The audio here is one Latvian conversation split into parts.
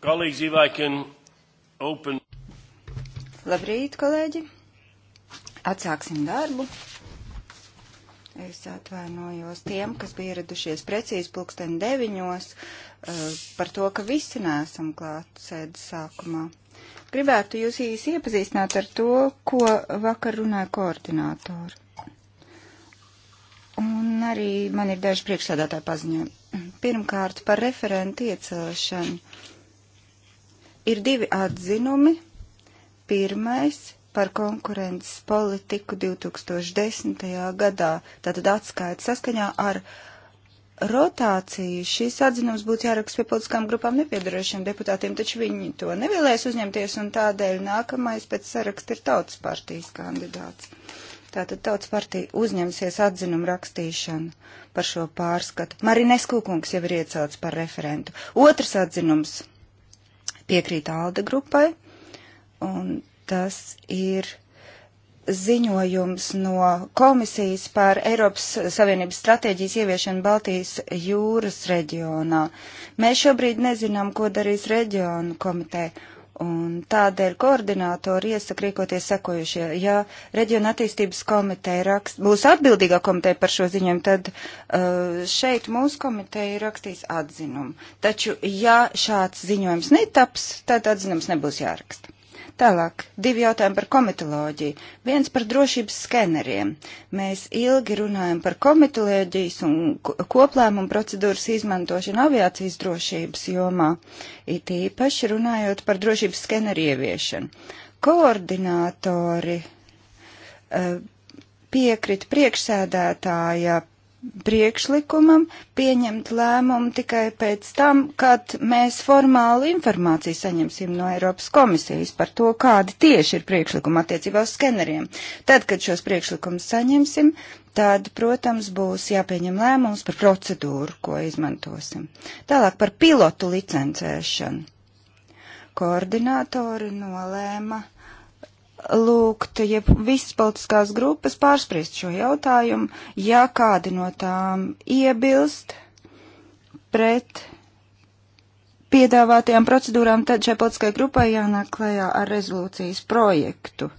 Colleagues, if I can open. Labrīt, kolēģi! Atsāksim darbu. Es atvainojos tiem, kas bija ieradušies precīzi pulksten deviņos eh, par to, ka visi nesam klāt sēdes sākumā. Gribētu jūs īsi iepazīstināt ar to, ko vakar runāja koordinātori. Un arī man ir daži priekšsēdētāji paziņojumi. Pirmkārt, par referentu iecelšanu Ir divi atzinumi. Pirmais par konkurences politiku 2010. gadā, tātad atskaita saskaņā ar rotāciju. Šīs atzinums būtu jāraksta pie politiskām grupām nepiedarošiem deputātiem, taču viņi to nevēlēs uzņemties, un tādēļ nākamais pēc saraksta ir tautas partijas kandidāts. Tātad tautas partija uzņemsies atzinumu rakstīšanu par šo pārskatu. Marinesku kungs jau ir iecelts par referentu. Otrs atzinums piekrīt Alda grupai, un tas ir ziņojums no komisijas par Eiropas Savienības stratēģijas ieviešanu Baltijas jūras reģionā. Mēs šobrīd nezinām, ko darīs reģionu komiteja, Un tādēļ koordinātori iesaka rīkoties sekojušie. Ja reģiona attīstības komiteja rakst, būs atbildīgā komiteja par šo ziņojumu, tad uh, šeit mūsu komiteja rakstīs atzinumu. Taču, ja šāds ziņojums netaps, tad atzinums nebūs jāraksta. Tālāk, divi jautājumi par komitoloģiju. Viens par drošības skeneriem. Mēs ilgi runājam par komitoloģijas un koplēmumu procedūras izmantošanu aviācijas drošības jomā, it īpaši runājot par drošības skeneru ieviešanu. Koordinātori uh, piekrita priekšsēdētāja priekšlikumam pieņemt lēmumu tikai pēc tam, kad mēs formālu informāciju saņemsim no Eiropas komisijas par to, kādi tieši ir priekšlikumi attiecībā uz skeneriem. Tad, kad šos priekšlikumus saņemsim, tad, protams, būs jāpieņem lēmums par procedūru, ko izmantosim. Tālāk par pilotu licencēšanu. Koordinātori nolēma lūgt ja visas politiskās grupas pārspriest šo jautājumu, ja kādi no tām iebilst pret piedāvātajām procedūrām, tad šai politiskajai grupai jānāk klajā ar rezolūcijas projektu.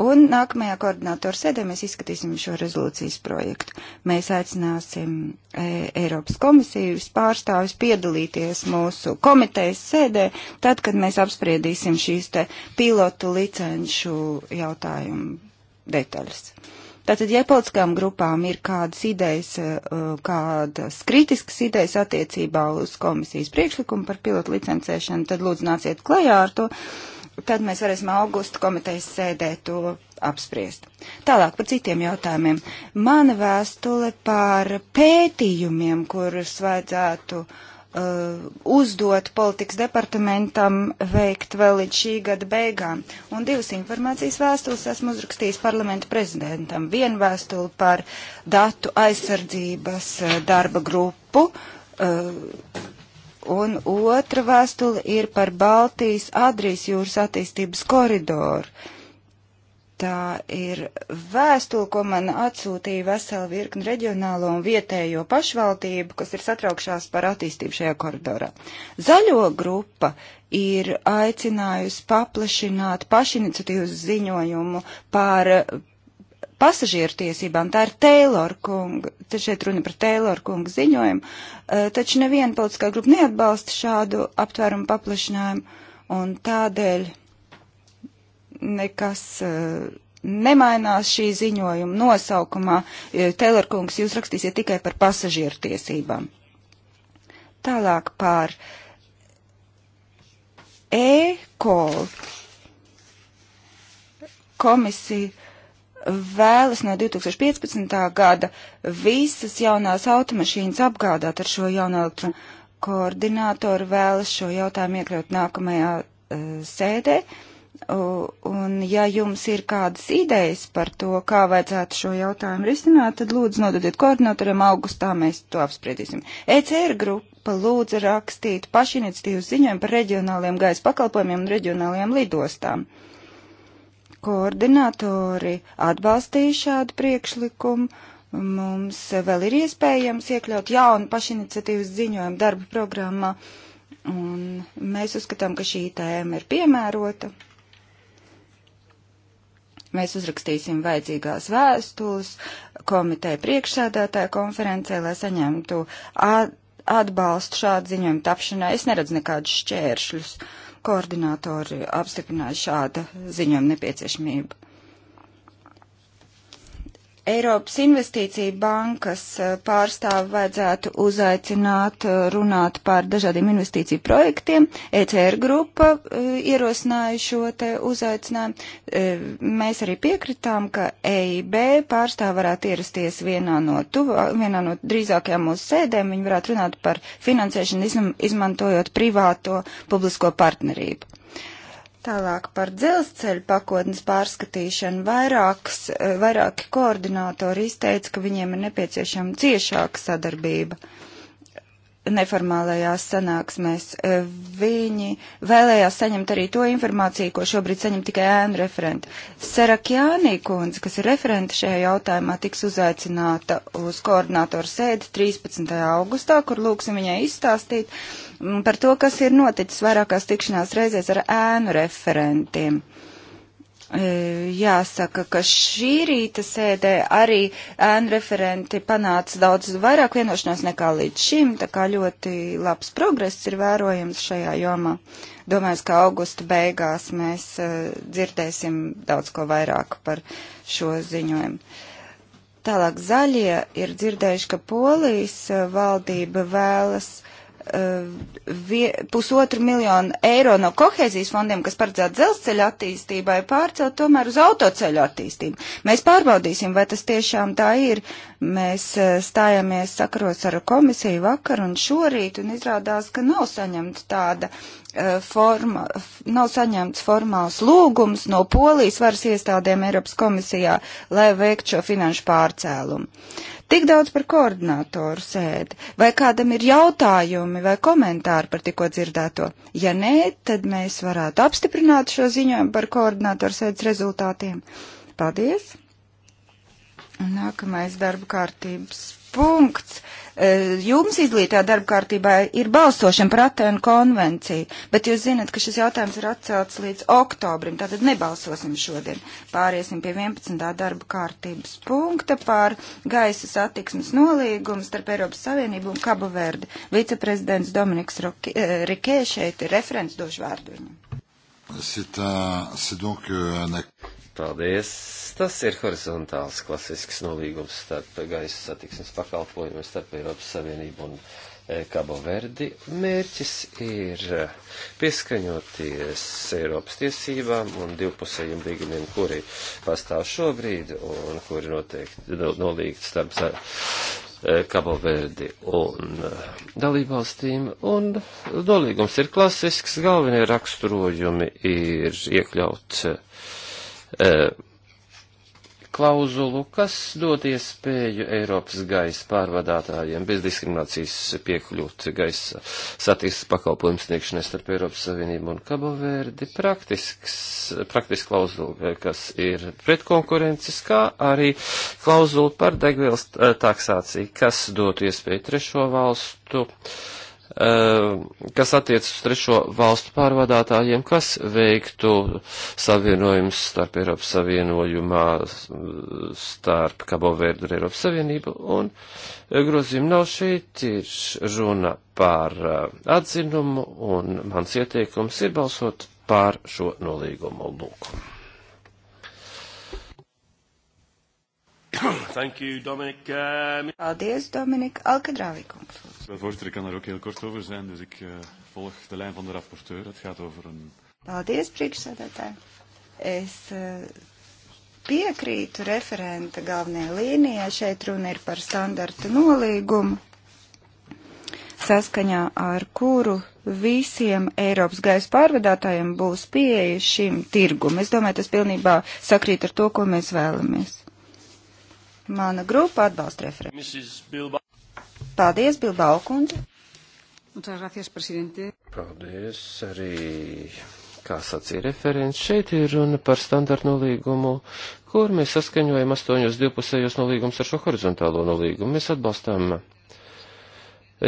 Un nākamajā koordinātora sēdē mēs izskatīsim šo rezolūcijas projektu. Mēs aicināsim e, Eiropas komisijas pārstāvis piedalīties mūsu komitejas sēdē, tad, kad mēs apspriedīsim šīs te pilotu licenšu jautājumu detaļas. Tātad, ja politiskām grupām ir kādas idejas, e, kādas kritiskas idejas attiecībā uz komisijas priekšlikumu par pilotu licencēšanu, tad lūdzu nāciet klajā ar to. Uh, tad mēs varēsim augusta komitejas sēdē to apspriest. Tālāk par citiem jautājumiem. Mana vēstule par pētījumiem, kurus vajadzētu uh, uzdot politikas departamentam veikt vēl līdz šī gada beigām. Un divas informācijas vēstules esmu uzrakstījis parlamentu prezidentam. Vienu vēstuli par datu aizsardzības uh, darba grupu. Uh, un otra vēstule ir par Baltijas Adrijas jūras attīstības koridoru. Tā ir vēstule, ko man atsūtīja vesela virkni reģionālo un vietējo pašvaldību, kas ir satraukšās par attīstību šajā koridorā. Zaļo grupa ir aicinājusi paplašināt pašiniciatīvas ziņojumu par pasažieru tiesībām. Tā ir Taylor kunga, te šeit runa par Taylor kunga ziņojumu, eh, taču neviena politiskā grupa neatbalsta šādu aptvērumu paplašinājumu, un tādēļ nekas eh, nemainās šī ziņojuma nosaukumā. Eh, Taylor kungs, jūs rakstīsiet tikai par pasažieru tiesībām. Tālāk pār e-call komisija vēlas no 2015. gada visas jaunās automašīnas apgādāt ar šo jauno elektronu. Koordinātori vēlas šo jautājumu iekļaut nākamajā uh, sēdē. Uh, un ja jums ir kādas idejas par to, kā vajadzētu šo jautājumu risināt, tad lūdzu nododiet koordinatoriem augustā, mēs to apspriedīsim. ECR grupa lūdza rakstīt pašiniciatīvas ziņojumu par reģionāliem gaisa pakalpojumiem un reģionālajām lidostām. Uh, Koordinatori atbalstīja šādu priekšlikumu. Mums vēl ir iespējams iekļaut jaunu pašiniciatīvas ziņojumu darba programmā, un mēs uzskatām, ka šī tēma ir piemērota. Mēs uzrakstīsim vajadzīgās vēstules komiteja priekšsēdētāja konferencē, lai saņemtu atbalstu šādu ziņojumu tapšanai. Es neredzu nekādus šķēršļus. Uh, Koordinātori apstiprināja šāda ziņojuma nepieciešamību. Eiropas Investīcija bankas eh, pārstāvi vajadzētu uzaicināt eh, runāt par dažādiem investīciju projektiem. ECR grupa eh, ierosināja šo te uzaicinājumu. Mēs arī piekritām, ka EIB pārstāvi varētu ierasties vienā no, tuva, vienā no drīzākajām mūsu sēdēm. Viņi varētu runāt par finansēšanu izmantojot privāto publisko partnerību. Tālāk par dzelzceļu pakotnes pārskatīšanu vairāks, eh, vairāki koordinātori izteica, ka viņiem ir nepieciešama ciešāka sadarbība neformālajās sanāksmēs. Eh, viņi vēlējās saņemt arī to informāciju, ko šobrīd saņem tikai ēnu referenti. Sarakjānī kundze, kas ir referenta šajā jautājumā, tiks uzaicināta uz koordinātoru sēdi 13. augustā, kur lūksim viņai izstāstīt, uh, par to, kas ir noticis vairākās tikšanās reizēs ar ēnu referentiem. E, jāsaka, ka šī rīta sēdē arī ēnu referenti panāca daudz vairāk vienošanos nekā līdz šim, tā kā ļoti labs progress ir vērojams šajā jomā. Domāju, ka augusta beigās mēs e, dzirdēsim daudz ko vairāk par šo ziņojumu. Tālāk zaļie ir dzirdējuši, ka polijas e, valdība vēlas Uh, vie, pusotru miljonu eiro no kohēzijas fondiem, kas paredzēta dzelzceļa attīstībai, pārcelt tomēr uz autoceļu attīstību. Mēs pārbaudīsim, vai tas tiešām tā ir. Mēs uh, stājāmies sakaros ar komisiju vakar un šorīt, un izrādās, ka nav saņemta tāda Eh, forma, nav saņemts formāls lūgums no polijas varas iestādēm Eiropas komisijā, lai veiktu šo finanšu pārcēlumu. Tik daudz par koordinātoru sēdi. Vai kādam ir jautājumi vai komentāri par tikko dzirdēto? Ja nē, tad mēs varētu apstiprināt šo ziņojumu par koordinātoru sēdes rezultātiem. Paldies! Nākamais darba kārtības punkts E, jums izglītā darba kārtībā ir balsošana par Atēnu konvenciju, bet jūs zinat, ka šis jautājums ir atcelts līdz oktobrim, tātad nebalsosim šodien. Pāriesim pie 11. darba kārtības punkta par gaisa satiksmes nolīgumu starp Eiropas Savienību un Kabu Verdi. Viceprezidents Dominiks e, Rikē šeit ir referents došu vārdu viņam. C'est un, c'est donc euh, un acte. Paldies! Tas ir horizontāls klasisks nolīgums starp gaisa satiksmes pakalpojumiem starp Eiropas Savienību un Kabo e, Verdi. Mērķis ir e, pieskaņoties Eiropas tiesībām un divpusējiem līgumiem, kuri pastāv šobrīd un kuri noteikti nolīgti starp Kabo e, Verdi un dalībvalstīm. Un nolīgums ir klasisks, galvenie raksturojumi ir iekļauts E, klauzulu, kas dod iespēju Eiropas gaisa pārvadātājiem bez diskriminācijas piekļūt gaisa satiksmes pakalpojumu sniegšanai starp Eiropas Savienību un Kaboverdi, praktisks, praktiski klauzula, e, kas ir pretkonkurences, kā arī klauzula par degvielas e, taksāciju, kas dod iespēju trešo valstu uh, Eh, kas attiecas uz trešo valstu pārvadātājiem, kas veiktu savienojums starp Eiropas Savienojumā, starp Kaboverdu un Eiropas Savienību, un eh, grozījumi nav šeit, ir runa par eh, atzinumu, un mans ieteikums ir balsot pār šo nolīgumu lūkumu. Thank you, Dominik. Uh... Paldies, Dominik. Alkadrāvī, kungs. Voorzitter, ik kan daar ook heel kort over zijn, dus ik uh, volg de lijn van de rapporteur. Het gaat over een. Paldies, priekšsēdētāji. Es uh, piekrītu referenta galvenajai līnijai. Šeit runa ir par standarta nolīgumu, saskaņā ar kuru visiem Eiropas gaisa pārvadātājiem būs pieeja šim tirgum. Es domāju, tas pilnībā sakrīt ar to, ko mēs vēlamies. Mana grupa atbalsta referentu. Paldies, Bilbao kundze. Paldies arī, kā sacīja referents. Šeit ir runa par standartu nolīgumu, kur mēs saskaņojam astoņos divpusējos nolīgumus ar šo horizontālo nolīgumu. Mēs atbalstām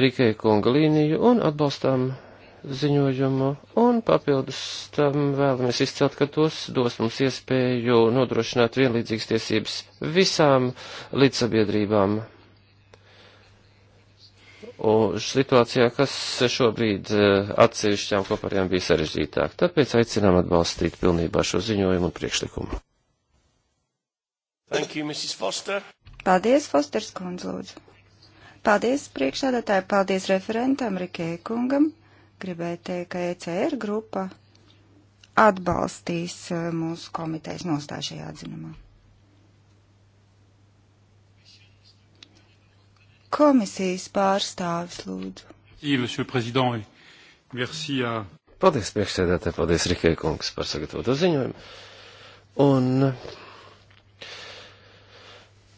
Rikai kunga līniju un atbalstām ziņojumu, un papildus tam vēlamies izcelt, ka tos dos mums iespēju nodrošināt vienlīdzīgas tiesības visām līdzsabiedrībām Un situācijā, kas šobrīd eh, atsevišķām kopariem bija sarežģītāk. Tāpēc aicinām atbalstīt pilnībā šo ziņojumu un priekšlikumu. Thank you, Mrs. Foster. Paldies, Fosters kundz, lūdzu. Paldies priekšādātāji, paldies referentam Rikē kungam. Gribēju teikt, ka ECR grupa atbalstīs eh, mūsu komitejas nostāju šajā atzinumā. Komisijas pārstāvis lūdzu. Monsieur le Président, et merci à. Paldies, priekšsēdētāji, paldies Rikai kungs par sagatavoto ziņojumu. Un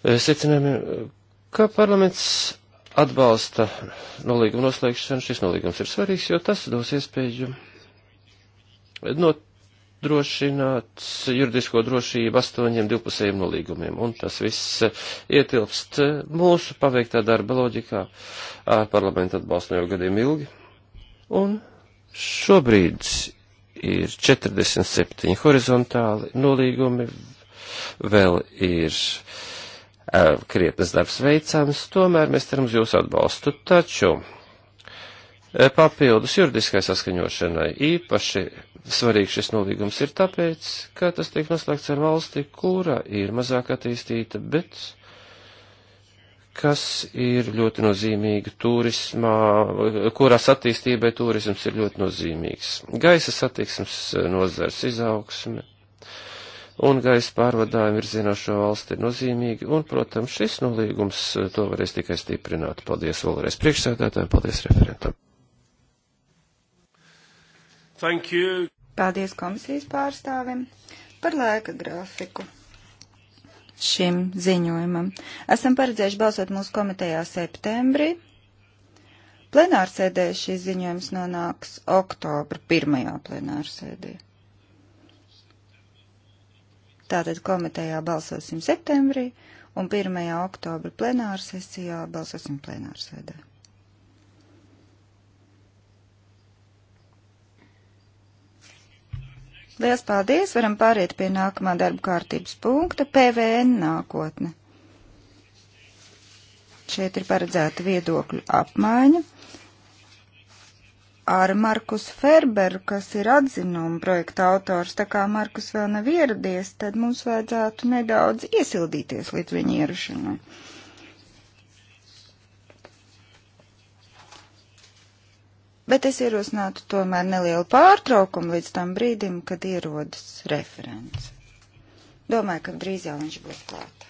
e, secinājumi, ka parlaments atbalsta nolīguma noslēgšanu. Šis nolīgums ir svarīgs, jo tas dos iespēju not, nodrošināt juridisko drošību astoņiem divpusējiem nolīgumiem. Un tas viss eh, ietilpst eh, mūsu paveiktā darba loģikā ar parlamentu atbalstu jau gadiem ilgi. Un šobrīd ir 47 horizontāli nolīgumi, vēl ir krietnes darbs veicams, tomēr mēs ceram uz jūsu atbalstu. Taču Eh, papildus juridiskai saskaņošanai. Īpaši svarīgs šis nolīgums ir tāpēc, ka tas tiek noslēgts ar valsti, kura ir mazāk attīstīta, bet kas ir ļoti nozīmīga turismā, kurās attīstībai turisms ir ļoti nozīmīgs. Gaisa satiksmes eh, nozars izaugsme un gaisa pārvadājumi virzinošo valsti ir nozīmīgi, un, protams, šis nolīgums eh, to varēs tikai stiprināt. Paldies vēlreiz priekšsēdētājiem, paldies referentam. Thank you. Paldies komisijas pārstāvim par laika grafiku šim ziņojumam. Esam paredzējuši balsot mūsu komitejā septembrī. Plenārsēdē šis ziņojums nonāks oktobra pirmajā plenārsēdē. Tātad komitejā balsosim septembrī un 1. oktobra plenārsesijā balsosim plenārsēdē. Liels paldies! Varam pāriet pie nākamā darba kārtības punkta - PVN nākotne. Šeit ir paredzēta viedokļu apmaiņa ar Markus Ferberu, kas ir atzinuma projekta autors. Tā kā Markus vēl nav ieradies, tad mums vajadzētu nedaudz iesildīties līdz viņa ierašanai. No. Bet es ierosinātu tomēr nelielu pārtraukumu līdz tam brīdim, kad ierodas referents. Domāju, ka drīz jau viņš būs klāt.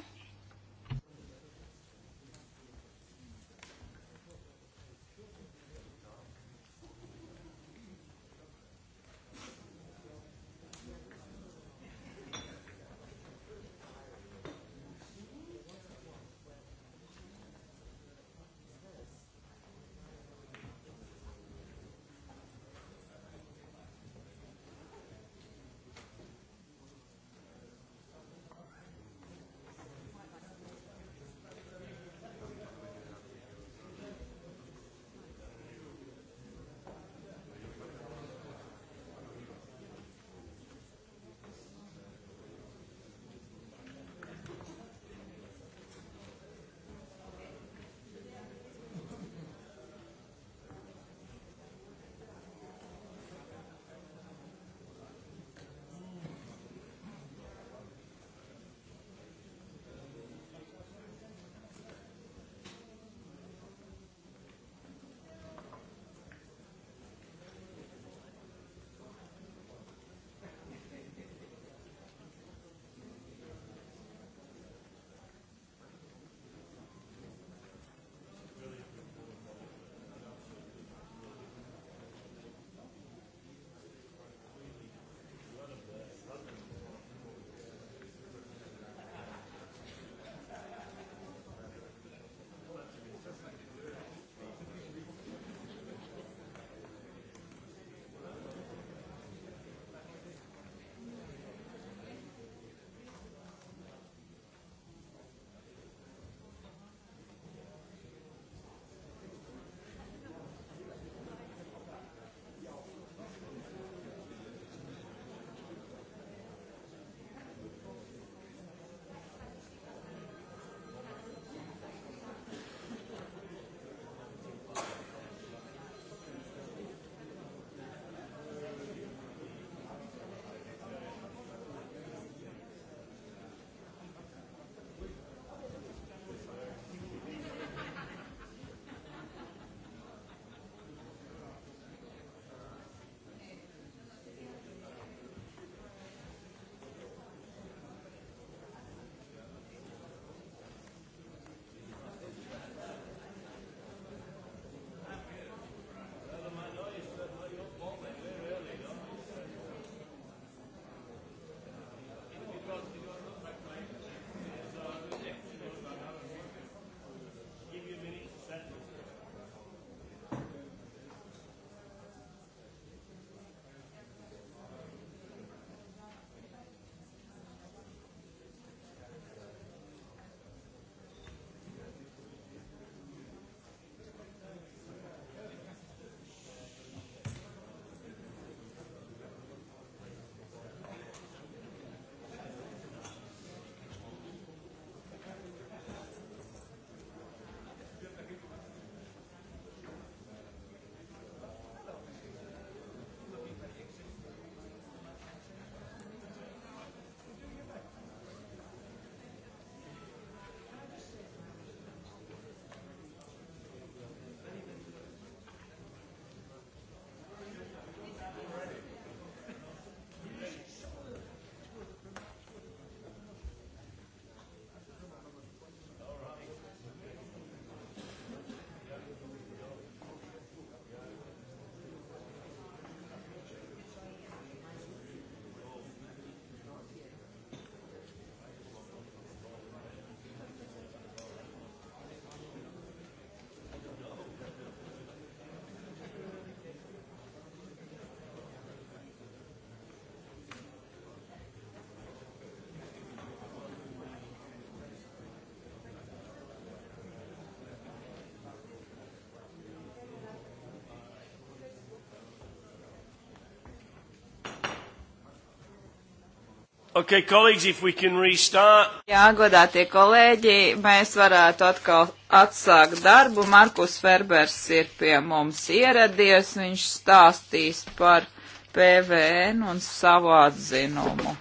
Okay, colleagues, if we can restart. Jā, godātie kolēģi, mēs varētu atkal atsākt darbu. Markus Ferbers ir pie mums ieradies, viņš stāstīs par PVN un savu atzinumu.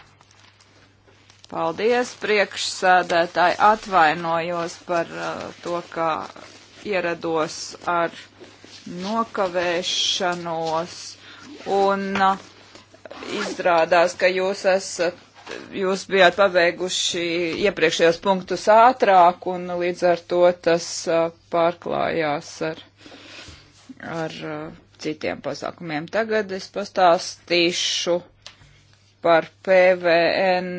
Paldies, priekšsēdētāji, atvainojos par uh, to, kā ierados ar nokavēšanos un uh, izrādās, ka jūs esat jūs bijāt paveikuši iepriekšējos punktus ātrāk, un līdz ar to tas pārklājās ar, ar citiem pasākumiem. Tagad es pastāstīšu par PVN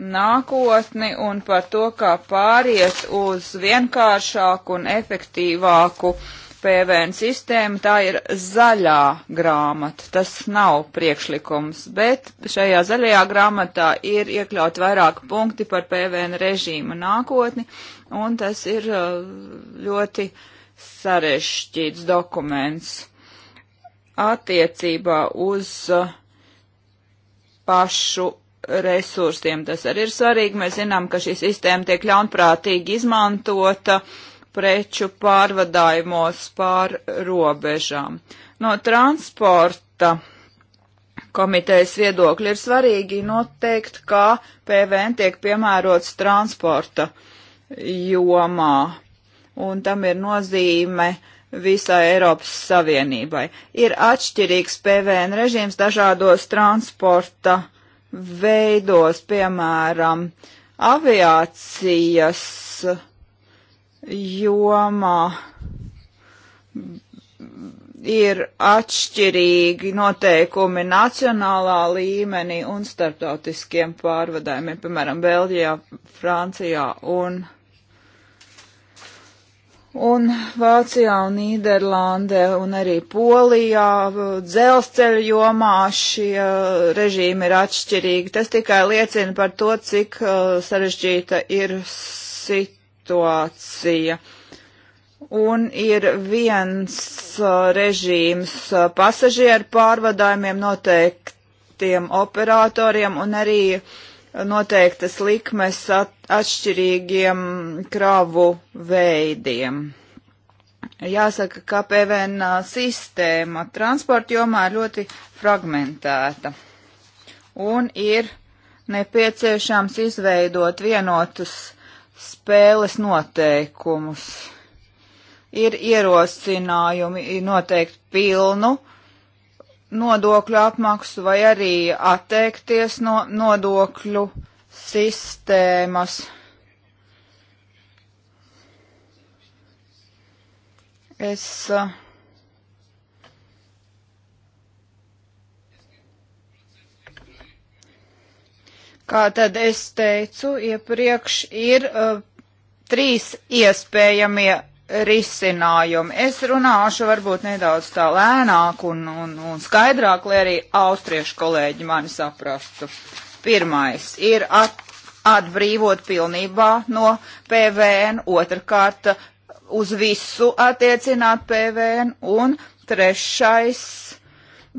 nākotni un par to, kā pāriet uz vienkāršāku un efektīvāku uh, PVN sistēmu, tā ir zaļā grāmata, tas nav priekšlikums, bet šajā zaļajā grāmatā ir iekļaut vairāk punkti par PVN režīmu nākotni, un tas ir uh, ļoti sarežģīts dokuments attiecībā uz uh, pašu resursiem. Tas arī ir svarīgi, mēs zinām, ka šī sistēma tiek ļaunprātīgi izmantota. Uh, preču pārvadājumos pār robežām. No transporta komitejas viedokļa ir svarīgi noteikt, kā PVN tiek piemērots transporta jomā, un tam ir nozīme visai Eiropas Savienībai. Ir atšķirīgs PVN režīms dažādos transporta veidos, piemēram, aviācijas jomā ir atšķirīgi noteikumi nacionālā līmenī un starptautiskiem pārvadājumiem, piemēram, Beļģijā, Francijā un, un Vācijā un Nīderlandē un arī Polijā. Dzelzceļa jomā šie režīmi ir atšķirīgi. Tas tikai liecina par to, cik uh, sarežģīta ir situācija situācija. Un ir viens uh, režīms uh, pasažieru pārvadājumiem noteiktiem operatoriem un arī noteiktas likmes at, atšķirīgiem kravu veidiem. Jāsaka, ka PVN uh, sistēma transporta jomā ir ļoti fragmentēta un ir nepieciešams izveidot vienotus spēles noteikumus. Ir ierosinājumi noteikt pilnu nodokļu apmaksu vai arī atteikties no nodokļu sistēmas. Es uh, Kā tad es teicu, iepriekš ir uh, trīs iespējamie risinājumi. Es runāšu varbūt nedaudz tā lēnāk un, un, un skaidrāk, lai arī austriešu kolēģi mani saprastu. Pirmais ir at, atbrīvot pilnībā no PVN, otrkārt uz visu attiecināt PVN un trešais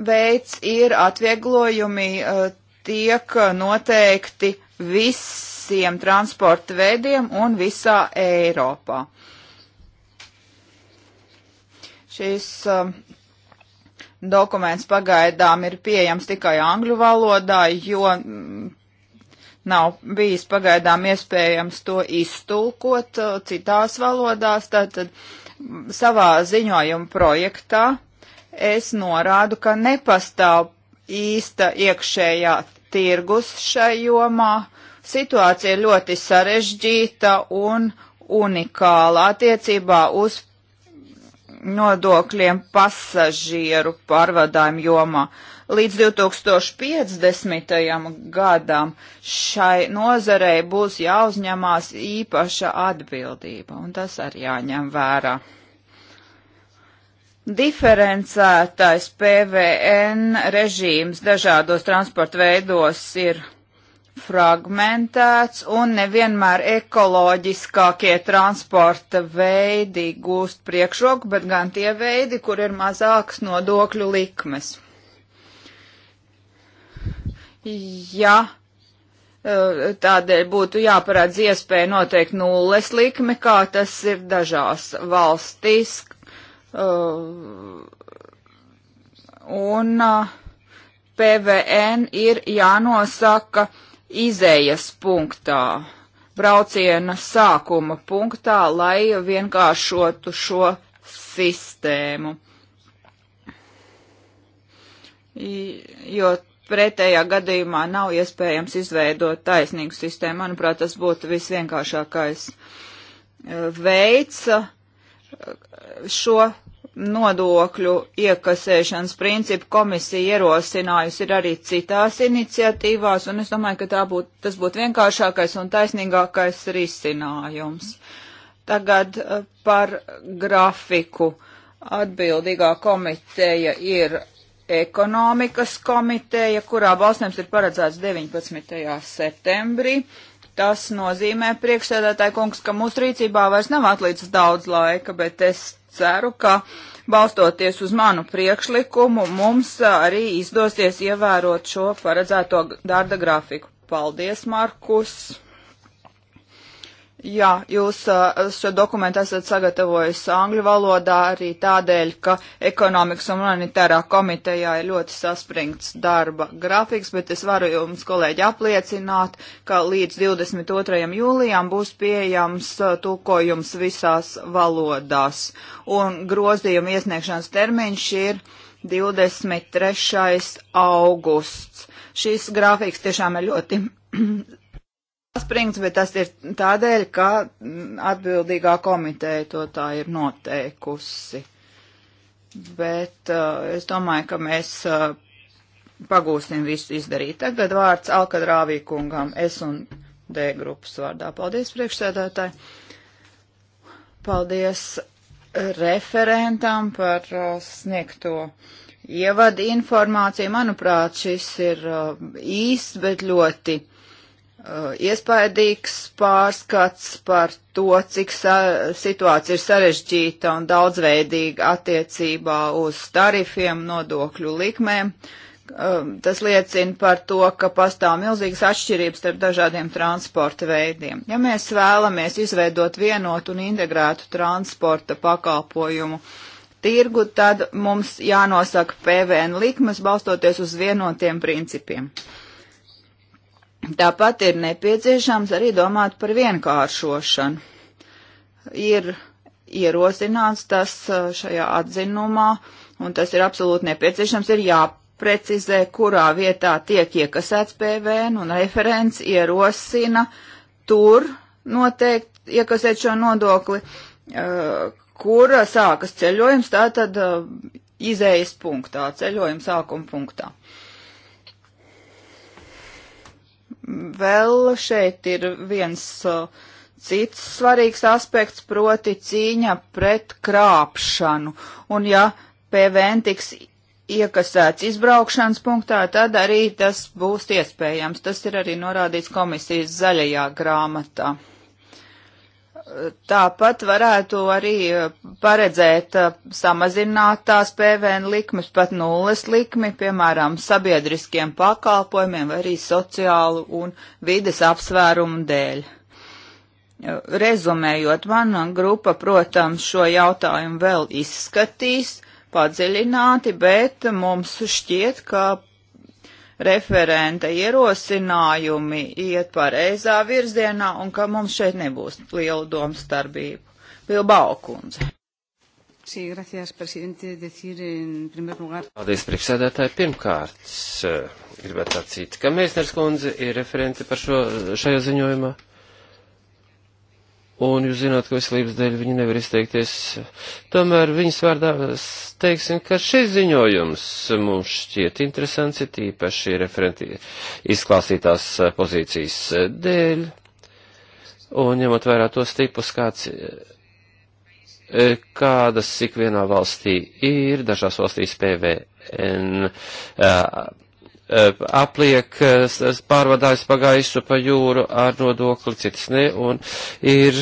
veids ir atvieglojumi uh, tiek noteikti visiem transporta veidiem un visā Eiropā. Šis uh, dokuments pagaidām ir pieejams tikai angļu valodā, jo mm, nav bijis pagaidām iespējams to iztulkot uh, citās valodās. Tātad mm, savā ziņojuma projektā es norādu, ka nepastāv īsta iekšējā tirgus šai jomā. Situācija ir ļoti sarežģīta un unikāla attiecībā uz nodokļiem pasažieru pārvadājumu jomā. Līdz 2050. gadam šai nozarei būs jāuzņemās īpaša atbildība, un tas arī jāņem vērā. Diferencētais PVN režīms dažādos transporta veidos ir fragmentēts un nevienmēr ekoloģiskākie transporta veidi gūst priekšroku, bet gan tie veidi, kur ir mazāks nodokļu likmes. Ja eh, tādēļ būtu jāparādz iespēja noteikt nulles likme, kā tas ir dažās valstīs, Uh, un uh, PVN ir jānosaka izējas punktā, brauciena sākuma punktā, lai vienkāršotu šo sistēmu. Jo pretējā gadījumā nav iespējams izveidot taisnīgu sistēmu. Manuprāt, tas būtu visvienkāršākais uh, veids. Uh, šo nodokļu iekasēšanas principu komisija ierosinājusi ir arī citās iniciatīvās, un es domāju, ka tā būt, tas būtu vienkāršākais un taisnīgākais risinājums. Tagad eh, par grafiku. Atbildīgā komiteja ir ekonomikas komiteja, kurā balsnēms ir paredzēts 19. septembrī. Uh, Tas nozīmē, priekšsēdētāji kungs, ka mūsu rīcībā vairs nav atlicis daudz laika, bet es ceru, ka balstoties uz manu priekšlikumu, mums arī izdosies ievērot šo paredzēto darba grafiku. Paldies, Markus! Jā, jūs uh, šo dokumentu esat sagatavojis angļu valodā arī tādēļ, ka ekonomikas un monetārā komitejā ir ļoti saspringts darba grafiks, bet es varu jums, kolēģi, apliecināt, ka līdz 22. jūlijām būs pieejams uh, tūkojums visās valodās, un grozījuma iesniegšanas termiņš ir 23. augusts. Šis grafiks tiešām ir ļoti Springs, bet tas ir tādēļ, ka mm, atbildīgā komiteja to tā ir noteikusi. Bet uh, es domāju, ka mēs uh, pagūsim visu izdarīt. Tagad vārds Alkadrāvī kungam, S un D grupas vārdā. Paldies, priekšsēdētāji. Paldies referentam par uh, sniegto ievadu informāciju. Manuprāt, šis ir uh, īsts, bet ļoti Eh, iespaidīgs pārskats par to, cik situācija ir sarežģīta un daudzveidīga attiecībā uz tarifiem, nodokļu likmēm. Eh, tas liecina par to, ka pastāv milzīgas atšķirības starp dažādiem transporta veidiem. Ja mēs vēlamies izveidot vienotu un integrētu transporta pakalpojumu tirgu, tad mums jānosaka PVN likmes balstoties uz vienotiem principiem. Uh, Tāpat ir nepieciešams arī domāt par vienkāršošanu. Ir ierosināts tas šajā atzinumā, un tas ir absolūti nepieciešams, ir jāprecizē, kurā vietā tiek iekasēts PVN, un referents ierosina tur noteikti iekasēt šo nodokli, kur sākas ceļojums, tātad izējas punktā, ceļojuma sākuma punktā. Uh, Vēl šeit ir viens cits svarīgs aspekts, proti cīņa pret krāpšanu. Un ja PVN tiks iekasēts izbraukšanas punktā, tad arī tas būs iespējams. Tas ir arī norādīts komisijas zaļajā grāmatā. Tāpat varētu arī e, paredzēt e, samazinātās PVN likmes, pat nulles likmi, piemēram, sabiedriskiem pakalpojumiem vai arī sociālu un vides apsvērumu dēļ. E, rezumējot, mana grupa, protams, šo jautājumu vēl izskatīs padziļināti, bet mums šķiet, ka referenta ierosinājumi iet pareizā virzienā un ka mums šeit nebūs liela domstarbība. Bilbao kundze. Sí, gracias, presidente. Decir en primer lugar. Paldies, priekšsēdētāji. Pirmkārt, eh, gribētu atzīt, ka Mēsners kundze ir referente par šo, šajā ziņojumā un jūs zināt, ka veselības dēļ viņi nevar izteikties. Tomēr viņas vārdā teiksim, ka šis ziņojums mums šķiet interesants, ir tīpaši referenti izklāstītās pozīcijas dēļ, un ņemot vērā tos tipus, kāds kādas ikvienā valstī ir, dažās valstīs PVN Eh, apliek eh, pārvadājas pagājušu pa jūru ar nodokli, citas ne, un ir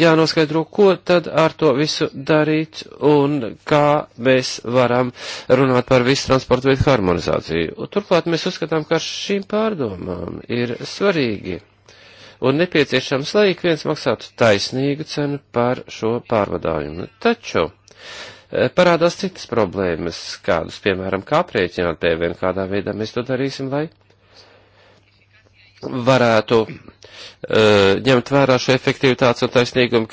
jānoskaidro, ko tad ar to visu darīt un kā mēs varam runāt par visu transportu veidu harmonizāciju. Un turklāt mēs uzskatām, ka ar šīm pārdomām ir svarīgi un nepieciešams, lai ik viens maksātu taisnīgu cenu par šo pārvadājumu. Taču Eh, parādās citas problēmas, kādas, piemēram, kā aprēķināt PVN, kādā veidā mēs to darīsim, lai varētu uh, ņemt vērā šo efektivitātes un taisnīgumu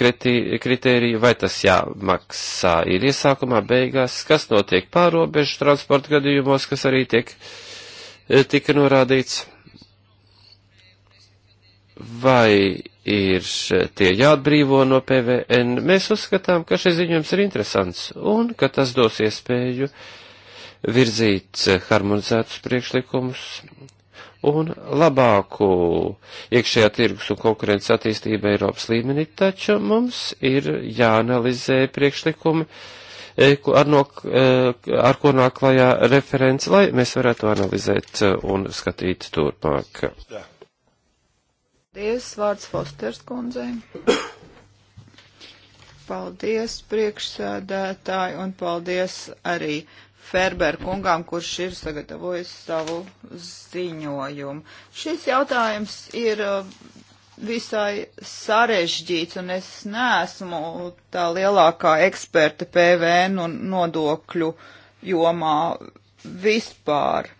kritēriju, vai tas jāmaksā ir iesākumā, beigās, kas notiek pārobežu transporta gadījumos, kas arī tiek, eh, tika norādīts, vai ir tie jāatbrīvo no PVN. Mēs uzskatām, ka šis ziņojums ir interesants un ka tas dos iespēju virzīt harmonizētus priekšlikumus un labāku iekšējā tirgus un konkurences attīstību Eiropas līmenī, taču mums ir jāanalizē priekšlikumi, e, ar, no, e, ar ko nāk klajā referents, lai mēs varētu analizēt un skatīt turpmāk. Yeah. Paldies, vārds Fosters kundzei. Paldies priekšsēdētāji un paldies arī Ferber kungām, kurš ir sagatavojis savu ziņojumu. Šis jautājums ir uh, visai sarežģīts, un es neesmu tā lielākā eksperta PVN un nodokļu jomā vispār.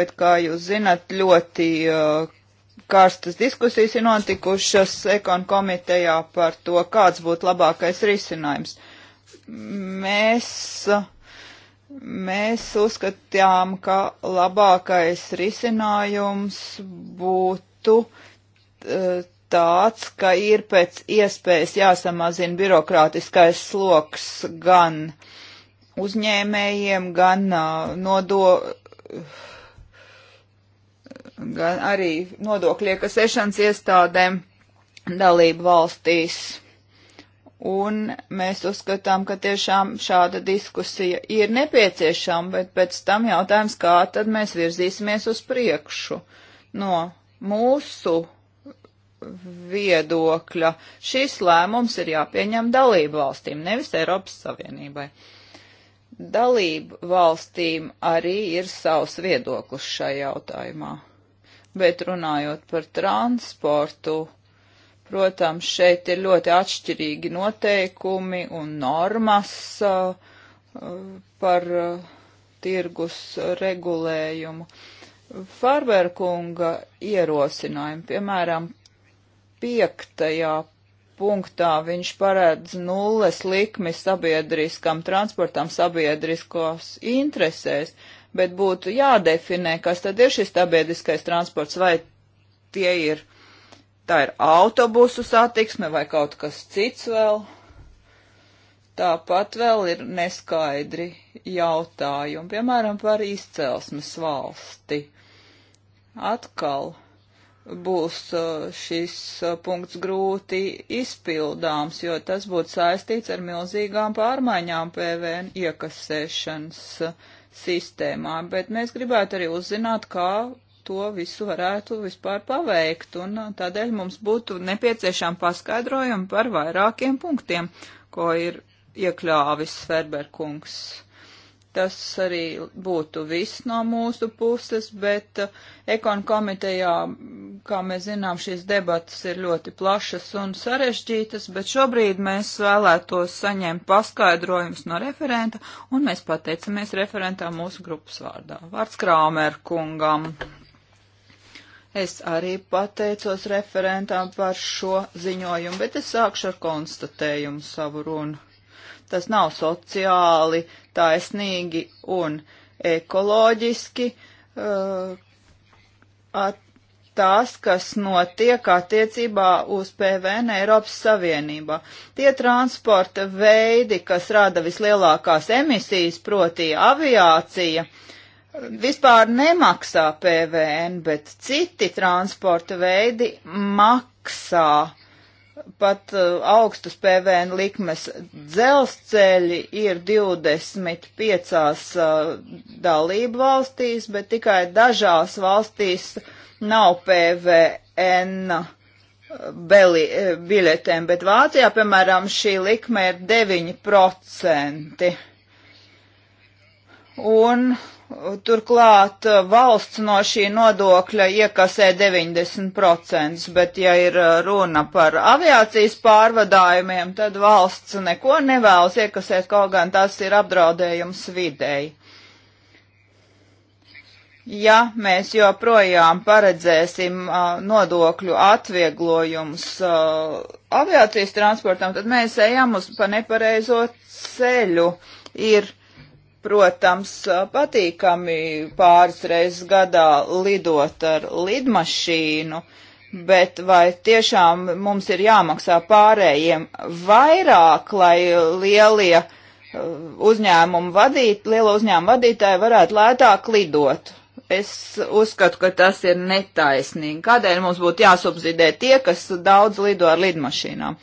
Bet, kā jūs zinat, ļoti uh, karstas diskusijas ir notikušas ekon komitejā par to, kāds būtu labākais risinājums. Mēs, mēs uzskatījām, ka labākais risinājums būtu e, tāds, ka ir pēc iespējas jāsamazina birokrātiskais sloks gan uzņēmējiem, gan e, nodo gan arī nodokļu iekasēšanas iestādēm dalību valstīs. Un mēs uzskatām, ka tiešām šāda diskusija ir nepieciešama, bet pēc tam jautājums, kā tad mēs virzīsimies uz priekšu no mūsu viedokļa. Šis lēmums ir jāpieņem dalību valstīm, nevis Eiropas Savienībai dalību valstīm arī ir savs viedoklis šajā jautājumā. Bet runājot par transportu, protams, šeit ir ļoti atšķirīgi noteikumi un normas uh, par uh, tirgus regulējumu. Farberkunga ierosinājumu, piemēram, piektajā punktā viņš paredz nulles likmi sabiedriskam transportam sabiedriskos interesēs, bet būtu jādefinē, kas tad ir šis sabiedriskais transports, vai tie ir, tā ir autobusu satiksme vai kaut kas cits vēl. Tāpat vēl ir neskaidri jautājumi, piemēram, par izcelsmes valsti. Atkal būs uh, šis uh, punkts grūti izpildāms, jo tas būtu saistīts ar milzīgām pārmaiņām PVN iekasēšanas sistēmā, bet mēs gribētu arī uzzināt, kā to visu varētu vispār paveikt, un uh, tādēļ mums būtu nepieciešām paskaidrojumi par vairākiem punktiem, ko ir iekļāvis Ferberkungs. kungs Tas arī būtu viss no mūsu puses, bet uh, ekonu komitejā, kā mēs zinām, šīs debatas ir ļoti plašas un sarežģītas, bet šobrīd mēs vēlētos saņemt paskaidrojumus no referenta, un mēs pateicamies referentām mūsu grupas vārdā. Vārds Krāmer kungam. Es arī pateicos referentām par šo ziņojumu, bet es sākšu ar konstatējumu savu runu. Tas nav sociāli, taisnīgi un ekoloģiski. Uh, tās, kas notiek attiecībā uz PVN Eiropas Savienībā. Tie transporta veidi, kas rada vislielākās emisijas, proti aviācija, vispār nemaksā PVN, bet citi transporta veidi maksā pat uh, augstas PVN likmes dzelzceļi ir 25 uh, dalību valstīs, bet tikai dažās valstīs nav PVN uh, beli, uh, biļetēm, bet Vācijā, piemēram, šī likme ir 9%. Un Turklāt eh, valsts no šī nodokļa iekasē 90%, bet ja ir eh, runa par aviācijas pārvadājumiem, tad valsts neko nevēlas iekasēt, kaut gan tas ir apdraudējums videi. Ja mēs joprojām paredzēsim a, eh, nodokļu atvieglojums a, aviācijas transportam, tad mēs ejam uz pa nepareizo ceļu. Ir protams, patīkami pāris reizes gadā lidot ar lidmašīnu, bet vai tiešām mums ir jāmaksā pārējiem vairāk, lai lielie uzņēmumu vadīt, lielo uzņēmumu vadītāji varētu lētāk lidot? Es uzskatu, ka tas ir netaisnīgi. Kādēļ mums būtu jāsubsidē tie, kas daudz lido ar lidmašīnām?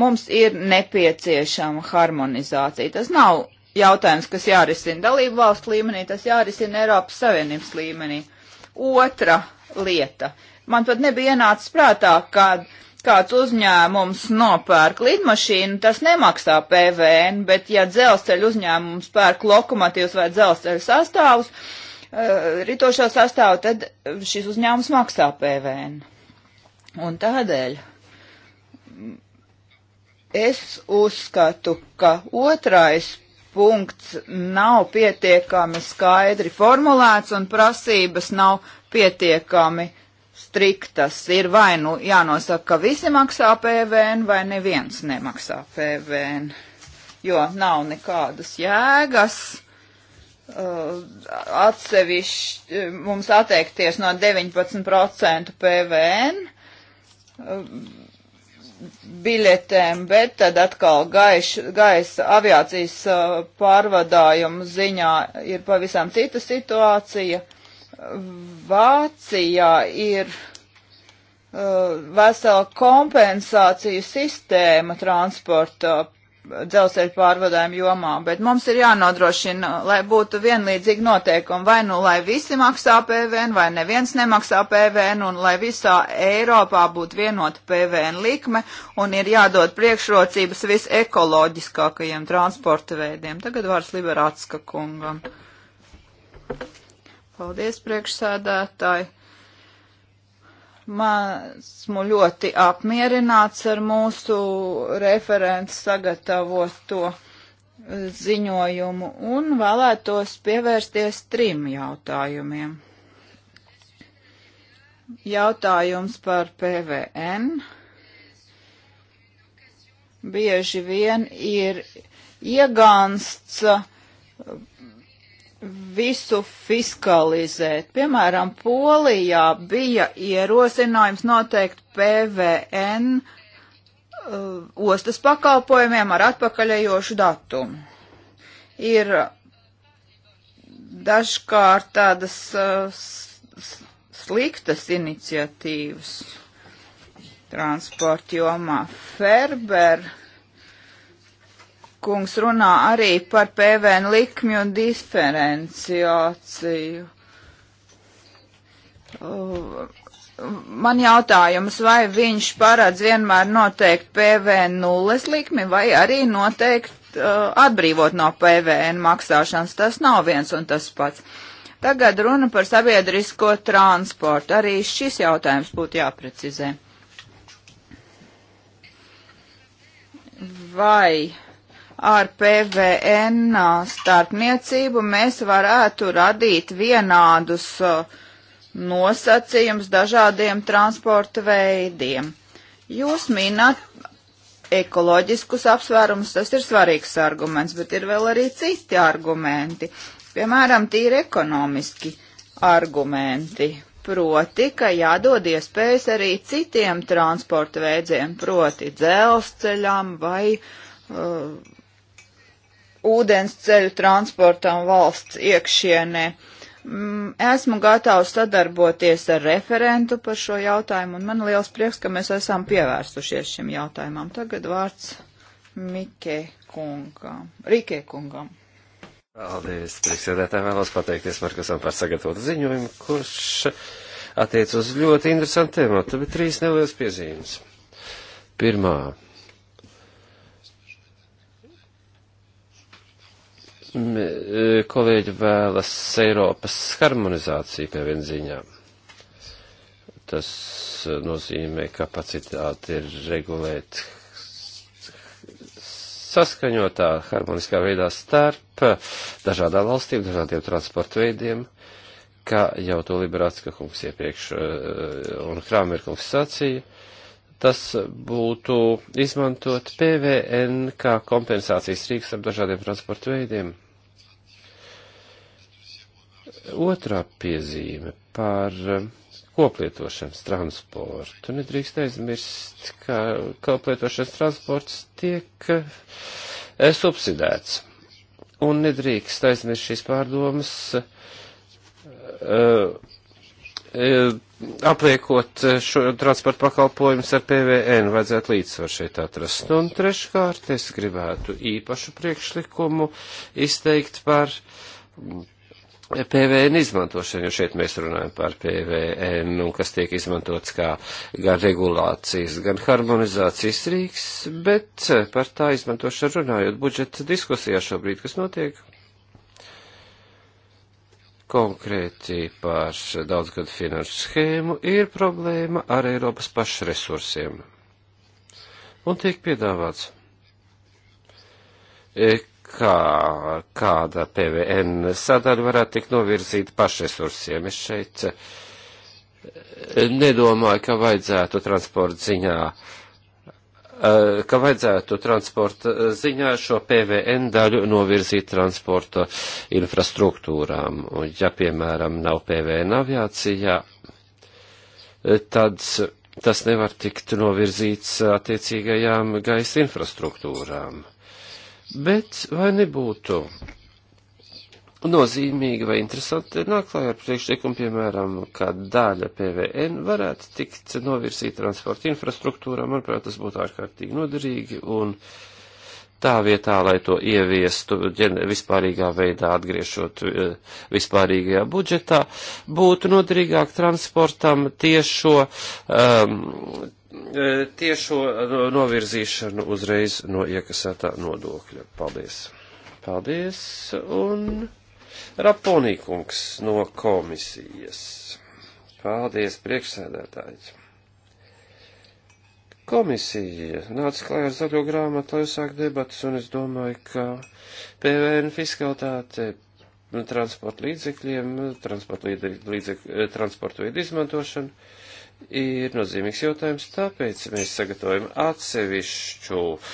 Mums ir nepieciešama harmonizācija. Tas nav jautājums, kas jārisina dalību valstu līmenī, tas jārisina Eiropas Savienības līmenī. Otra lieta. Man pat nebija ienācis prātā, ka kāds uzņēmums nopērk lidmašīnu, tas nemaksā PVN, bet ja dzelzceļa uzņēmums pērk lokomotīvus vai dzelzceļa sastāvus, eh, ritošā sastāvu, tad šis uzņēmums maksā PVN. Un tādēļ es uzskatu, ka otrais punkts nav pietiekami skaidri formulēts un prasības nav pietiekami striktas. Ir vai nu jānosaka, ka visi maksā PVN vai neviens nemaksā PVN, jo nav nekādas jēgas. Uh, atsevišķi mums atteikties no 19% PVN, uh, biļetēm, bet tad atkal gaiš, gaisa aviācijas uh, pārvadājumu ziņā ir pavisam cita situācija. Vācijā ir uh, vesela kompensāciju sistēma transporta dzelzceļa pārvadājumu jomā, bet mums ir jānodrošina, lai būtu vienlīdzīgi noteikumi, vai nu lai visi maksā PVN, vai neviens nemaksā PVN, un lai visā Eiropā būtu vienota PVN likme, un ir jādod priekšrocības visekoloģiskākajiem transporta veidiem. Tagad vārds Liberātska kungam. Paldies, priekšsēdētāji. Esmu ļoti apmierināts ar mūsu referents sagatavoto ziņojumu un vēlētos pievērsties trim jautājumiem. Jautājums par PVN. Bieži vien ir iegansts visu fiskalizēt. Piemēram, Polijā bija ierosinājums noteikt PVN uh, ostas pakalpojumiem ar atpakaļējošu datumu. Ir dažkārt tādas uh, sliktas iniciatīvas transporta jomā. Ferber uh, kungs runā arī par PVN likmju un diferenciāciju. Man jautājums, vai viņš paredz vienmēr noteikt PVN nulles likmi vai arī noteikt uh, atbrīvot no PVN maksāšanas. Tas nav viens un tas pats. Tagad runa par sabiedrisko transportu. Arī šis jautājums būtu jāprecizē. Vai ar PVN starpniecību mēs varētu radīt vienādus nosacījums dažādiem transporta veidiem. Jūs minat ekoloģiskus apsvērumus, tas ir svarīgs arguments, bet ir vēl arī citi argumenti, piemēram, tīri ekonomiski argumenti. Proti, ka jādod iespējas arī citiem transporta veidiem, proti dzelzceļam vai uh, ūdens ceļu transportam valsts iekšienē. Mm, esmu gatavs sadarboties ar referentu par šo jautājumu, un man liels prieks, ka mēs esam pievērsušies šim jautājumam. Tagad vārds Mikē kungam, Rikē kungam. Paldies, priekšsēdētāji, vēlos pateikties Markusam par sagatavotu ziņojumu, kurš attiec uz ļoti interesantu tēmatu, bet trīs nelielas piezīmes. Pirmā Eh, kolēģi vēlas Eiropas harmonizāciju pie vienziņā. Tas nozīmē kapacitāti ir regulēt saskaņotā harmoniskā veidā starp dažādām valstīm, dažādiem transporta veidiem, kā jau to Liberācka kungs iepriekš eh, un Krāmer kungs sacīja tas būtu izmantot PVN kā kompensācijas rīks ar dažādiem transporta veidiem. Otrā piezīme par um, koplietošanas transportu. Nedrīkst aizmirst, ka koplietošanas transports tiek eh, subsidēts. Un nedrīkst aizmirst šīs pārdomas, eh, eh, apliekot šo transportu pakalpojumus ar PVN, vajadzētu līdzsvaru šeit atrast. Un treškārt, es gribētu īpašu priekšlikumu izteikt par PVN izmantošanu, jo šeit mēs runājam par PVN, un kas tiek izmantots kā gan regulācijas, gan harmonizācijas rīks, bet par tā izmantošanu runājot budžeta diskusijā šobrīd, kas notiek konkrēti par daudzgadu finanšu schēmu, ir problēma ar Eiropas pašresursiem. Un tiek piedāvāts, kā kāda PVN sadaļa varētu tikt novirzīta pašresursiem. Es šeit eh, nedomāju, ka vajadzētu transporta ziņā, eh, ka vajadzētu transporta ziņā šo PVN daļu novirzīt transporta infrastruktūrām. Un, ja, piemēram, nav PVN aviācijā, eh, tad tas nevar tikt novirzīts attiecīgajām gaisa infrastruktūrām. Bet vai nebūtu nozīmīgi vai interesanti nāk klājā ar priekšlikumu, piemēram, kā daļa PVN varētu tikt novirsīt transporta infrastruktūrā. Manuprāt, tas būtu ārkārtīgi noderīgi un tā vietā, lai to ieviestu vispārīgā veidā, atgriežot eh, vispārīgajā budžetā, būtu noderīgāk transportam tiešo um, E, tiešo e, novirzīšanu uzreiz no iekasētā nodokļa. Paldies! Paldies! Un Raponīkungs no komisijas. Paldies, priekšsēdētāji! Komisija nāca klājā ar zaļo grāmatu, lai uzsāk debatas, un es domāju, ka PVN fiskalitāte transporta līdzekļiem, transporta, līdzekļu, transporta veidu izmantošana ir nozīmīgs jautājums, tāpēc mēs sagatavojam atsevišķu uh,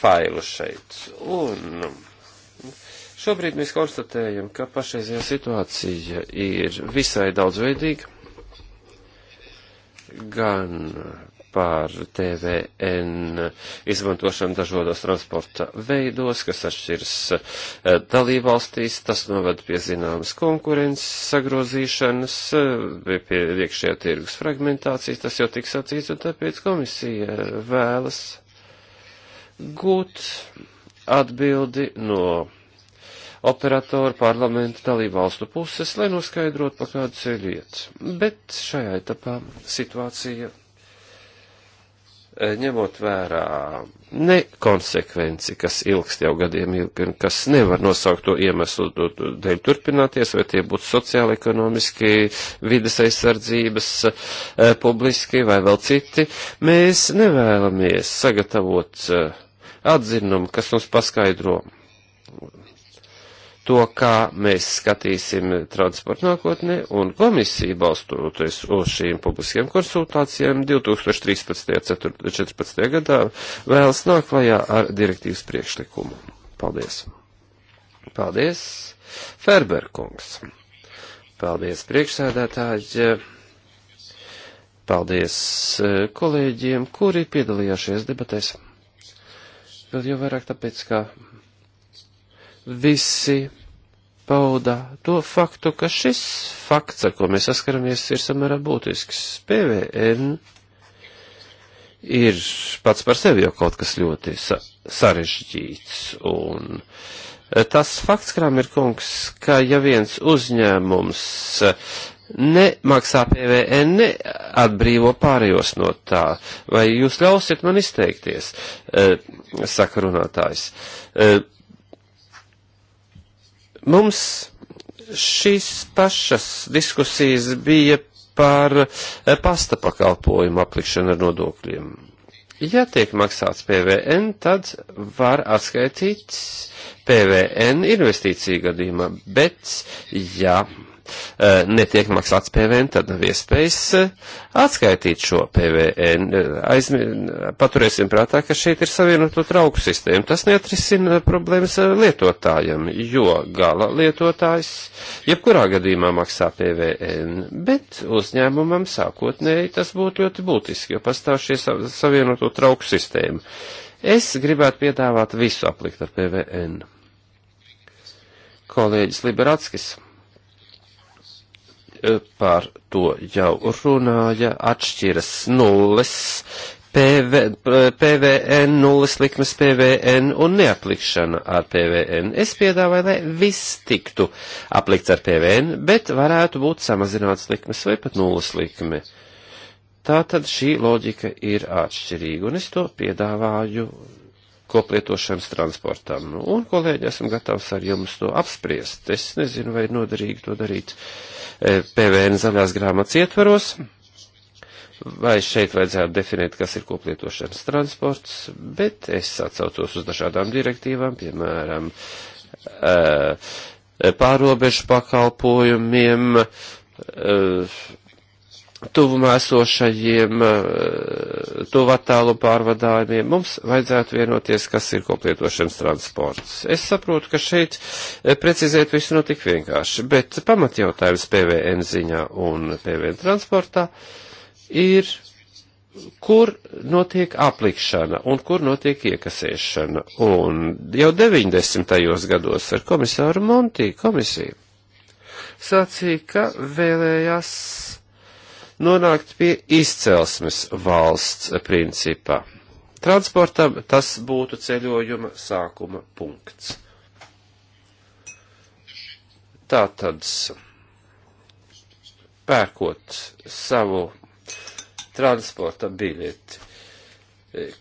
failu šeit. Un mm, šobrīd mēs konstatējam, ka pašreizajā situācija ir visai daudzveidīga, gan par TVN izmantošanu dažādos transporta veidos, kas atšķirs eh, dalībvalstīs. Tas noved pie zināmas konkurences sagrozīšanas, eh, pie iekšējā tirgus fragmentācijas. Tas jau tiks sacīts, un tāpēc komisija vēlas gūt atbildi no operatoru parlamentu dalību valstu puses, lai noskaidrotu, pa kādu ceļu iet. Bet šajā etapā situācija ņemot vērā nekonsekvenci, kas ilgst jau gadiem ilgi un kas nevar nosaukt to iemeslu dēļ turpināties, vai tie būtu sociāli, ekonomiski, vides aizsardzības, e, publiski vai vēl citi, mēs nevēlamies sagatavot e, atzinumu, kas mums paskaidro to, kā mēs skatīsim transportu nākotnē, un komisija balstoties uz šīm publiskiem konsultācijām 2013. un 2014. gadā vēlas nāk klajā ar direktīvas priekšlikumu. Paldies! Paldies, Ferberkungs! Paldies, priekšsēdētāji! Paldies eh, kolēģiem, kuri piedalījāšies debatēs. Vēl jau vairāk tāpēc, ka visi pauda to faktu, ka šis fakts, ar ko mēs saskaramies, ir samērā būtisks. PVN ir pats par sevi jau kaut kas ļoti sa sarežģīts. Un eh, tas fakts, Kramer kungs, ka ja viens uzņēmums eh, nemaksā PVN, neatbrīvo pārējos no tā. Vai jūs ļausiet man izteikties, eh, saka runātājs. Mums šīs pašas diskusijas bija par eh, pasta pakalpojumu aplikšanu ar nodokļiem. Ja tiek maksāts PVN, tad var atskaitīt PVN investīciju gadījumā, bet ja Eh, netiek maksāts PVN, tad nav iespējas eh, atskaitīt šo PVN. Eh, aizmi, paturēsim prātā, ka šeit ir savienoto trauku sistēma. Tas neatrisina problēmas lietotājiem, jo gala lietotājs jebkurā gadījumā maksā PVN, bet uzņēmumam sākotnēji tas būtu ļoti būtiski, jo pastāv šie savienoto trauku sistēma. Es gribētu piedāvāt visu aplikt ar PVN. Kolēģis Liberatskis Eh, par to jau runāja, atšķiras nulles, PV, eh, PVN, nulles likmes PVN un neaplikšana ar PVN. Es piedāvāju, lai viss tiktu aplikts ar PVN, bet varētu būt samazināts likmes vai pat nulles likme. Tātad šī loģika ir atšķirīga, un es to piedāvāju koplietošanas transportam. Un, kolēģi, esam gatavs ar jums to apspriest. Es nezinu, vai ir noderīgi to darīt. Uh, E, PVN zaļās grāmatas ietvaros. Vai šeit vajadzētu definēt, kas ir koplietošanas transports, bet es atsaucos uz dažādām direktīvām, piemēram, e, e, pārobežu pakalpojumiem, tuvumā esošajiem, eh, tuvu attālu pārvadājumiem, mums vajadzētu vienoties, kas ir koplietošanas transports. Es saprotu, ka šeit eh, precizēt visu nav tik vienkārši, bet pamatjautājums PVN ziņā un PVN transportā ir, kur notiek aplikšana un kur notiek iekasēšana. Un jau 90. gados ar komisāru Monti komisiju sacīja, ka vēlējās nonākt pie izcelsmes valsts principa. Transportam tas būtu ceļojuma sākuma punkts. Tātad, pērkot savu transporta biļeti,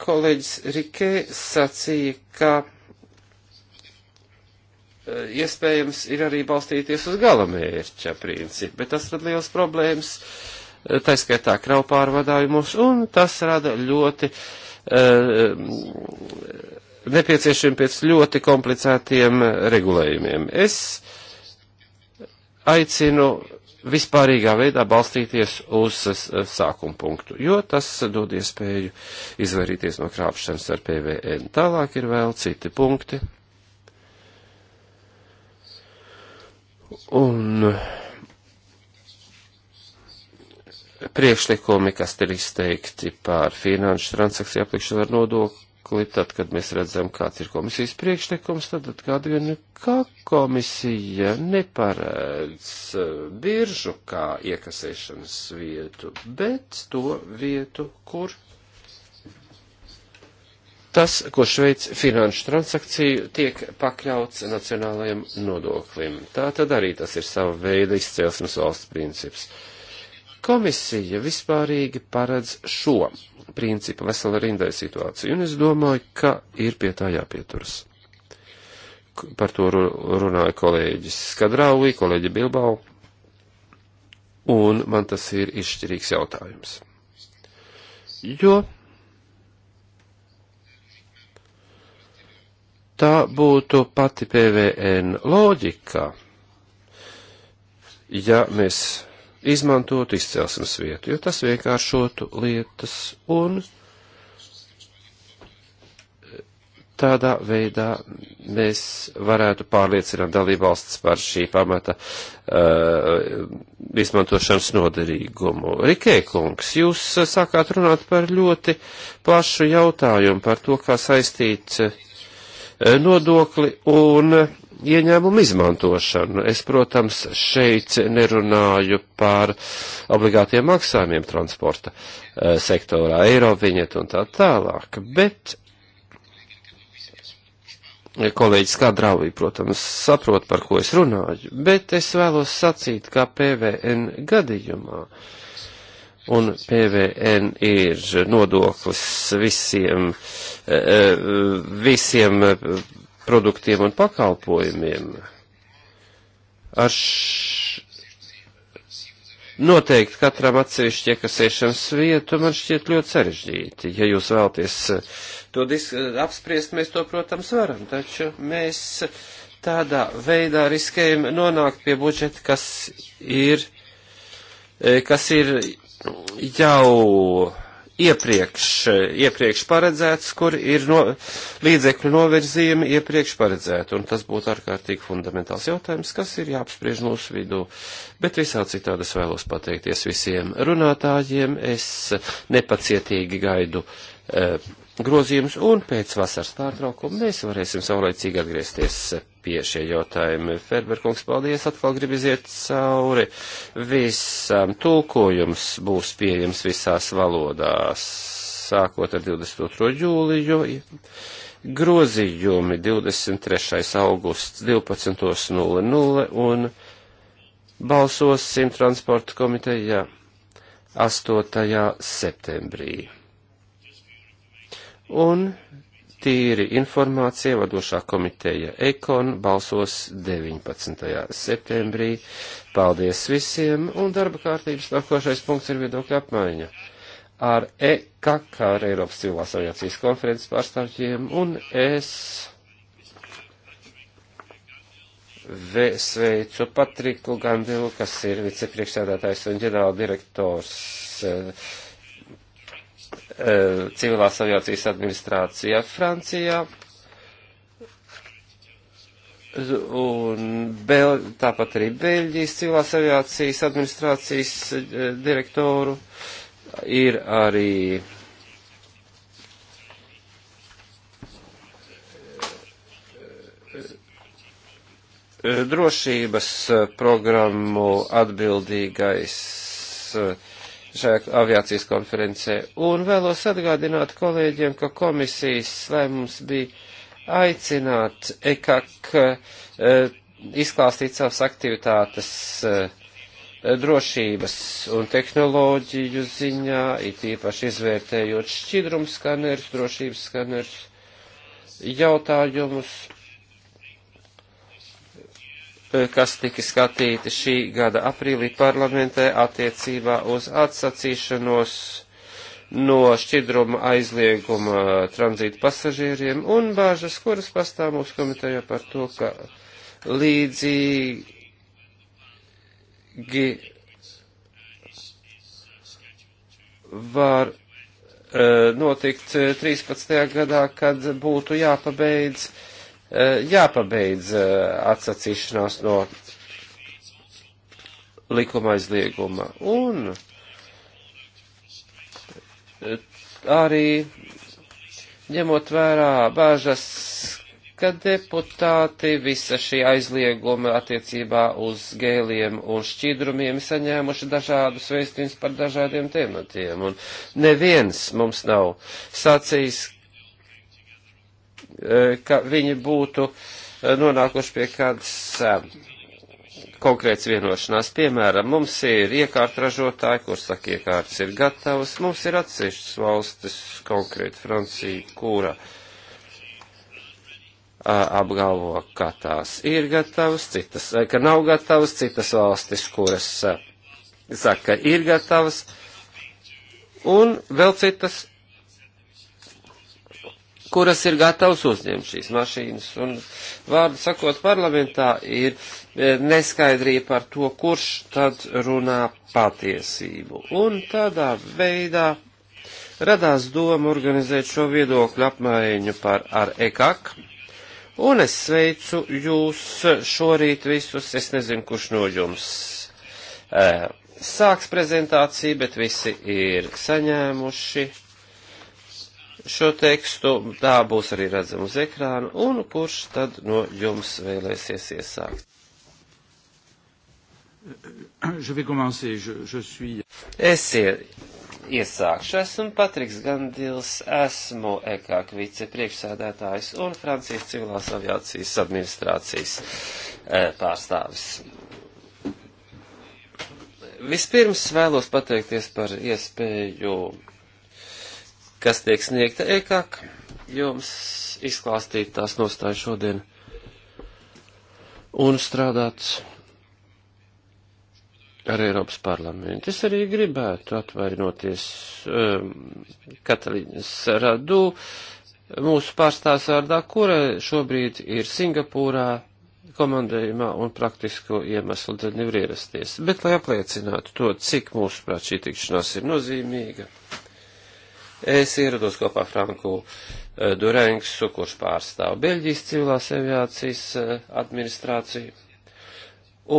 kolēģis Rikē sacīja, ka e, iespējams ir arī balstīties uz galamērķa principu, bet tas rada liels problēmas uh, taiskaitā kraupārvadājumus, un tas rada ļoti eh, nepieciešami pēc ļoti komplicētiem regulējumiem. Es aicinu vispārīgā veidā balstīties uz sākuma punktu, jo tas dod iespēju izvairīties no krāpšanas ar PVN. Tālāk ir vēl citi punkti. Un priekšlikumi, kas ir izteikti par finanšu transakciju aplikšanu ar nodokli, tad, kad mēs redzam, kāds ir komisijas priekšlikums, tad atgādinu, kā komisija neparēdz eh, biržu kā iekasēšanas vietu, bet to vietu, kur tas, kurš veids finanšu transakciju, tiek pakļauts nacionālajiem nodoklim. Tā tad arī tas ir sava veida izcelsmes valsts princips. Uh, Komisija vispārīgi paredz šo principu vesela rindai situāciju, un es domāju, ka ir pie tā jāpieturas. Par to runāja kolēģis Skadrauji, kolēģi Bilbao, un man tas ir izšķirīgs jautājums. Jo tā būtu pati PVN loģika, ja mēs izmantot izcelsmes vietu, jo tas vienkāršotu lietas un tādā veidā mēs varētu pārliecināt dalībvalstis par šī pamata uh, izmantošanas noderīgumu. Rikē kungs, jūs sākāt runāt par ļoti plašu jautājumu par to, kā saistīt uh, nodokli un uh, ieņēmumu izmantošanu. Es, protams, šeit nerunāju par obligātiem maksājumiem transporta eh, sektorā, eiroviņet un tā tālāk, bet kolēģis kā draugi, protams, saprot, par ko es runāju, bet es vēlos sacīt, kā PVN gadījumā, un PVN ir nodoklis visiem, eh, eh, visiem produktiem un pakalpojumiem. Ar š... noteikti katram atsevišķi iekasēšanas vietu man šķiet ļoti sarežģīti. Ja jūs vēlties eh, to disk... Eh, apspriest, mēs to, protams, varam, taču mēs tādā veidā riskējam nonākt pie budžeta, kas ir, eh, kas ir jau iepriekš, iepriekš paredzēts, kur ir no, līdzekļu novirzījumi iepriekš paredzēti. Un tas būtu ārkārtīgi fundamentāls jautājums, kas ir jāapspriež mūsu vidū. Bet visā citādi es vēlos pateikties visiem runātājiem. Es nepacietīgi gaidu e, grozījumus un pēc vasaras pārtraukuma mēs varēsim saulēcīgi atgriezties pie šie jautājumi. Ferberkungs, paldies, atkal grib iziet cauri visam. Tulkojums būs pieejams visās valodās, sākot ar 22. jūliju. Grozījumi 23. augusts 12.00 un balsosim transporta komitejā 8. septembrī. Un tīri informācija vadošā komiteja Ekon balsos 19. septembrī. Paldies visiem, un darba kārtības nākošais punkts ir viedokļa apmaiņa ar EKK, ar Eiropas civilās aviācijas konferences pārstāvjiem, un es sveicu Patriku Gandilu, kas ir vicepriekšsēdētājs un ģenerāldirektors. direktors eh, E, civilās aviācijas administrācijā Francijā. Un Bel, tāpat arī Beļģijas civilās aviācijas administrācijas e, direktoru ir arī e, drošības programmu atbildīgais uh, šajā aviācijas konferencē. Un vēlos atgādināt kolēģiem, ka komisijas lēmums bija aicināt EKAK eh, izklāstīt savas aktivitātes eh, drošības un tehnoloģiju ziņā, it īpaši izvērtējot šķidrums skanerus, drošības skanerus jautājumus Eh, kas tika skatīti šī gada aprīlī parlamentē attiecībā uz atsacīšanos no šķidruma aizlieguma tranzīta pasažieriem un bāžas, kuras pastāv mūsu komitejā par to, ka līdzīgi var eh, notikt 13. Eh, gadā, kad būtu jāpabeidz uh, Eh, jāpabeidz eh, atsacīšanās no likuma aizlieguma. Un eh, arī ņemot vērā bāžas, ka deputāti visa šī aizlieguma attiecībā uz gēliem un šķīdrumiem saņēmuši dažādus vēstījumus par dažādiem tematiem. Un neviens mums nav sacījis, Eh, ka viņi būtu eh, nonākuši pie kādas eh, konkrēts vienošanās. Piemēram, mums ir iekārtražotāji, kur saka, iekārtas ir gatavas, mums ir atsevišķas valstis, konkrēti Francija, kura apgalvo, ka tās ir gatavas, citas, ka nav gatavas, citas valstis, kuras saka, ir gatavas, un vēl citas kuras ir gatavas uzņemt šīs mašīnas. Un, vārdu sakot, parlamentā ir e, neskaidrība par to, kurš tad runā patiesību. Un tādā veidā radās doma organizēt šo viedokļu apmaiņu par ar EKAK. Un es sveicu jūs šorīt visus, es nezinu, kurš no jums e, sāks prezentāciju, bet visi ir saņēmuši šo tekstu, tā būs arī redzama uz ekrāna, un kurš tad no jums vēlēsies iesākt? Es iesākšu, esmu Patriks Gandils, esmu EKK vicepriekšsēdētājs un Francijas civilās aviācijas administrācijas e, pārstāvis. Vispirms vēlos pateikties par iespēju kas tiek sniegta EKAK, jums izklāstīt tās nostāju šodien un strādāt ar Eiropas parlamentu. Es arī gribētu atvainoties um, Katalīnas Radu mūsu pārstāvs vārdā, kura šobrīd ir Singapūrā komandējumā un praktisko iemeslu dēļ nevar ierasties. Bet, lai apliecinātu to, cik mūsuprāt šī tikšanās ir nozīmīga. Es ierados kopā Franku eh, Durengsu, kurš pārstāv Beļģijas civilās aviācijas eh, administrāciju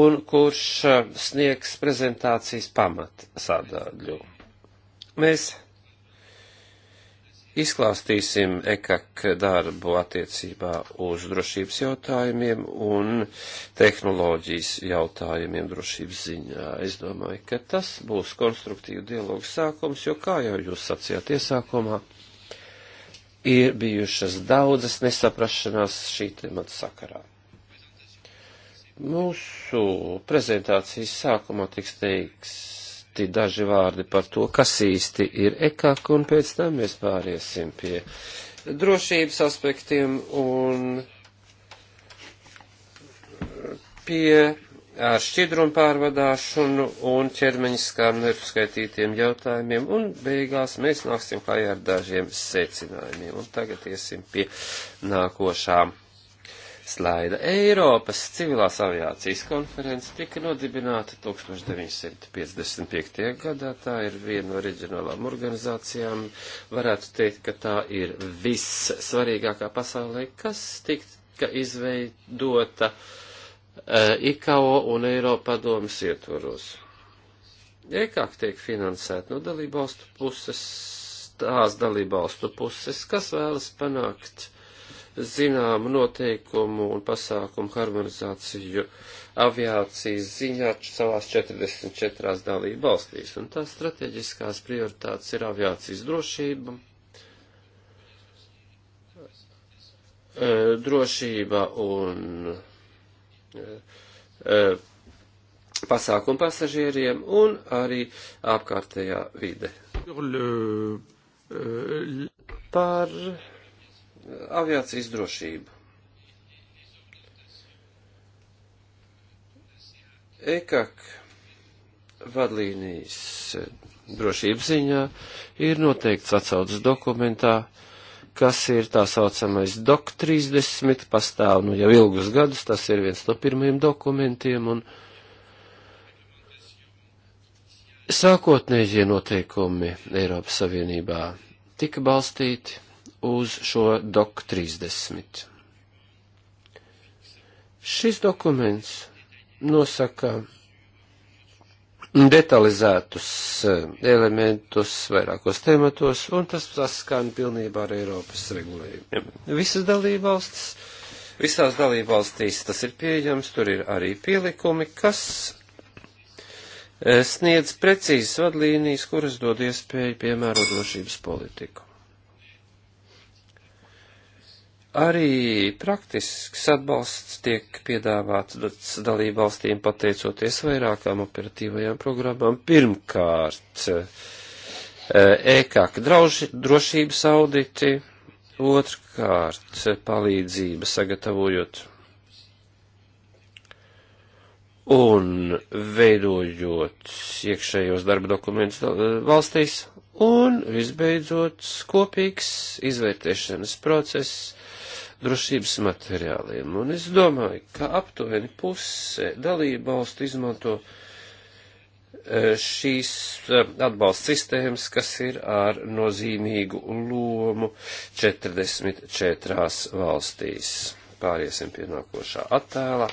un kurš eh, sniegs prezentācijas pamat sādāļu. Mēs Izklāstīsim EKAK darbu attiecībā uz drošības jautājumiem un tehnoloģijas jautājumiem drošības ziņā. Es domāju, ka tas būs konstruktīvu dialogu sākums, jo, kā jau jūs sacījāt iesākumā, ir bijušas daudzas nesaprašanās šī temata sakarā. Mūsu prezentācijas sākumā tiks teiks minūti daži vārdi par to, kas īsti ir EKAK, un pēc tam mēs pāriesim pie drošības aspektiem un pie ar šķidrumu pārvadāšanu un ķermeņa skāru nepaskaitītiem jautājumiem, un beigās mēs nāksim klājā ar dažiem secinājumiem. Un tagad iesim pie nākošām slaida. Eiropas civilās aviācijas konference tika nodibināta 1955. gadā. Tā ir viena no reģionālām organizācijām. Varētu teikt, ka tā ir vissvarīgākā pasaulē, kas tika izveidota uh, eh, IKO un Eiropa domas ietvaros. EKAK tiek finansēta no dalībvalstu puses, tās dalībvalstu puses, kas vēlas panākt zināmu noteikumu un pasākumu harmonizāciju aviācijas ziņā savās 44 dalību valstīs, un tās strateģiskās prioritātes ir aviācijas drošība, e, drošība un e, e, pasākumu pasažieriem un arī apkārtējā vide. Par aviācijas drošību. EKAK vadlīnijas drošības ziņā ir noteikts atsaucas dokumentā, kas ir tā saucamais DOC 30, pastāv nu jau ilgus gadus, tas ir viens no pirmajiem dokumentiem, un sākotnējie noteikumi Eiropas Savienībā tika balstīti uz šo DOC 30. Šis dokuments nosaka detalizētus eh, elementus vairākos tematos, un tas saskan pilnībā ar Eiropas regulējumiem. Visas dalībvalstis, visās dalībvalstīs tas ir pieejams, tur ir arī pielikumi, kas eh, sniedz precīzas vadlīnijas, kuras dod iespēju piemērot drošības politiku. Arī praktisks atbalsts tiek piedāvāts dalību valstīm pateicoties vairākām operatīvajām programmām. Pirmkārt, ēkāk e, e drošības auditi, otrkārt, palīdzība sagatavojot un veidojot iekšējos darba dokumentus e, valstīs, un visbeidzot kopīgs izvērtēšanas process drošības materiāliem. Un es domāju, ka aptuveni puse dalību valstu izmanto e, šīs e, atbalsta sistēmas, kas ir ar nozīmīgu lomu 44 valstīs. Pāriesim pie nākošā attēla.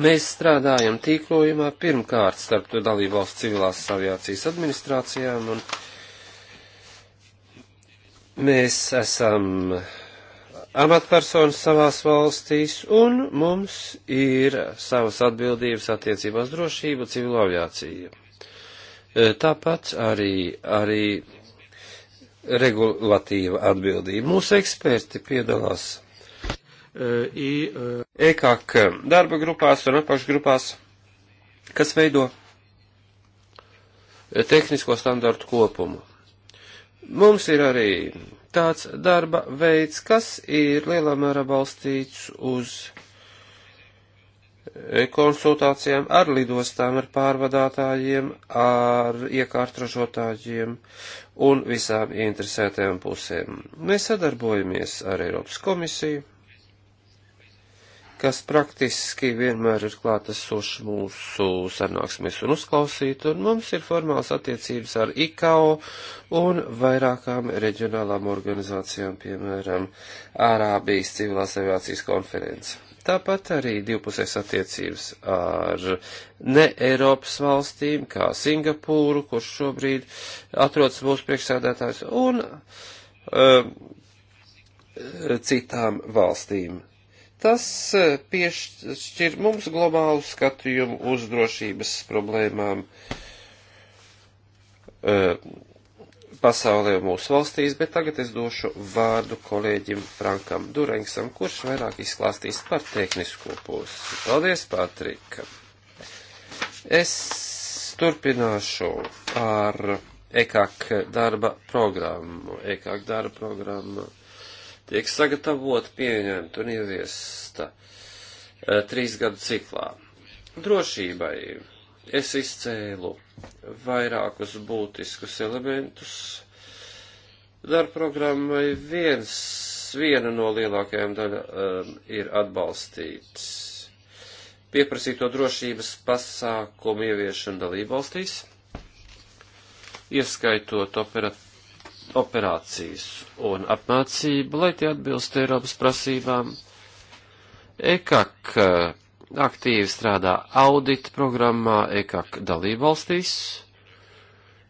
Mēs strādājam tīklojumā pirmkārt starp dalību valsts civilās aviācijas administrācijām un uh, Mēs esam amatpersonas savās valstīs, un mums ir savas atbildības attiecībās drošību civilo aviāciju. E, tāpat arī, arī regulatīva atbildība. Mūsu eksperti piedalās EKAK e, e darba grupās un apakšgrupās, kas veido tehnisko standartu kopumu. Mums ir arī tāds darba veids, kas ir lielā mērā balstīts uz e, konsultācijām ar lidostām, ar pārvadātājiem, ar iekārtražotājiem un visām interesētajām pusēm. Mēs sadarbojamies ar Eiropas komisiju, kas praktiski vienmēr ir klātesoši mūsu sanāksmēs un uzklausīt, un mums ir formāls attiecības ar IKO un vairākām reģionālām organizācijām, piemēram, Ārābijas civilās aviācijas konference. Tāpat arī divpusējas attiecības ar ne Eiropas valstīm, kā Singapūru, kurš šobrīd atrodas mūsu priekšsēdētājs, un um, citām valstīm. Tas eh, piešķir mums globālu skatījumu uz drošības problēmām eh, pasaulē mūsu valstīs, bet tagad es došu vārdu kolēģim Frankam Durengsam, kurš vairāk izklāstīs par tehnisko pusi. Paldies, Patrika! Es turpināšu ar EKAK darba programmu. EKAK darba programma tiek sagatavota, pieņemta un ieviesta e, trīs gadu ciklā. Drošībai es izcēlu vairākus būtiskus elementus darba programmai. Viens, viena no lielākajām daļām e, ir atbalstīts pieprasīto drošības pasākumu ieviešanu dalībvalstīs, ieskaitot operatīvu operācijas un apmācību, lai tie atbilst Eiropas prasībām. EKAK eh, aktīvi strādā audita programmā EKAK dalībvalstīs,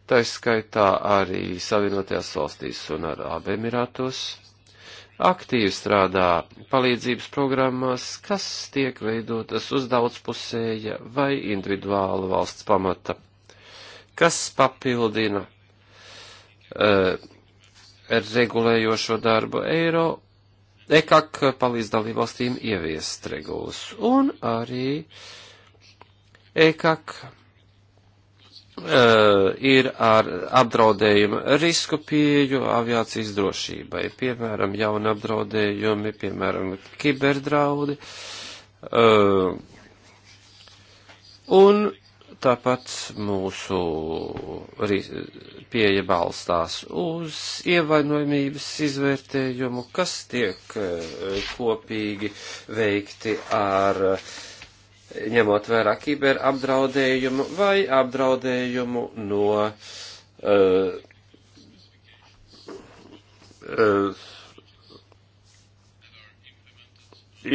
tā skaitā arī Savienotajās valstīs un Arābu Emirātos aktīvi strādā palīdzības programmās, kas tiek veidotas uz daudzpusēja vai individuāla valsts pamata, kas papildina uh, regulējošo darbu eiro, EKAK palīdz dalībvalstīm ieviest regulas. Un arī EKAK uh, ir ar apdraudējumu risku pieju aviācijas drošībai. Piemēram, jauni apdraudējumi, piemēram, kiberdraudi. Uh, un tāpat mūsu pieeja balstās uz ievainojumības izvērtējumu, kas tiek e, kopīgi veikti ar ņemot vērā kiberapdraudējumu vai apdraudējumu no uh, uh,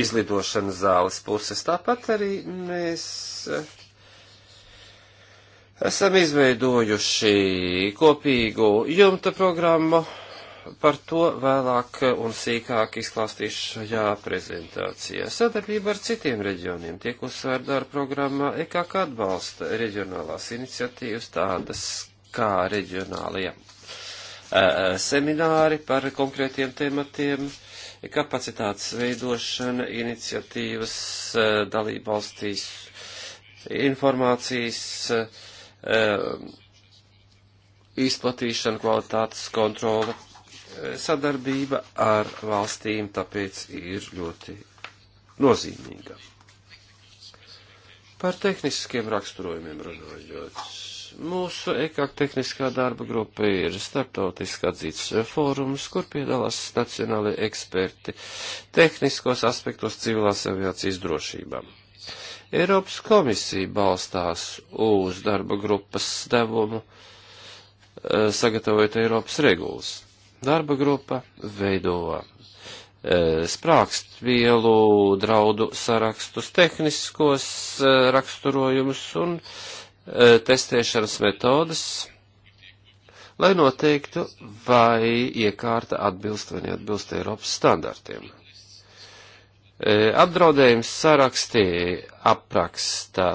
izlidošanas zāles puses. Tāpat arī mēs uh, Esam izveidojuši kopīgu jumta programmu, par to vēlāk un sīkāk izklāstīšu šajā prezentācijā. Sadarbība ar citiem reģioniem tiek uzsvērta ar programmā EKK atbalsta reģionālās iniciatīvas tādas kā reģionālie e, semināri par konkrētiem tematiem, kapacitātes veidošana, iniciatīvas e, dalībvalstīs, informācijas Eh, izplatīšana, kvalitātes kontrole, eh, sadarbība ar valstīm tāpēc ir ļoti nozīmīga. Par tehniskiem raksturojumiem runājot. Mūsu EKAK tehniskā darba grupa ir starptautiski atzīts fórums, kur piedalās nacionālie eksperti tehniskos aspektos civilās aviācijas drošībām. Eiropas komisija balstās uz darba grupas devumu, eh, sagatavojot Eiropas regulas. Darba grupa veido eh, sprākstvielu draudu sarakstus, tehniskos eh, raksturojumus un testēšanas metodas, lai noteiktu, vai iekārta atbilst vai neatbilst Eiropas standartiem. E, apdraudējums sarakstī aprakstā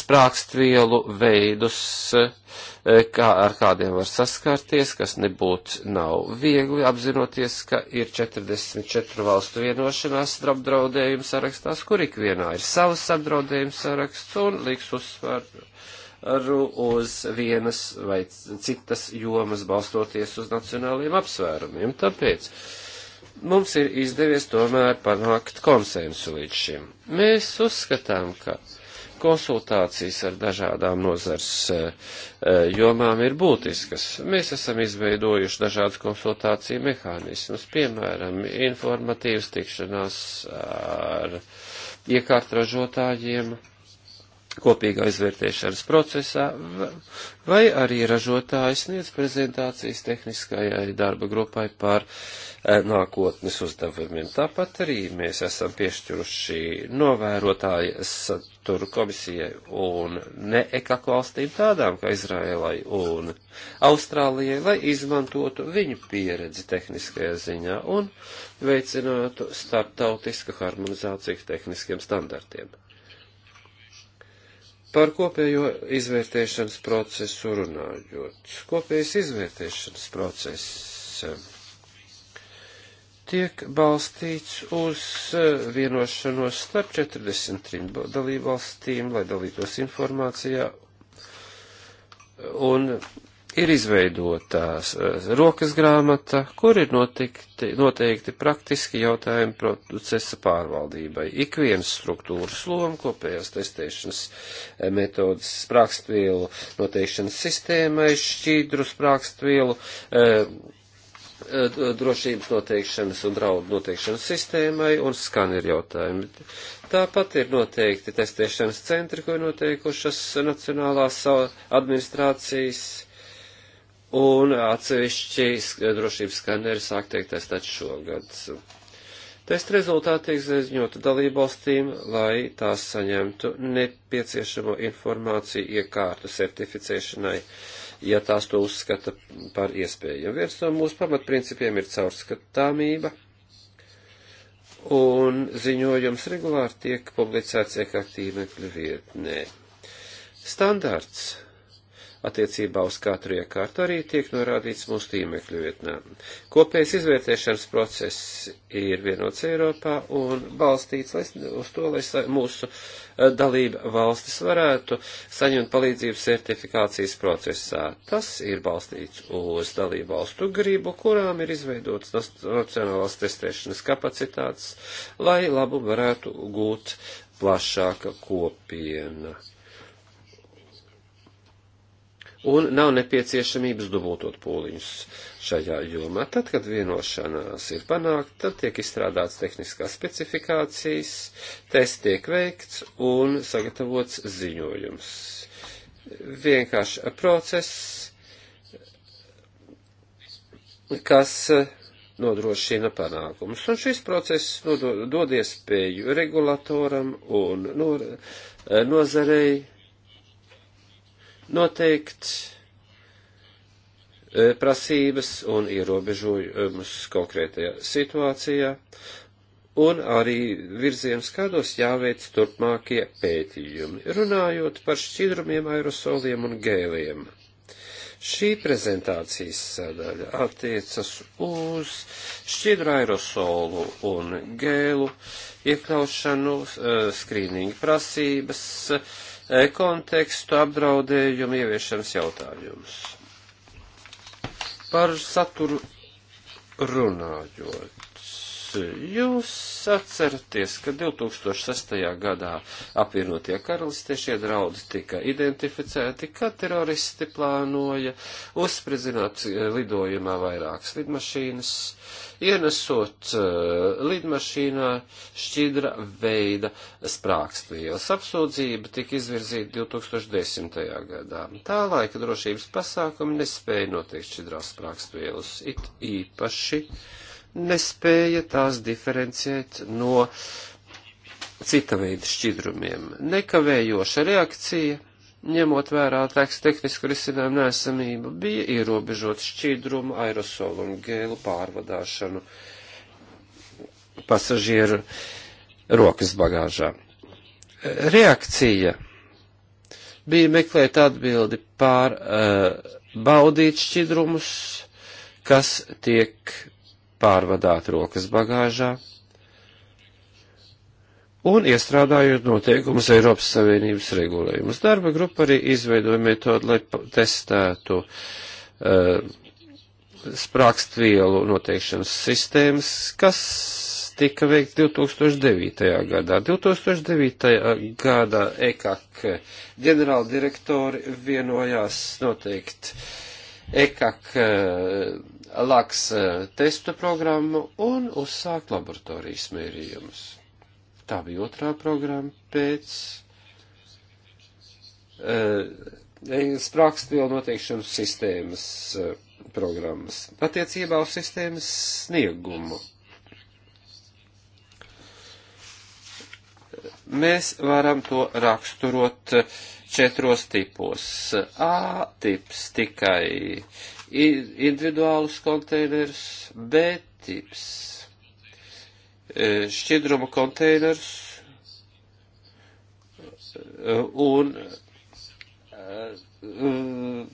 sprākstvielu veidus, e, kā ar kādiem var saskarties, kas nebūtu nav viegli apzinoties, ka ir 44 valstu vienošanās apdraudējumu sarakstās, kur ikvienā ir savs apdraudējumu saraksts un liks uzsvaru uz vienas vai citas jomas balstoties uz nacionāliem apsvērumiem. Tāpēc mums ir izdevies tomēr panākt konsensu līdz šim. Mēs uzskatām, ka konsultācijas ar dažādām nozars e, e, jomām ir būtiskas. Mēs esam izveidojuši dažādas konsultāciju mehānismus, piemēram, informatīvas tikšanās ar iekārtražotājiem, kopīgā izvērtēšanas procesā, vai arī ražotājs sniedz prezentācijas tehniskajai darba grupai par eh, nākotnes uzdevumiem. Tāpat arī mēs esam piešķiruši novērotāju saturu komisijai un ne ekak valstīm tādām kā Izrēlai un Austrālijai, lai izmantotu viņu pieredzi tehniskajā ziņā un veicinātu starptautisku harmonizāciju tehniskiem standartiem. Par kopējo izvērtēšanas procesu runājot. Kopējais izvērtēšanas process eh, tiek balstīts uz eh, vienošanos starp 43 dalībvalstīm, lai dalītos informācijā un ir izveidotās eh, rokas grāmata, kur ir notikti, noteikti praktiski jautājumi procesa pārvaldībai. Ik viens struktūras loma, kopējās testēšanas eh, metodas sprākstvielu noteikšanas sistēmai, šķīdru sprākstvielu e, drošības noteikšanas un draudu noteikšanas sistēmai un skaneru jautājumi. Tāpat ir noteikti testēšanas centri, ko ir noteikušas nacionālās administrācijas un atsevišķi drošības skaneri sāk tiek testēt šogad. Testa rezultāti tiek ziņoti dalībvalstīm, lai tās saņemtu nepieciešamo informāciju iekārtu certificēšanai, ja tās to uzskata par iespējamu. Viens no mūsu pamatprincipiem ir caurskatāmība, un ziņojums regulāri tiek publicēts iekaktīmekļu vietnē. Standarts attiecībā uz katru iekārtu arī tiek norādīts mūsu tīmekļu vietnē. Kopējais izvērtēšanas process ir vienots Eiropā un balstīts lai, uz to, lai mūsu eh, dalība valstis varētu saņemt palīdzību certifikācijas procesā. Tas ir balstīts uz dalību valstu gribu, kurām ir izveidotas nacionālās testēšanas kapacitātes, lai labu varētu gūt plašāka kopiena un nav nepieciešamības dubultot pūliņus šajā jomā. Tad, kad vienošanās ir panākta, tad tiek izstrādāts tehniskās specifikācijas, tests tiek veikts un sagatavots ziņojums. Vienkārši process, kas nodrošina panākumus. Un šis process dod iespēju regulatoram un nozarei noteikt e, prasības un ierobežojumus konkrētajā situācijā, un arī virziens, kādos jāveic turpmākie pētījumi, runājot par šķidrumiem, aerosoliem un gēliem. Šī prezentācijas sadaļa attiecas uz šķidru aerosolu un gēlu iekļaušanu, e, skrīningu prasības, uh, kontekstu apdraudējumu ieviešanas jautājumus. Par saturu runājot. Jūs atceraties, ka 2006. gadā apvienotie karalistē šie draudi tika identificēti, ka teroristi plānoja uzspridzināt eh, lidojumā vairākas lidmašīnas, ienesot uh, lidmašīnā šķidra veida sprākstvielas. Apsūdzība tika izvirzīta 2010. gadā. Tā laika drošības pasākumi nespēja noteikt šķidrās sprākstvielas, it īpaši. Uh, nespēja tās diferencēt no cita veida šķidrumiem. Nekavējoša reakcija, ņemot vērā tēks tehnisku risinājumu nesamību, bija ierobežot šķidrumu, aerosolu un gēlu pārvadāšanu pasažieru rokas bagāžā. Reakcija bija meklēt atbildi pār uh, baudīt šķidrumus, kas tiek pārvadāt rokas bagāžā un iestrādājot noteikumus Eiropas Savienības regulējumus. Darba grupa arī izveidoja metodu, lai testētu uh, sprākstvielu noteikšanas sistēmas, kas tika veikts 2009. gadā. 2009. gadā EKAK ģenerāldirektori vienojās noteikt EKAK uh, laks eh, testu programmu un uzsākt laboratorijas mērījumus. Tā bija otrā programma pēc uh, eh, sprākstvielu noteikšanas sistēmas uh, programmas. Attiecībā uz sistēmas sniegumu. Mēs varam to raksturot četros tipos. A tips tikai individuālus konteinerus, B tips e, šķidruma konteinerus e, un e,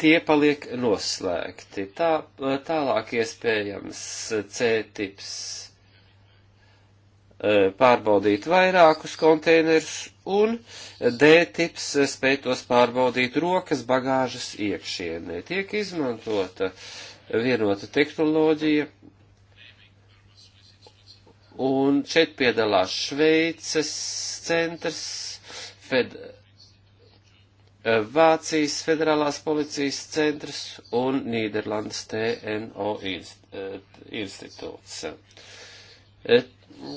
tie paliek noslēgti. Tā, tālāk iespējams C tips pārbaudīt vairākus konteinerus un D-tips spēj tos pārbaudīt rokas bagāžas iekšienē. Tiek izmantota vienota tehnoloģija, un šeit piedalās Šveices centrs, Fed, Vācijas federālās policijas centrs un Nīderlandes TNO eh, institūts. Eh,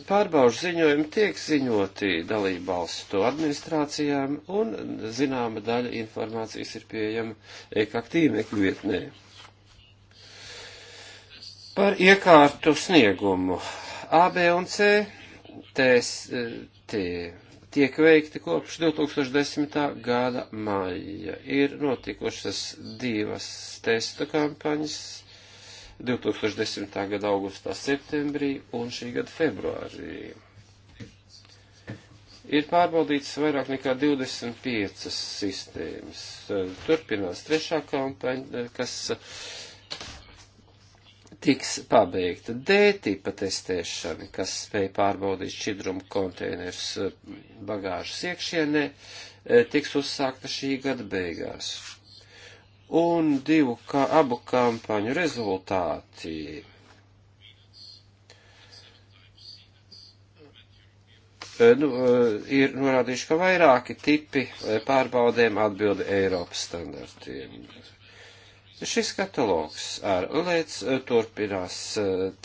pārbaužu ziņojumi tiek ziņoti dalību valstu administrācijām un zināma daļa informācijas ir pieejama EKAK tīmekļu vietnē. Par iekārtu sniegumu A, B un C testi tiek veikti kopš 2010. gada maija. Ir notikušas divas testu kampaņas 2010. gada augustā, septembrī un šī gada februārī. Ir pārbaudīts vairāk nekā 25 sistēmas. Turpinās trešā kampaņa, kas tiks pabeigta. D-tipa testēšana, kas spēja pārbaudīt šķidrumu konteinerus bagāžas iekšienē, tiks uzsākta šī gada beigās un divu kā abu kampaņu rezultāti. E, nu, e, ir norādījuši, ka vairāki tipi e, pārbaudēm atbildi Eiropas standartiem. Šis katalogs ar lēc turpinās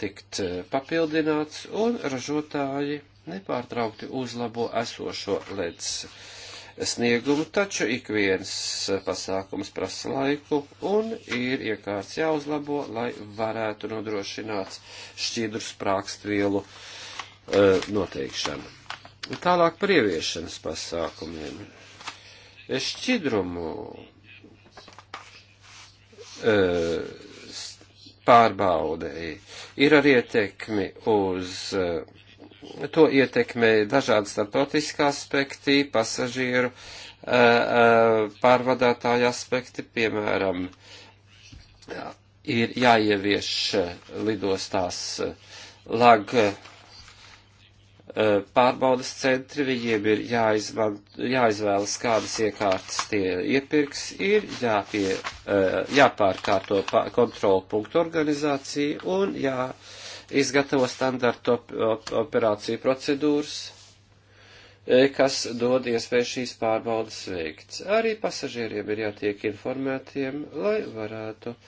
tikt papildināts un ražotāji nepārtraukti uzlabo esošo lēc. Uh, sniegumu, taču ik viens eh, pasākums prasa laiku un ir iekārts jāuzlabo, lai varētu nodrošināt šķidru sprākstvielu uh, noteikšanu. Tālāk par ieviešanas pasākumiem. Šķidrumu uh, eh, pārbaudei ir arī ietekmi uz uh, to ietekmē dažādi starptautiskā aspekti, pasažieru pārvadātāja aspekti, piemēram, ir jāievieš lidostās lag pārbaudas centri, viņiem ir jāizvan, jāizvēlas, kādas iekārtas tie iepirks, ir jāpie, jāpārkārto kontrolu punktu organizācija un jā. Ja, izgatavo standarta op operāciju procedūras, e, kas dod iespēju šīs pārbaudas veikt. Arī pasažieriem ir jātiek informētiem, lai varētu e,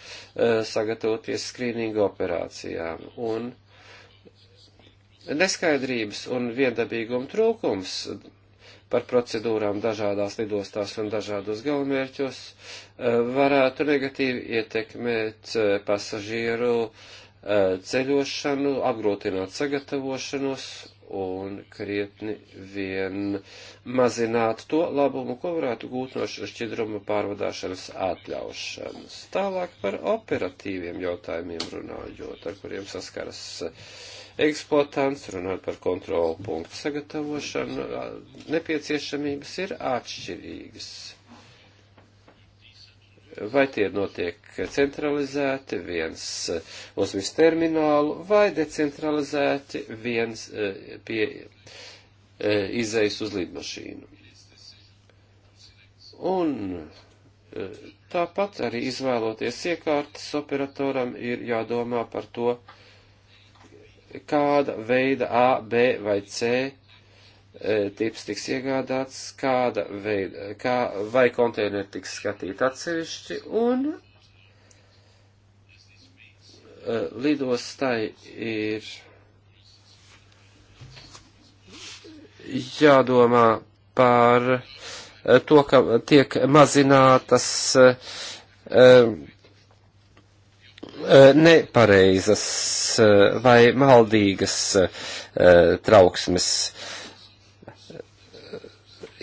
sagatavoties skrīningu operācijām. Un neskaidrības un viendabīguma trūkums par procedūrām dažādās lidostās un dažādos galamērķos e, varētu negatīvi ietekmēt pasažieru uh, ceļošanu, apgrūtināt sagatavošanos un krietni vien mazināt to labumu, ko varētu gūt no šķidruma pārvadāšanas atļaušanas. Tālāk par operatīviem jautājumiem runājot, ar kuriem saskaras eksploatants, runājot par kontrolu punktu sagatavošanu, nepieciešamības ir atšķirīgas vai tie notiek centralizēti viens uz visu terminālu, vai decentralizēti viens eh, pie eh, izejas uz lidmašīnu. Un eh, tāpat arī izvēloties iekārtas operatoram ir jādomā par to, kāda veida A, B vai C E, tips tiks iegādāts, kāda veida, kā, vai konteineri tiks skatīti atsevišķi, un e, lidostai ir jādomā par e, to, ka tiek mazinātas nepareizas vai maldīgas trauksmes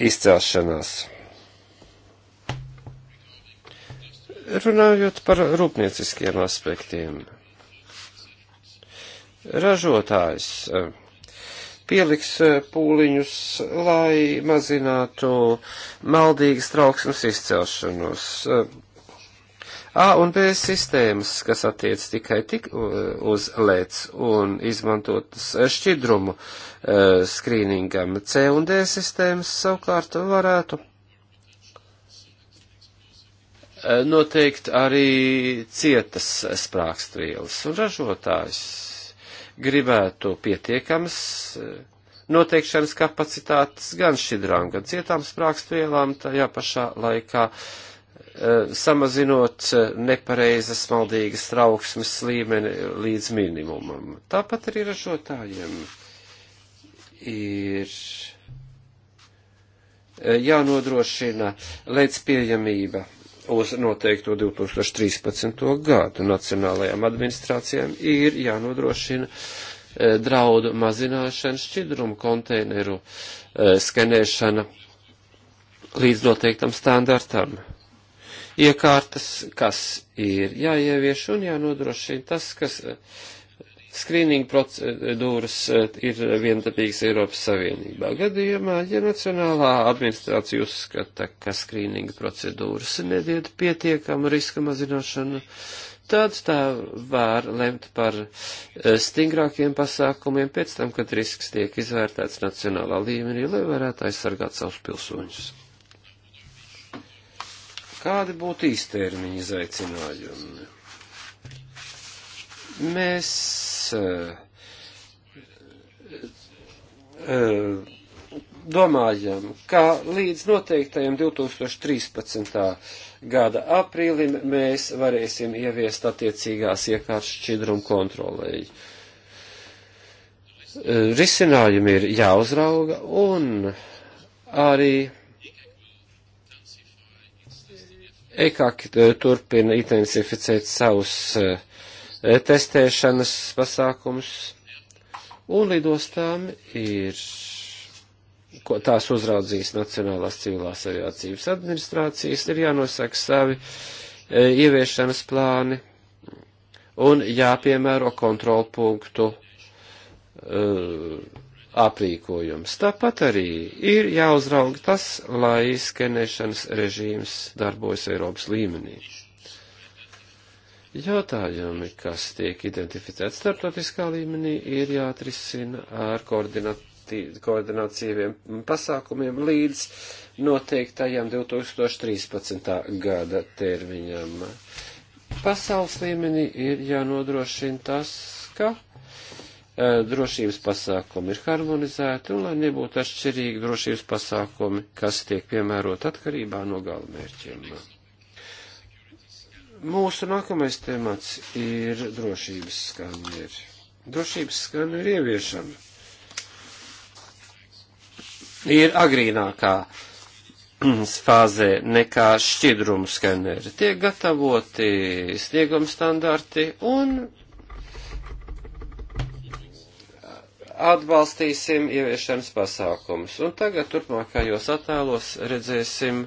izcelšanās. Runājot par rūpnieciskiem aspektiem, ražotājs eh, pieliks eh, pūliņus, lai mazinātu maldīgas trauksmes izcelšanos. Eh, A un B sistēmas, kas attiec tikai tik uz lēc e un izmantot e, šķidrumu uh, skrīningam. C un D sistēmas savukārt varētu noteikt arī cietas sprākstvielas un ražotājs gribētu pietiekams noteikšanas kapacitātes gan šķidrām, gan cietām sprākstvielām tajā pašā laikā. Uh, Eh, samazinot eh, nepareizas maldīgas trauksmes līmeni līdz minimumam. Tāpat arī ražotājiem ir eh, jānodrošina līdz pieejamība uz noteikto 2013. gadu. Nacionālajām administrācijām ir jānodrošina draudu mazināšana, šķidrumu konteineru skenēšana līdz noteiktam standartam iekārtas, kas ir jāievieš un jānodrošina tas, kas eh, skrīninga procedūras eh, ir vientapīgas Eiropas Savienībā. Gadījumā, ja Nacionālā administrācija uzskata, ka skrīninga procedūras nedied pietiekamu riska mazināšanu, tad tā var lemt par eh, stingrākiem pasākumiem pēc tam, kad risks tiek izvērtēts nacionālā līmenī, lai varētu aizsargāt savus pilsoņus. Kādi būtu īstermiņa izaicinājumi? Mēs uh, uh, domājam, ka līdz noteiktajam 2013. gada aprīlim mēs varēsim ieviest attiecīgās iekārtas šķidrumu kontrolēju. Eh, risinājumi ir jāuzrauga un arī EKAK e, turpina intensificēt savus e, e, testēšanas pasākumus, un lidostām ir, ko tās uzraudzīs Nacionālās civilās aviācijas administrācijas, ir jānosaka savi ieviešanas plāni un jāpiemēro kontrolpunktu uh, aprīkojums. Tāpat arī ir jāuzrauga tas, lai skenēšanas režīms darbojas Eiropas līmenī. Jautājumi, kas tiek identificēti starptautiskā līmenī, ir jāatrisina ar koordinācijiem pasākumiem līdz noteiktajam 2013. gada termiņam. Pasaules līmenī ir jānodrošina tas, ka drošības pasākumi ir harmonizēti un lai nebūtu atšķirīgi drošības pasākumi, kas tiek piemērot atkarībā no galamērķiem. Mūsu nākamais temats ir drošības skaneri. Drošības skaneri ieviešana ir agrīnākā fāzē nekā šķidrumu skaneri. Tiek gatavoti snieguma standarti un atbalstīsim ieviešanas pasākumus. Un tagad turpmākajos attēlos redzēsim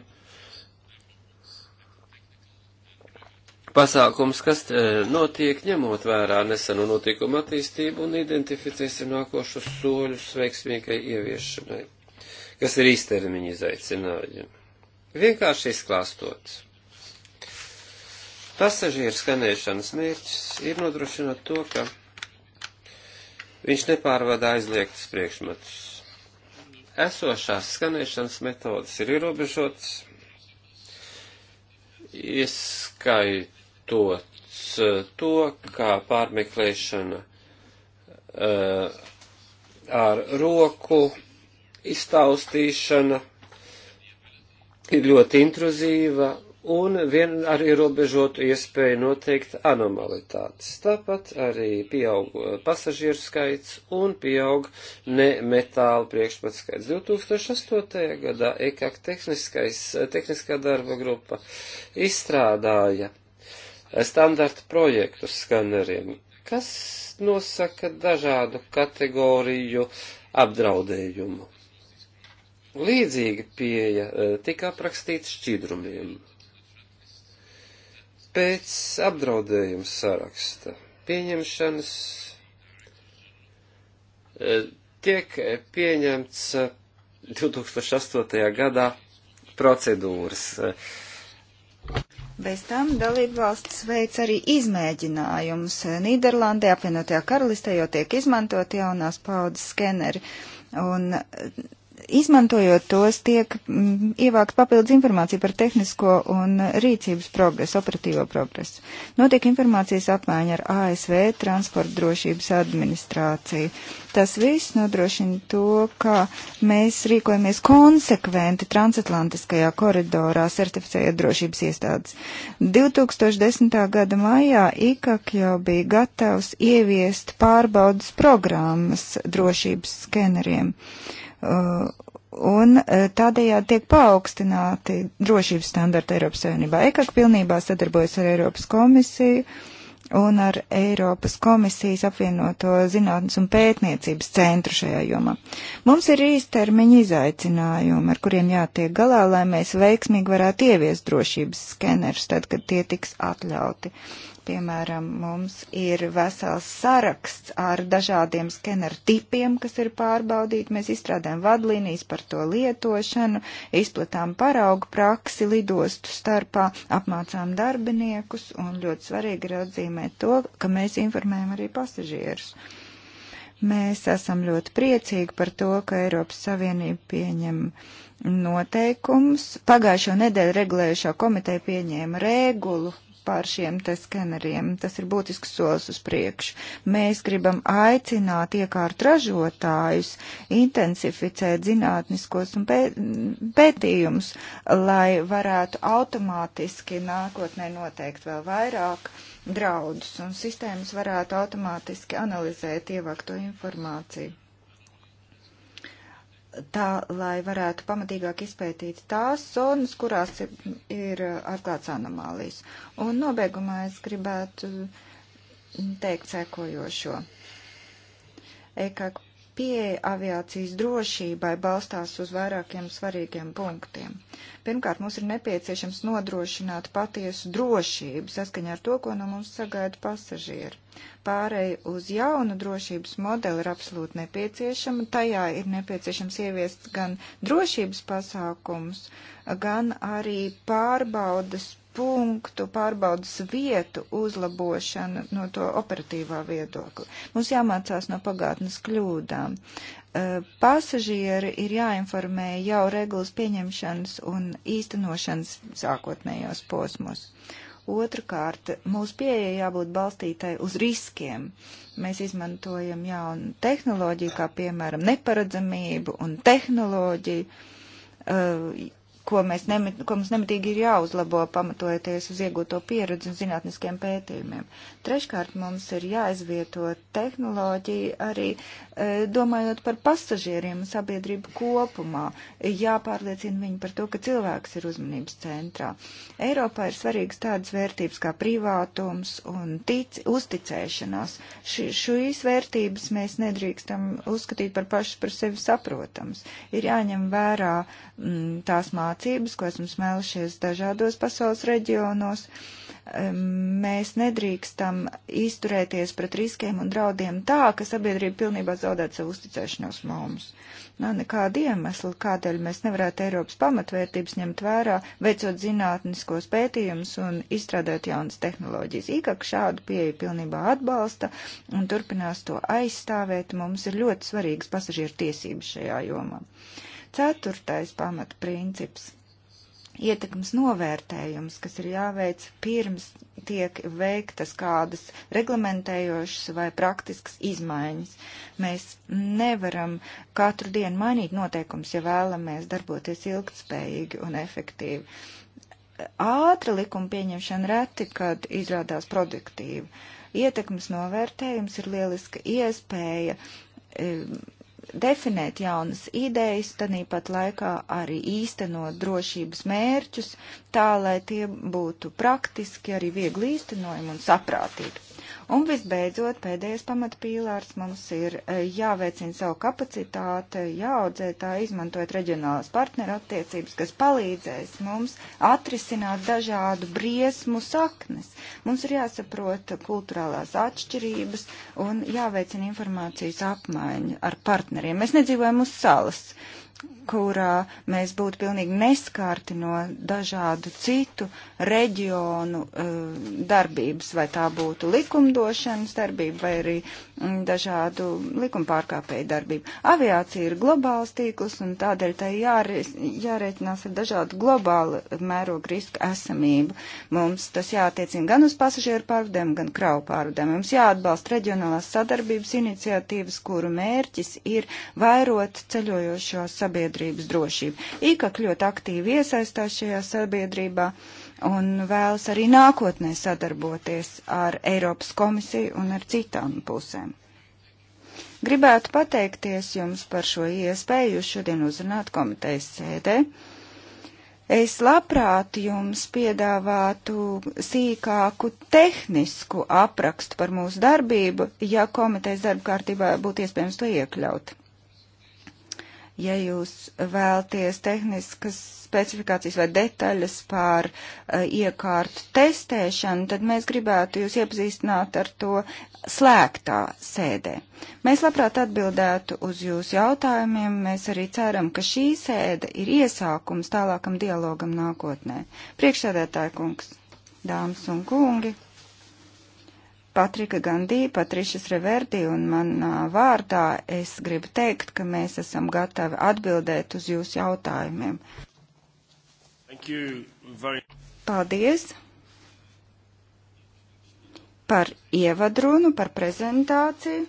pasākums, kas e, notiek ņemot vērā nesenu notikumu attīstību un identificēsim nākošus soļus veiksmīgai ieviešanai, kas ir īstermiņa izaicinājumi. Vienkārši izklāstots. Pasažieru skanēšanas mērķis ir nodrošināt to, ka Viņš nepārvada aizliegtas priekšmetus. Esošās skanēšanas metodas ir ierobežotas, ieskaitot eh, to, kā pārmeklēšana uh, ar roku iztaustīšana ir ļoti intruzīva un vien ar ierobežotu iespēju noteikt anomalitātes. Tāpat arī pieaug uh, pasažieru skaits un pieaug nemetāla priekšmetu skaits. 2008. gadā EKAK uh, tehniskā darba grupa izstrādāja uh, standarta projektu skaneriem, kas nosaka dažādu kategoriju apdraudējumu. Līdzīga pieeja tika aprakstīta šķidrumiem pēc apdraudējuma saraksta pieņemšanas e, tiek pieņemts 2008. E, gadā procedūras. E, Bez tam dalībvalsts veic arī izmēģinājumus. Nīderlandē, apvienotajā karalistē jau tiek izmantot jaunās paudzes skeneri. Un Izmantojot tos, tiek mm, ievākt papildus informācija par tehnisko un rīcības progresu, operatīvo progresu. Notiek informācijas apmaiņa ar ASV transporta drošības administrāciju. Tas viss nodrošina to, ka mēs rīkojamies konsekventi transatlantiskajā koridorā, certificējot drošības iestādes. 2010. gada maijā IKAK jau bija gatavs ieviest pārbaudas programmas drošības skeneriem. Uh, Uh, un uh, tādējādi tiek paaugstināti drošības standarti Eiropas Savienībā. EKAK pilnībā sadarbojas ar Eiropas komisiju un ar Eiropas komisijas apvienoto zinātnes un pētniecības centru šajā jomā. Mums ir īstermiņa izaicinājumi, ar kuriem jātiek galā, lai mēs veiksmīgi varētu ieviest drošības skenerus tad, kad tie tiks atļauti. Piemēram, mums ir vesels saraksts ar dažādiem skeneru tipiem, kas ir pārbaudīti. Mēs izstrādājam vadlīnijas par to lietošanu, izplatām paraugu praksi lidostu starpā, apmācām darbiniekus un ļoti svarīgi ir atzīmēt nozīmēt to, ka mēs informējam arī pasažierus. Mēs esam ļoti priecīgi par to, ka Eiropas Savienība pieņem noteikumus. Pagājušo nedēļu regulējušā komiteja pieņēma regulu par šiem te skeneriem. Tas ir būtisks solis uz priekšu. Mēs gribam aicināt iekārt ražotājus, intensificēt zinātniskos un pē pētījumus, lai varētu automātiski nākotnē noteikt vēl vairāk uh, draudus, un sistēmas varētu automātiski analizēt ievākto informāciju. Tā, lai varētu pamatīgāk izpētīt tās zonas, kurās ir, ir atklāts anomālijas. Un nobeigumā es gribētu teikt sekojošo. EKP pieeja aviācijas drošībai balstās uz vairākiem svarīgiem punktiem. Pirmkārt, mums ir nepieciešams nodrošināt patiesu drošību saskaņā ar to, ko no mums sagaida pasažieri. Pārēja uz jaunu drošības modeli ir absolūti nepieciešama. Tajā ir nepieciešams ieviest gan drošības pasākums, gan arī pārbaudas punktu pārbaudas vietu uzlabošanu no to operatīvā viedokļa. Mums jāmācās no pagātnes kļūdām. Uh, pasažieri ir jāinformē jau regulas pieņemšanas un īstenošanas sākotnējos posmos. Otrakārt, mūsu pieeja jābūt balstītai uz riskiem. Mēs izmantojam jaunu tehnoloģiju, kā piemēram neparedzamību un tehnoloģiju. Uh, ko, mēs nemet, ko mums nemitīgi ir jāuzlabo, pamatojoties uz iegūto pieredzi un zinātniskiem pētījumiem. Treškārt, mums ir jāizvieto tehnoloģija arī e, domājot par pasažieriem un sabiedrību kopumā, jāpārliecina viņi par to, ka cilvēks ir uzmanības centrā. Eiropā ir svarīgas tādas vērtības kā privātums un tic, uzticēšanās. Ši, šīs vērtības mēs nedrīkstam uzskatīt par pašas par sevi saprotams. Ir jāņem vērā m, mm, tās mācības mācības, ko esmu smēlušies dažādos pasaules reģionos. Mēs nedrīkstam izturēties pret riskiem un draudiem tā, ka sabiedrība pilnībā zaudētu savu uzticēšanos mums. Nav nekāda iemesla, kādēļ mēs nevarētu Eiropas pamatvērtības ņemt vērā, veicot zinātniskos pētījumus un izstrādāt jaunas tehnoloģijas. IKAK šādu pieeju pilnībā atbalsta un turpinās to aizstāvēt. Mums ir ļoti svarīgas pasažieru tiesības šajā jomā. Uh, Ceturtais pamatprincips - ietekmes novērtējums, kas ir jāveic pirms tiek veiktas kādas reglamentējošas vai praktiskas izmaiņas. Mēs nevaram katru dienu mainīt noteikums, ja vēlamies darboties ilgtspējīgi un efektīvi. Ātra likuma pieņemšana reti, kad izrādās produktīva. Ietekmes novērtējums ir lieliska iespēja definēt jaunas idejas, tanīpat laikā arī īstenot drošības mērķus, tā lai tie būtu praktiski, arī viegli īstenojami un saprātīgi. Un visbeidzot, pēdējais pamatpīlārs mums ir e, jāveicina savu kapacitāti, jāaudzē tā, izmantojot reģionālās partneru attiecības, kas palīdzēs mums atrisināt dažādu briesmu saknes. Mums ir jāsaprot kulturālās atšķirības un jāveicina informācijas apmaiņa ar partneriem. Mēs nedzīvojam uz salas. Uh, kurā mēs būtu pilnīgi neskārti no dažādu citu reģionu uh, darbības, vai tā būtu likumdošanas darbība, vai arī mm, dažādu likuma pārkāpēju darbība. Aviācija ir globāls tīkls, un tādēļ tai jāre, jārēķinās ar dažādu globālu mērogu risku esamību. Mums tas jātiecina gan uz pasažieru pārvadēm, gan kravu pārvadēm. Mums jāatbalsta reģionālās sadarbības iniciatīvas, kuru mērķis ir vairot ceļojošo sabiedrību sabiedrības drošību. IKAK ļoti aktīvi iesaistās šajā sabiedrībā un vēlas arī nākotnē sadarboties ar Eiropas komisiju un ar citām pusēm. Gribētu pateikties jums par šo iespēju jūs šodien uzrunāt komitejas sēdē. Es labprāt jums piedāvātu sīkāku tehnisku aprakstu par mūsu darbību, ja komitejas darba kārtībā būtu iespējams to iekļaut. Ja jūs vēlties tehniskas specifikācijas vai detaļas pār uh, e, iekārtu testēšanu, tad mēs gribētu jūs iepazīstināt ar to slēgtā sēdē. Mēs labprāt atbildētu uz jūsu jautājumiem. Mēs arī ceram, ka šī sēde ir iesākums tālākam dialogam nākotnē. Priekšsēdētāja kungs, dāmas un kungi! Patrika Gandī, Patrišas Reverdi un manā vārdā es gribu teikt, ka mēs esam gatavi atbildēt uz jūsu jautājumiem. Very... Paldies par ievadrunu, par prezentāciju.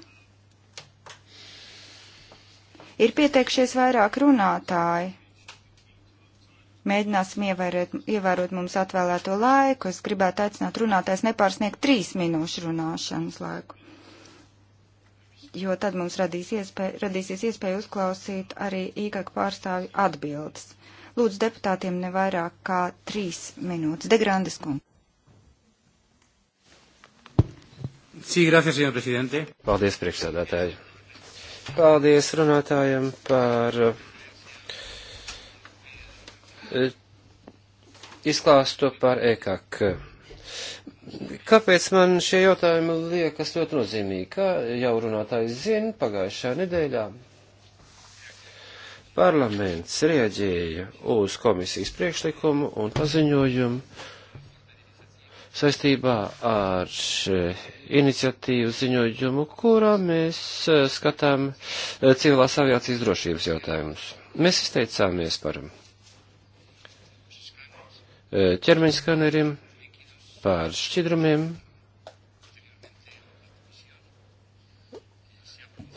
Ir pieteikšies vairāk runātāji. Mēģināsim ievērēt, ievērot mums atvēlēto laiku. Es gribētu aicināt runātājs nepārsniegt trīs minūšu runāšanas laiku, jo tad mums radīs iespēja, radīsies iespēja uzklausīt arī īkāk pārstāvju atbildes. Lūdzu deputātiem ne vairāk kā trīs minūtes. Degrandes kungs. Sí, gracias, señor presidente. Paldies, priekšsēdētāji. Paldies runātājiem par Eh, izklāstu par EKK. Kāpēc man šie jautājumi liekas ļoti nozīmīgi? Kā jau runātājs zina, pagājušā nedēļā parlaments rieģēja uz komisijas priekšlikumu un paziņojumu, saistībā ar eh, iniciatīvu ziņojumu, kurā mēs eh, skatām civilās aviācijas drošības jautājumus. Mēs izteicāmies par E, ķermeņskaneriem, par šķidrumiem.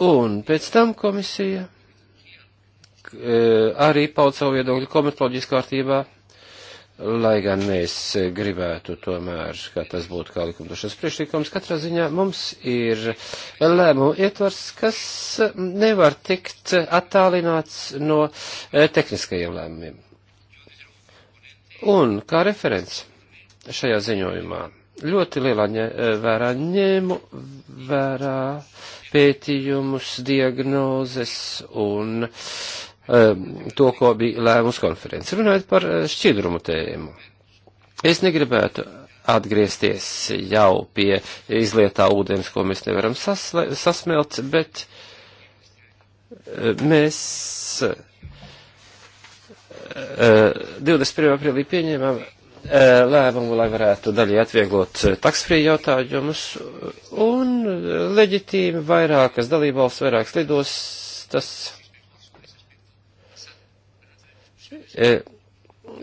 Un pēc tam komisija e, arī paud savu viedokļu komitoloģijas kārtībā, lai gan mēs gribētu tomēr, ka tas būtu kā likumdošanas priekšlikums, katrā ziņā mums ir lēmumu ietvars, kas nevar tikt attālināts no e, tehniskajiem lēmumiem. Un kā referents šajā ziņojumā ļoti lielā ņē, vērā ņēmu vērā pētījumus, diagnozes un um, to, ko bija lēmums konferences. Runājot par uh, šķidrumu tēmu. Es negribētu atgriezties jau pie izlietā ūdens, ko mēs nevaram sasle, sasmelt, bet uh, mēs 21. Eh, eh, aprīlī pieņēmām eh, lēmumu, lai varētu daļai atvieglot taksfrī jautājumus, un leģitīmi vairākas dalībvalsts, vairākas lidos, tas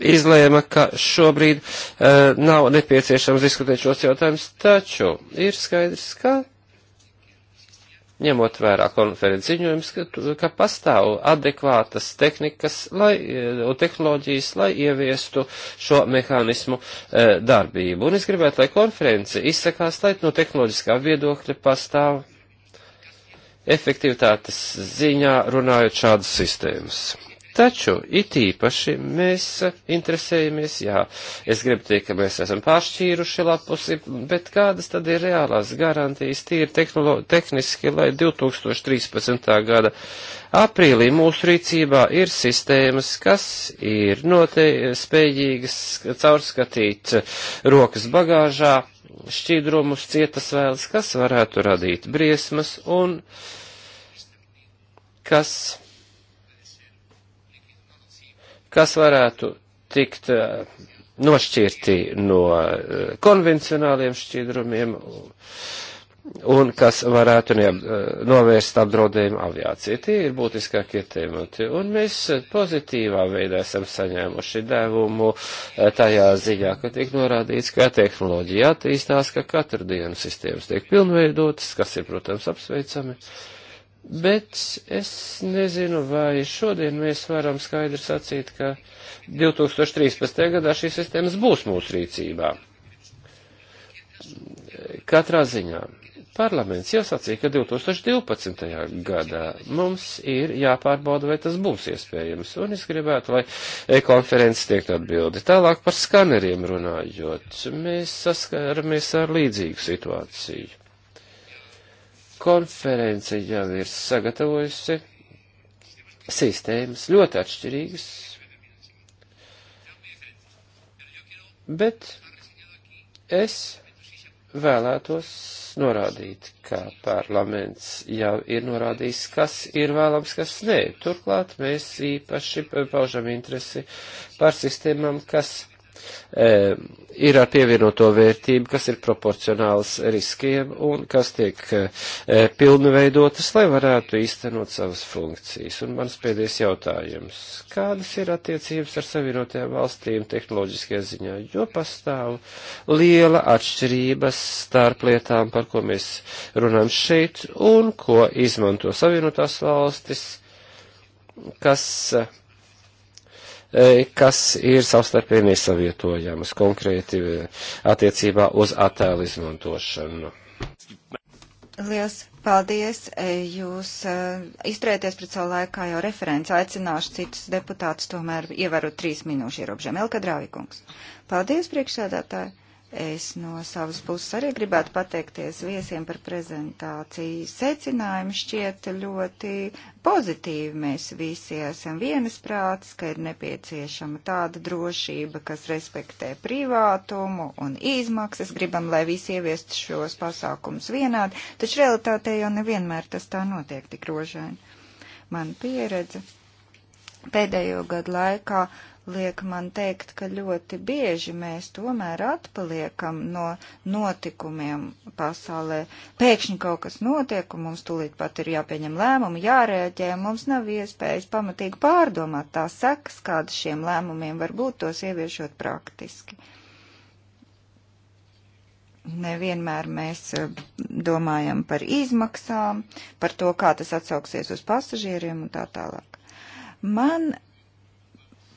izlēma, ka šobrīd nav nepieciešams diskutēt šos jautājumus, taču ir skaidrs, ka ņemot vērā konferences ziņojums, ka, ka pastāv adekvātas tehnikas lai, un e, tehnoloģijas, lai ieviestu šo mehānismu e, darbību. Un es gribētu, lai konference izsakās, lai no tehnoloģiskā viedokļa pastāv efektivitātes ziņā runājot šādas sistēmas. Taču it īpaši mēs interesējamies, jā, es gribu teikt, ka mēs esam pāršķīruši lapusi, bet kādas tad ir reālās garantijas tīri tehniski, lai 2013. gada aprīlī mūsu rīcībā ir sistēmas, kas ir note spējīgas caurskatīt rokas bagāžā šķīdrumus, cietas vēlas, kas varētu radīt briesmas un kas kas varētu tikt eh, nošķirti no eh, konvencionāliem šķidrumiem un kas varētu neap, eh, novērst apdraudējumu aviācijai. Tie ir būtiskākie temati. Un mēs pozitīvā veidā esam saņēmuši devumu tajā ziņā, ka tiek norādīts, ka tehnoloģija attīstās, ka katru dienu sistēmas tiek pilnveidotas, kas ir, protams, apsveicami. Uh, Bet es nezinu, vai šodien mēs varam skaidri sacīt, ka 2013. gadā šīs sistēmas būs mūsu rīcībā. Katrā ziņā parlaments jau sacīja, ka 2012. gadā mums ir jāpārbauda, vai tas būs iespējams, un es gribētu, lai e-konferences tiek atbildi. Tālāk par skaneriem runājot, mēs saskaramies ar līdzīgu situāciju konference jau ir sagatavojusi sistēmas ļoti atšķirīgas, bet es vēlētos norādīt, ka parlaments jau ir norādījis, kas ir vēlams, kas nē. Turklāt mēs īpaši paužam interesi par sistēmām, kas Eh, ir ar pievienoto vērtību, kas ir proporcionāls riskiem un kas tiek eh, pilnveidotas, lai varētu īstenot savas funkcijas. Un mans pēdējais jautājums. Kādas ir attiecības ar savienotajām valstīm tehnoloģiskajā ziņā? Jo pastāv liela atšķirības starp lietām, par ko mēs runājam šeit, un ko izmanto savienotās valstis, kas E, kas ir savstarpēji nesavietojams konkrēti e, attiecībā uz attēlu izmantošanu. Liels paldies! E, jūs izturēties pret savu laikā jau referents. Aicināšu citus deputātus tomēr ievērot trīs minūšu ierobežojumu. Elka Drāvikungs. Paldies, priekšsēdētāji! Es no savas puses arī gribētu pateikties viesiem par prezentāciju. Secinājumi šķiet ļoti pozitīvi. Mēs visi esam vienisprātis, ka ir nepieciešama tāda drošība, kas respektē privātumu un izmaksas. Gribam, lai visi ieviestu šos pasākumus vienādi, taču realitātē jau nevienmēr tas tā notiek tik rožaini. Man pieredze pēdējo gadu laikā liek man teikt, ka ļoti bieži mēs tomēr atpaliekam no notikumiem pasaulē. Pēkšņi kaut kas notiek, un mums tūlīt pat ir jāpieņem lēmumi, jārēķē, un mums nav iespējas pamatīgi pārdomāt tās sekas, kādas šiem lēmumiem var būt, tos ieviešot praktiski. Nevienmēr mēs eh, domājam par izmaksām, par to, kā tas atsauksies uz pasažieriem un tā tālāk Man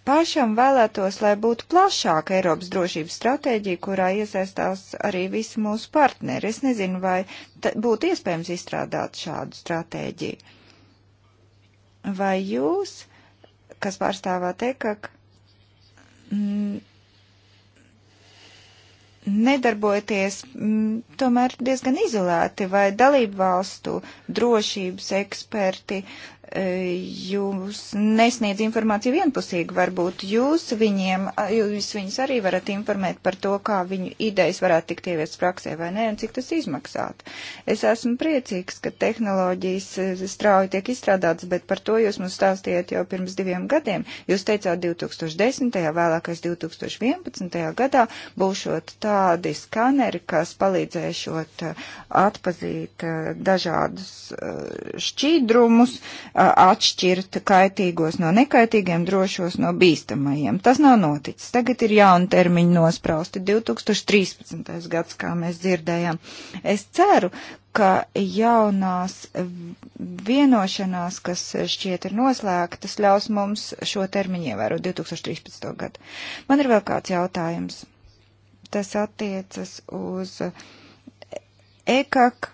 pašam vēlētos, lai būtu plašāka Eiropas drošības stratēģija, kurā iesaistās arī visi mūsu partneri. Es nezinu, vai būtu iespējams izstrādāt šādu stratēģiju. Vai jūs, kas pārstāvāt EKAK, mm, nedarbojaties m, mm, tomēr diezgan izolēti, vai dalību valstu drošības eksperti E, jūs nesniedz informāciju vienpusīgi. Varbūt jūs viņiem, jūs viņus arī varat informēt par to, kā viņu idejas varētu tikt ieviestas praksē vai nē, un cik tas izmaksātu. Es esmu priecīgs, ka tehnoloģijas e, strauji tiek izstrādātas, bet par to jūs mums stāstījāt jau pirms diviem gadiem. Jūs teicāt 2010. vēlākais 2011. gadā būšot tādi skaneri, kas palīdzēšot e, atpazīt dažādus šķīdrumus, atšķirt kaitīgos no nekaitīgiem, drošos no bīstamajiem. Tas nav noticis. Tagad ir jauni termiņi nosprausti 2013. gads, kā mēs dzirdējām. Es ceru, ka jaunās vienošanās, kas šķiet ir noslēgtas, ļaus mums šo termiņu ievērot 2013. gadu. Man ir vēl kāds jautājums. Tas attiecas uz EKAK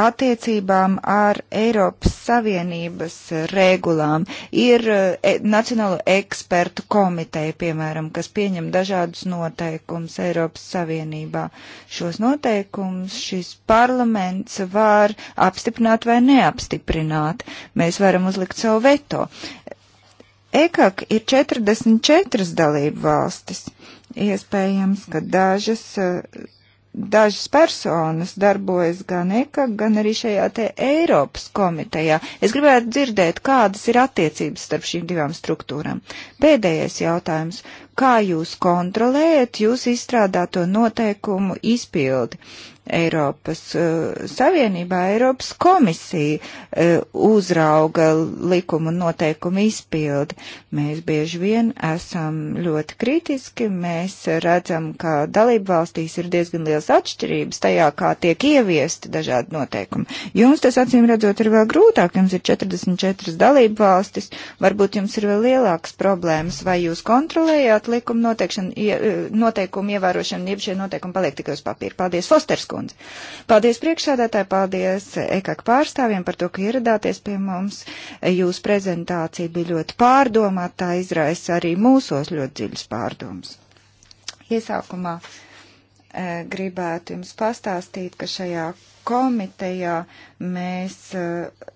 attiecībām ar Eiropas Savienības regulām. Ir eh, e, Nacionālo ekspertu komiteja, piemēram, kas pieņem dažādus noteikumus Eiropas Savienībā. Šos noteikumus šis parlaments var apstiprināt vai neapstiprināt. Mēs varam uzlikt savu veto. EKAK ir 44 dalību valstis. Iespējams, ka dažas uh, dažas personas darbojas gan ECA, gan arī šajā te Eiropas komitejā. Es gribētu dzirdēt, kādas ir attiecības starp šīm divām struktūrām. Pēdējais jautājums. Kā jūs kontrolējat jūs izstrādāto noteikumu izpildi? Eiropas uh, Savienībā Eiropas komisija uh, uzrauga likumu un noteikumu izpildi. Mēs bieži vien esam ļoti kritiski, mēs redzam, ka dalību valstīs ir diezgan liels atšķirības tajā, kā tiek ieviesti dažādi noteikumi. Jums tas acīm redzot ir vēl grūtāk, jums ir 44 dalību valstis, varbūt jums ir vēl lielākas problēmas, vai jūs kontrolējāt likumu eh, noteikumu ievērošanu, jeb šie noteikumi paliek tikai uz papīra. Paldies, Fosters! kundze. Paldies priekšsēdētāji, paldies EKAK pārstāvjiem par to, ka ieradāties pie mums. Jūsu prezentācija bija ļoti pārdomāta, tā izraisa arī mūsos ļoti dziļas pārdomas. Iesākumā eh, gribētu jums pastāstīt, ka šajā komitejā mēs eh,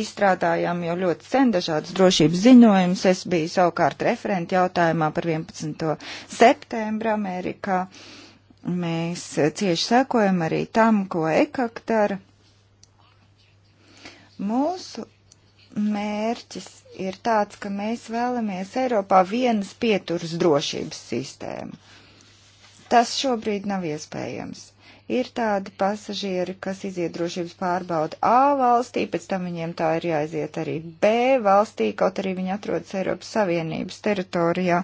izstrādājām jau ļoti sen dažādas drošības ziņojumus. Es biju savukārt referenti jautājumā par 11. septembra Amerikā. Uh, Mēs cieši sekojam arī tam, ko EKAK dara. Mūsu mērķis ir tāds, ka mēs vēlamies Eiropā vienas pieturas drošības sistēmu. Tas šobrīd nav iespējams. Ir tādi pasažieri, kas iziet drošības pārbaudu A valstī, pēc tam viņiem tā ir jāiziet arī B valstī, kaut arī viņi atrodas Eiropas Savienības teritorijā.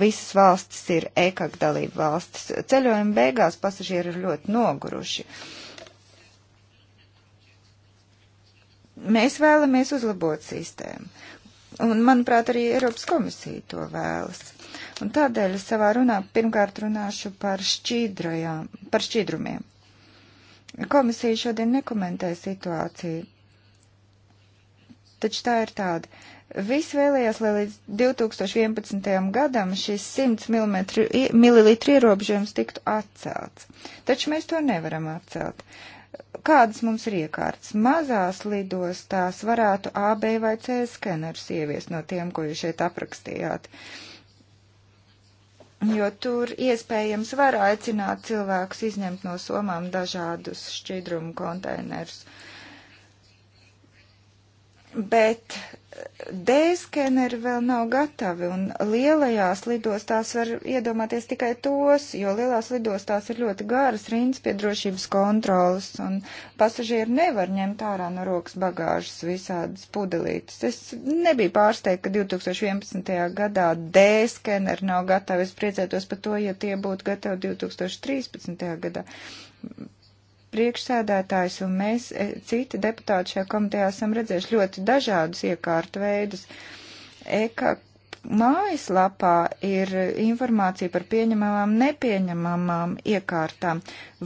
Visas valstis ir EKAK dalība valstis. Ceļojuma beigās pasažieri ir ļoti noguruši. Mēs vēlamies uzlabot sistēmu. Un, manuprāt, arī Eiropas komisija to vēlas. Un tādēļ es savā runā pirmkārt runāšu par, par šķīdrumiem. Komisija šodien nekomentē situāciju. Taču tā ir tāda. Viss vēlējās, lai līdz 2011. gadam šis 100 mm ierobežojums tiktu atcelts. Taču mēs to nevaram atcelt. Uh, Kādas mums ir iekārtas? Mazās lidostās varētu AB vai C skenerus ievies no tiem, ko jūs šeit aprakstījāt. Jo tur iespējams var aicināt cilvēkus izņemt no somām dažādus šķidrumu konteinerus. Bet dēskeneri vēl nav gatavi, un lielajās lidostās var iedomāties tikai tos, jo lielās lidostās ir ļoti garas rindas pie drošības kontrolas, un pasažieri nevar ņemt ārā no rokas bagāžas visādas pudelītes. Es nebiju pārsteigta, ka 2011. gadā dēskeneri nav gatavi, es priecētos par to, ja tie būtu gatavi 2013. gadā priekšsēdētājs un mēs, e, citi deputāti šajā komitejā, esam redzējuši ļoti dažādus iekārtu veidus. Eka mājaslapā ir informācija par pieņemamām, nepieņemamām iekārtām.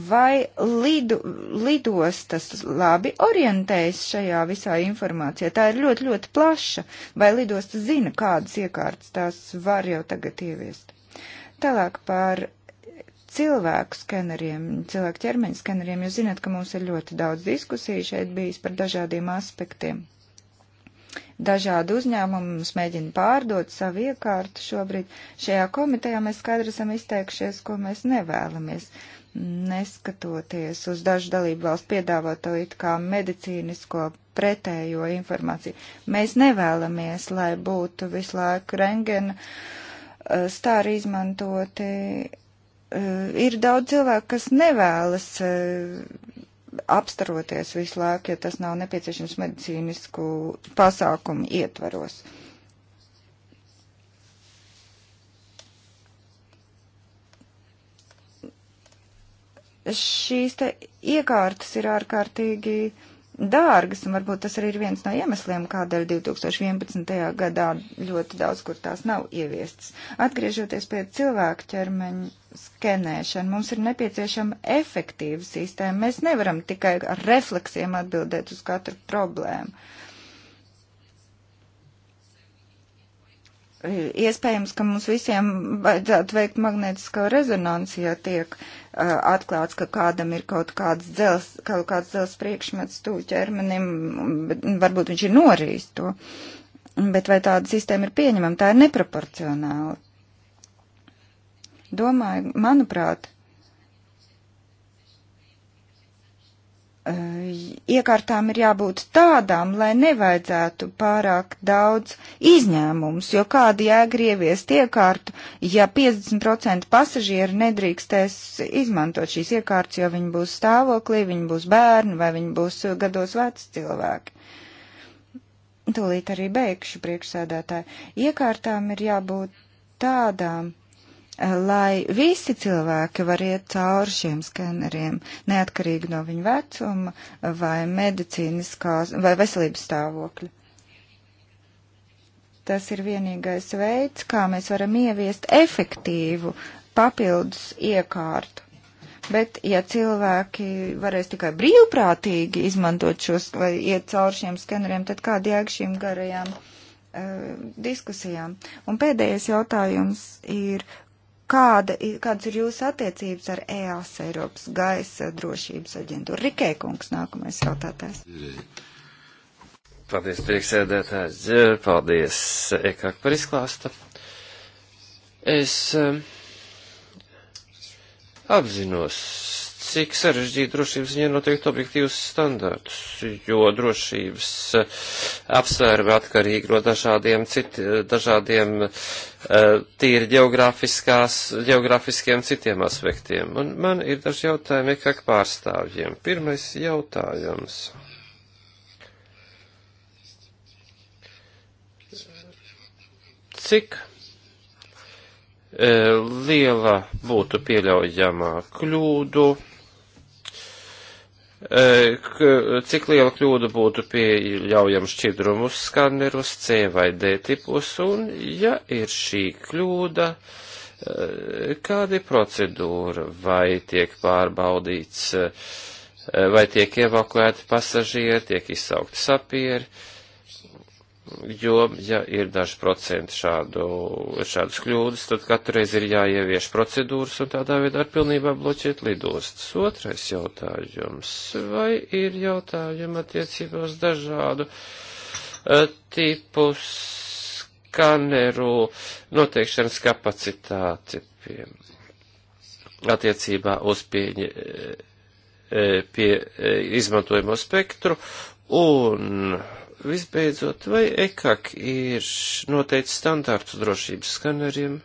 Vai lidu, lidostas labi orientējas šajā visā informācijā? Tā ir ļoti, ļoti plaša. Vai lidostas zina, kādas iekārtas tās var jau tagad ieviest? Tālāk par cilvēku skeneriem, cilvēku ķermeņa skeneriem. Jūs zināt, ka mums ir ļoti daudz diskusiju šeit bijis par dažādiem aspektiem. Dažādi uzņēmumi mums mēģina pārdot savu iekārtu šobrīd. Šajā komitejā mēs skaidri esam izteikušies, ko mēs nevēlamies neskatoties uz dažu dalību valstu piedāvāto it kā medicīnisko pretējo informāciju. Mēs nevēlamies, lai būtu visu laiku rengena eh, stāri izmantoti Eh, ir daudz cilvēku, kas nevēlas eh, apstaroties visu laiku, ja tas nav nepieciešams medicīnisku pasākumu ietvaros. Šīs te iekārtas ir ārkārtīgi uh, dārgas, un varbūt tas arī ir viens no iemesliem, kādēļ 2011. gadā ļoti daudz kur tās nav ieviestas. Atgriežoties pie cilvēku ķermeņa skenēšana, mums ir nepieciešama efektīva sistēma. Mēs nevaram tikai ar refleksiem atbildēt uz katru problēmu. Uh, Iespējams, ka mums visiem vajadzētu veikt magnētiskā rezonansi, ja tiek uh, atklāts, ka kādam ir kaut kāds dzels, kaut kāds dzels priekšmets tūļ ķermenim, bet varbūt viņš ir norījis to. Bet vai tāda sistēma ir pieņemama? Tā ir neproporcionāla. Domāju, manuprāt, Eh, iekārtām ir jābūt tādām, lai nevajadzētu pārāk daudz izņēmumus, jo kāda jēga ieviest iekārtu, ja 50% pasažieru nedrīkstēs izmantot šīs iekārtas, jo viņi būs stāvoklī, viņi būs bērni vai viņi būs eh, gados veci cilvēki. Tūlīt arī beigšu priekšsēdētāji. Iekārtām ir jābūt tādām, lai visi cilvēki var iet cauri šiem skaneriem, neatkarīgi no viņu vecuma vai medicīniskās vai veselības stāvokļa. Tas ir vienīgais veids, kā mēs varam ieviest efektīvu papildus iekārtu. Bet, ja cilvēki varēs tikai brīvprātīgi izmantot šos vai iet cauri šiem skaneriem, tad kāda jēga šīm garajām? Eh, diskusijām. Un pēdējais jautājums ir kāda, kādas ir jūsu attiecības ar EAS, Eiropas gaisa drošības aģentūru? Rikē kungs, nākamais jautātājs. Paldies, priekšsēdētājs. Paldies, Ekāk, par izklāstu. Es um, apzinos cik sarežģīti drošības ziņā noteikti objektīvus standārtus, jo drošības eh, apsvērumi atkarīgi no dažādiem, citi, eh, dažādiem eh, tīri geogrāfiskiem citiem aspektiem. Un man ir daži jautājumi EKK pārstāvjiem. Pirmais jautājums. Cik liela būtu pieļaujamā kļūdu cik liela kļūda būtu pieļaujama šķidrumu skanerus C vai D tipus, un ja ir šī kļūda, eh, kāda ir procedūra, vai tiek pārbaudīts, eh, vai tiek evakuēti pasažieri, tiek izsaukti sapieri, jo, ja ir daži procenti šādu, šādas kļūdas, tad katru reizi ir jāievieš procedūras un tādā veidā var pilnībā bloķēt lidostas. Otrais jautājums. Vai ir jautājumi attiecībā uz dažādu uh, tipu skaneru noteikšanas kapacitāti pie, attiecībā uz pieņa, e, pie, pie izmantojamo spektru un Visbeidzot, vai EKAK ir noteicis standārtu drošības skaneriem?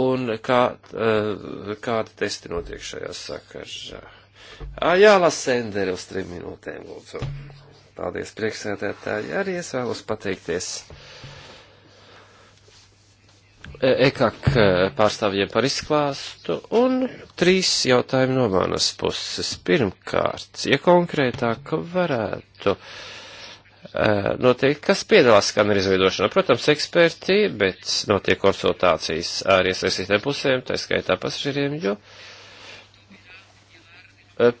Un kā, eh, kāda testi notiek šajā sakarā? Ajāla Sendere uz trim minūtēm, lūdzu. Paldies, priekšsēdētāji. Arī es vēlos pateikties EKAK pārstāvjiem par izklāstu un trīs jautājumi no manas puses. Pirmkārt, ja konkrētāk varētu e, notiek, kas piedalās skaneru izveidošanā. Protams, eksperti, bet notiek konsultācijas ar iesaistītēm pusēm, tā skaitā pasažieriem, jo e,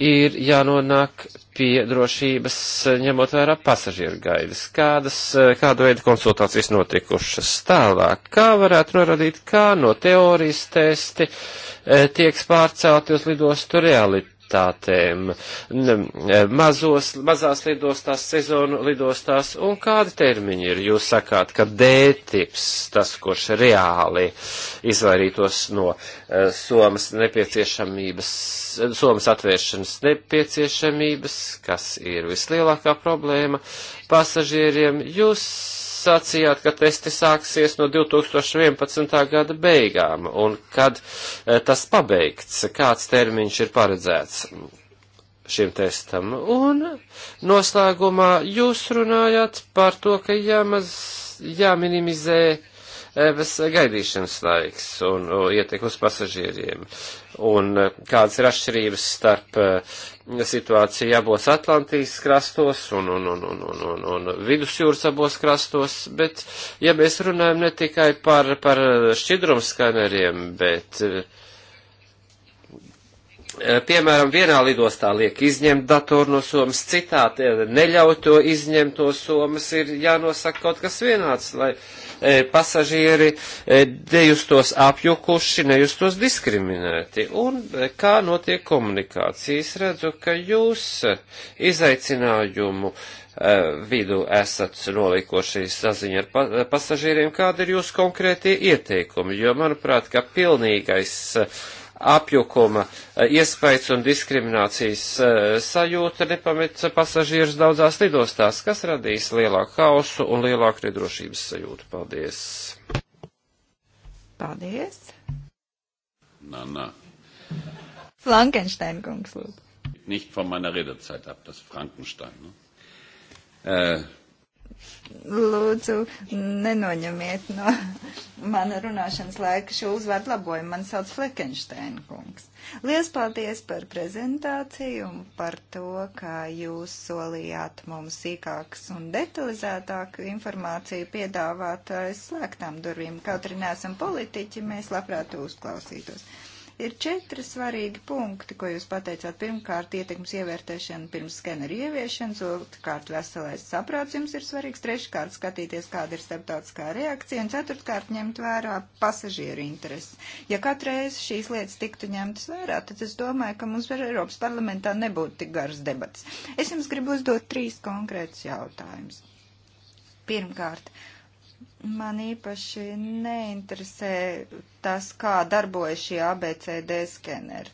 ir jānonāk pie drošības, ņemot vērā pasažieru gaidas. Kādas, kādu veidu konsultācijas notikušas tālāk? Kā varētu norādīt, kā no teorijas testi eh, tiek pārcelti uz lidostu realitāti? aktivitātēm e, mazos, mazās lidostās, sezonu lidostās un kādi termiņi ir? Jūs sakāt, ka D-tips, tas, kurš reāli izvairītos no e, Somas nepieciešamības, Somas atvēršanas nepieciešamības, kas ir vislielākā problēma pasažieriem, jūs sacījāt, ka testi sāksies no 2011. gada beigām, un kad eh, tas pabeigts, kāds termiņš ir paredzēts šim testam. Un noslēgumā jūs runājat par to, ka jāmaz, jāminimizē Eh, gaidīšanas laiks un ietekmes pasažieriem. Un eh, kādas ir atšķirības starp eh, situāciju abos Atlantijas krastos un, un, un, un, un, un, un vidusjūras abos krastos, bet ja mēs runājam ne tikai par, par šķidrumskaneriem, bet piemēram, vienā lidostā liek izņemt datoru no somas, citā neļauj to izņemt no somas, ir jānosaka kaut kas vienāds, lai E, pasažieri e, nejustos apjukuši, nejustos diskriminēti. Un e, kā notiek komunikācijas? Redzu, ka jūs izaicinājumu vidu esat nolikoši saziņa ar pasažieriem. Kāda ir jūsu konkrētie ieteikumi? Jo, manuprāt, ka pilnīgais apjukuma eh, iespējas un diskriminācijas eh, sajūta nepamet pasažierus daudzās lidostās, kas radīs lielāku hausu un lielāku nedrošības sajūtu. Paldies! Paldies! Nā, nā. Frankenstein, kungs, lūdzu. Nicht von meiner Redezeit ab, das Frankenstein. Ne? Äh, Lūdzu, nenoņemiet no mana runāšanas laika šo uzvārdu labojumu. Man sauc Flekenšteina kungs. Lielas paldies par prezentāciju un par to, ka jūs solījāt mums sīkāks un detalizētāku informāciju piedāvāt eh, slēgtām durvīm. Kaut arī neesam politiķi, mēs labprāt uzklausītos. Ir četri svarīgi punkti, ko jūs pateicāt. Pirmkārt, ietekmes ievērtēšana pirms skeneru ieviešanas, otrkārt, veselais saprāts jums ir svarīgs, treškārt, skatīties, kāda ir starptautiskā reakcija, un ceturtkārt, ņemt vērā pasažieru intereses. Ja katreiz šīs lietas tiktu ņemtas vērā, tad es domāju, ka mums var Eiropas parlamentā nebūtu tik garas debats. Es jums gribu uzdot trīs konkrētus jautājumus. Pirmkārt, uh, Man īpaši neinteresē tas, kā darbojas šie ABCD skeneri.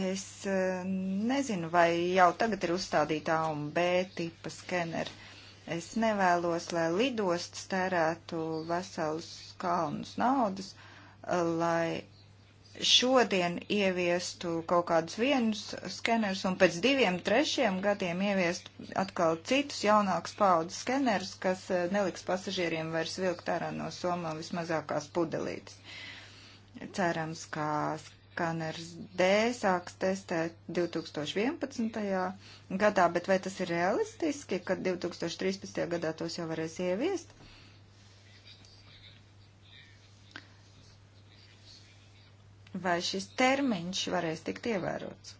Es eh, nezinu, vai jau tagad ir uzstādīta A un B tipa skeneri. Es nevēlos, lai lidostas tērētu veselus kalnus naudas, eh, lai šodien ieviestu kaut kādus vienus skenerus un pēc diviem, trešiem gadiem ieviestu atkal citus jaunākus paudzes skenerus, kas eh, neliks pasažieriem vairs vilkt ārā no somā vismazākās pudelītes. Cerams, ka skaners D sāks testēt 2011. gadā, bet vai tas ir realistiski, ka 2013. gadā tos jau varēs ieviest? vai šis termiņš varēs tikt ievērots.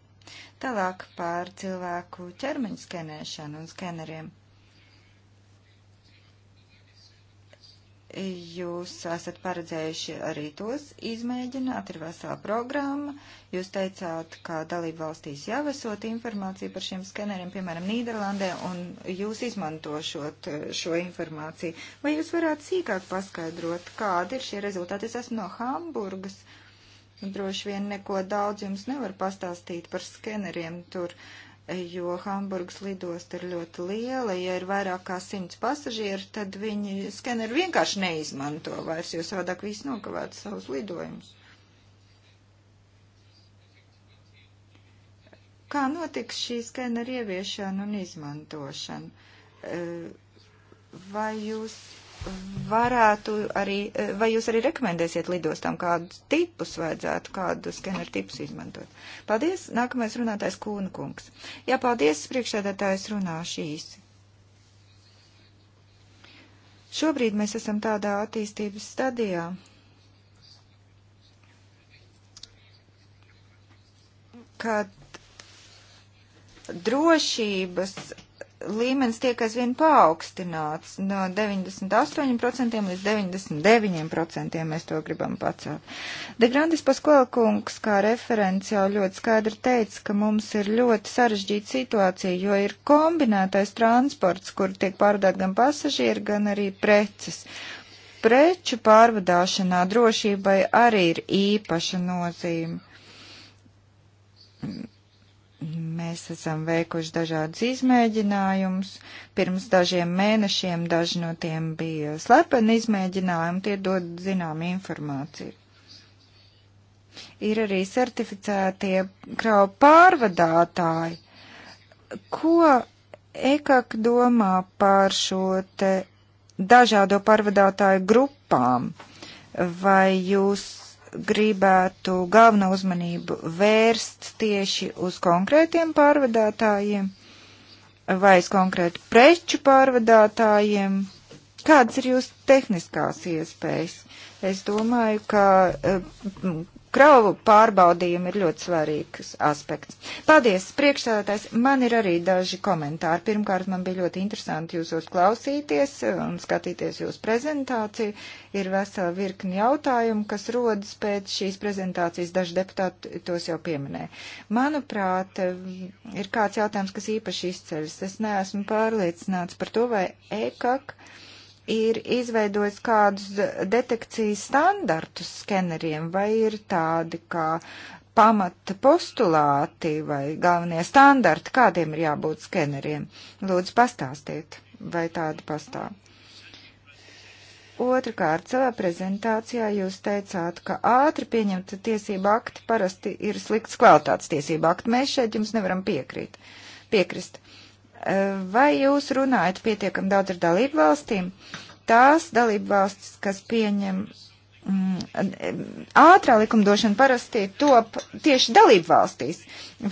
Tālāk par cilvēku ķermeņa skenēšanu un skeneriem. jūs esat paredzējuši arī tos izmēģināt, ir vesela programma. Jūs teicāt, ka dalību valstīs jau esot informācija par šiem skaneriem, piemēram, Nīderlandē, un jūs izmantošot eh, šo informāciju. Vai jūs varētu sīkāk paskaidrot, kādi ir šie rezultāti? Es esmu no Hamburgas. Uh, Droši vien neko daudz jums nevar pastāstīt par skeneriem tur, jo Hamburgas lidosta ir ļoti liela. Ja ir vairāk kā simts pasažieru, tad viņi skeneri vienkārši neizmanto vairs, jo savādāk viss nokavētu savus lidojumus. Kā notiks šī skenera ieviešana un izmantošana? Eh, vai jūs varētu arī, eh, vai jūs arī rekomendēsiet lidostām kādus tipus vajadzētu, kādu skeneru tipus izmantot? Paldies, nākamais runātājs Kūna kungs. Jā, paldies, priekšsēdētājs runāšu īsi. Šobrīd mēs esam tādā attīstības stadijā, kad drošības līmenis tiek aizvien paaugstināts no 98% līdz 99% mēs to gribam pacelt. De Grandis Paskolkungs kā referents jau ļoti skaidri teica, ka mums ir ļoti sarežģīta situācija, jo ir kombinētais transports, kur tiek pārdāt gan pasažieri, gan arī preces preču pārvadāšanā drošībai arī ir īpaša nozīme. Mēs esam veikuši dažādus izmēģinājumus. Pirms dažiem mēnešiem daži no tiem bija slepeni izmēģinājumi, tie dod zinām informāciju. Ir arī certificētie kravu pārvadātāji. Ko EKAK domā par šo te dažādo pārvadātāju grupām? Vai jūs gribētu galveno uzmanību vērst tieši uz konkrētiem pārvadātājiem vai uz konkrētu preču pārvadātājiem. Kādas ir jūsu tehniskās iespējas? Es domāju, ka eh, Kravu pārbaudījumi ir ļoti svarīgs aspekts. Paldies, priekšsēdētājs. Man ir arī daži komentāri. Pirmkārt, man bija ļoti interesanti jūsos klausīties un skatīties jūsu prezentāciju. Ir vesela virkni jautājumu, kas rodas pēc šīs prezentācijas. Daži deputāti tos jau pieminēja. Manuprāt, ir kāds jautājums, kas īpaši izceļas. Es neesmu pārliecināts par to, vai EKAK. E ir izveidojis kādus detekcijas standartus skeneriem, vai ir tādi kā pamata postulāti vai galvenie standarti, kādiem ir jābūt skeneriem? Lūdzu, pastāstiet, vai tādi pastāv. Otrakārt, savā prezentācijā jūs teicāt, ka ātri pieņemta tiesība akti parasti ir slikts kvalitātes tiesība akti. Mēs šeit jums nevaram piekrīt. piekrist. Vai jūs runājat pietiekam daudz ar dalību valstīm? Tās dalību valstis, kas pieņem mm, ātrā likumdošana parasti top tieši dalību valstīs.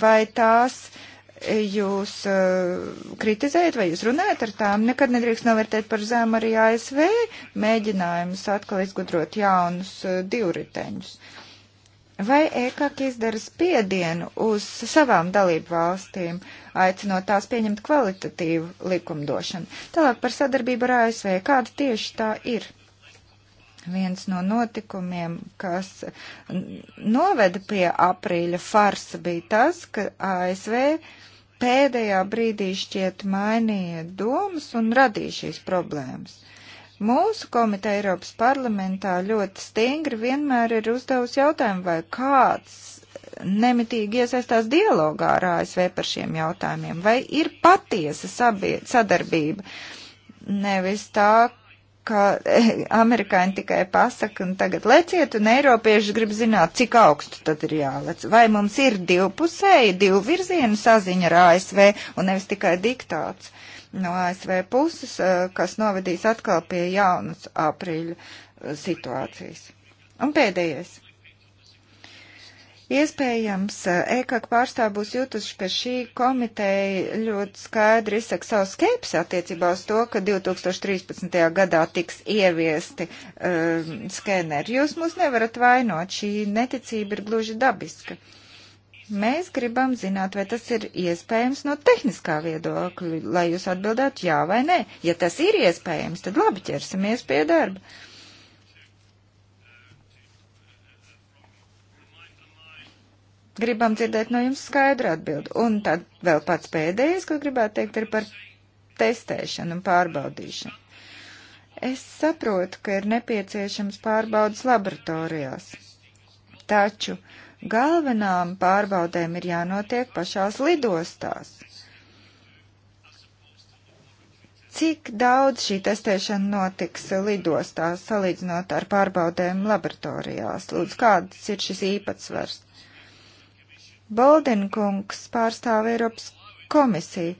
Vai tās jūs uh, kritizējat vai jūs runājat ar tām? Nekad nedrīkst novērtēt par zemu arī ASV mēģinājumus atkal izgudrot jaunus uh, divriteņus. Uh, Vai EKK izdara spiedienu uz savām dalību valstīm, aicinot tās pieņemt kvalitatīvu likumdošanu? Tālāk par sadarbību ar ASV. Kāda tieši tā ir? Viens no notikumiem, kas noveda pie aprīļa farsa, bija tas, ka ASV pēdējā brīdī šķiet mainīja domas un radīja šīs problēmas. Mūsu komiteja Eiropas parlamentā ļoti stingri vienmēr ir uzdevusi jautājumu, vai kāds nemitīgi iesaistās dialogā ar ASV par šiem jautājumiem, vai ir patiesa sabied, sadarbība, nevis tā, ka amerikāņi tikai pasaka, un tagad leciet, un eiropieši grib zināt, cik augstu tad ir jālec. Vai mums ir divpusēji, divvirzienu saziņa ar ASV, un nevis tikai diktāts no ASV puses, eh, kas novedīs atkal pie jaunas aprīļa eh, situācijas. Un pēdējais. Iespējams, eh, EKAK pārstāv būs jutuši pie šī komiteja ļoti skaidri izsaka savu skepsi attiecībā uz to, ka 2013. gadā tiks ieviesti uh, skeneri. Jūs mūs nevarat vainot, šī neticība ir gluži dabiska. Uh, Mēs gribam zināt, vai tas ir iespējams no tehniskā viedokļa, lai jūs atbildētu jā vai nē. Ja tas ir iespējams, tad labi ķersimies pie darba. Gribam dzirdēt no jums skaidru atbildi. Un tad vēl pats pēdējais, ko gribētu teikt, ir par testēšanu un pārbaudīšanu. Es saprotu, ka ir nepieciešams pārbaudas laboratorijās. Taču Galvenām pārbaudēm ir jānotiek pašās lidostās. Cik daudz šī testēšana notiks lidostās, salīdzinot ar pārbaudēm laboratorijās? Lūdzu, kāds ir šis īpatsvars? Boldinkungs pārstāv Eiropas komisiju.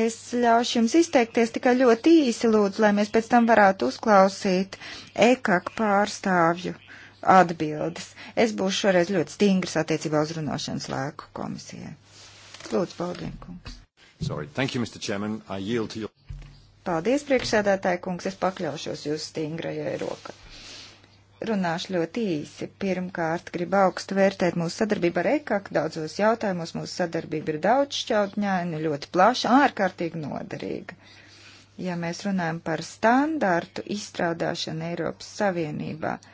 Es ļaušu jums izteikties tikai ļoti īsi, lūdzu, lai mēs pēc tam varētu uzklausīt EKAK pārstāvju atbildes. Es būšu šoreiz ļoti stingrs attiecībā uz runāšanas laiku komisijai. Lūdzu, Baldvinkungs. Sorry. Thank you, Mr. Chairman. I yield to your... Paldies, priekšsēdētāji kungs, es pakļaušos jūsu stingrajai rokai. Runāšu ļoti īsi. Pirmkārt, gribu augstu vērtēt mūsu sadarbību ar EKAK. Daudzos jautājumos mūsu sadarbība ir daudz šķautņaina, ļoti plaša, ārkārtīgi noderīga. Ja mēs runājam par standārtu izstrādāšanu Eiropas Savienībā, uh,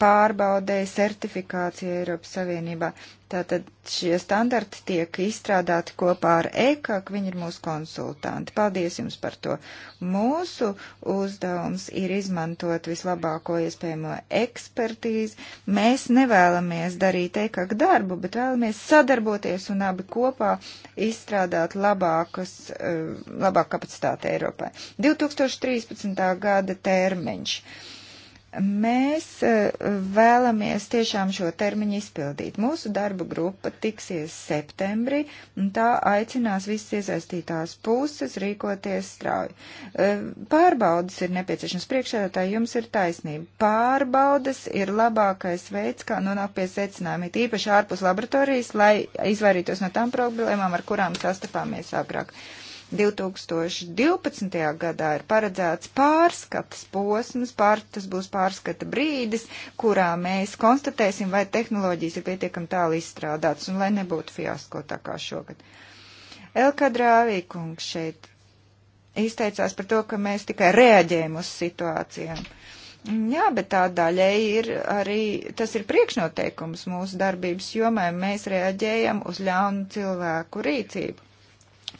pārbaudēja certifikācija Eiropas Savienībā. Tātad šie standarti tiek izstrādāti kopā ar EKAK, viņi ir mūsu konsultanti. Paldies jums par to. Mūsu uzdevums ir izmantot vislabāko iespējamo ekspertīzi. Mēs nevēlamies darīt EKAK darbu, bet vēlamies sadarboties un abi kopā izstrādāt labākas, eh, labāk kapacitāti Eiropai. 2013. gada termiņš. Mēs eh, vēlamies tiešām šo termiņu izpildīt. Mūsu darba grupa tiksies septembrī, un tā aicinās visas iesaistītās puses rīkoties strauji. Eh, pārbaudas ir nepieciešams priekšsēdētāji, jums ir taisnība. Pārbaudas ir labākais veids, kā nonākt pie secinājuma, īpaši ārpus laboratorijas, lai izvairītos no tām problēmām, ar kurām sastapāmies agrāk. Uh, 2012. gadā ir paredzēts pārskatas posms, pār, tas būs pārskata brīdis, kurā mēs konstatēsim, vai tehnoloģijas ir pietiekami tālu izstrādātas un lai nebūtu fiasko tā kā šogad. Elkadrāvī kungs šeit izteicās par to, ka mēs tikai reaģējam uz situācijām. Jā, bet tā daļai ir arī, tas ir priekšnoteikums mūsu darbības jomai, mēs reaģējam uz ļaunu cilvēku rīcību.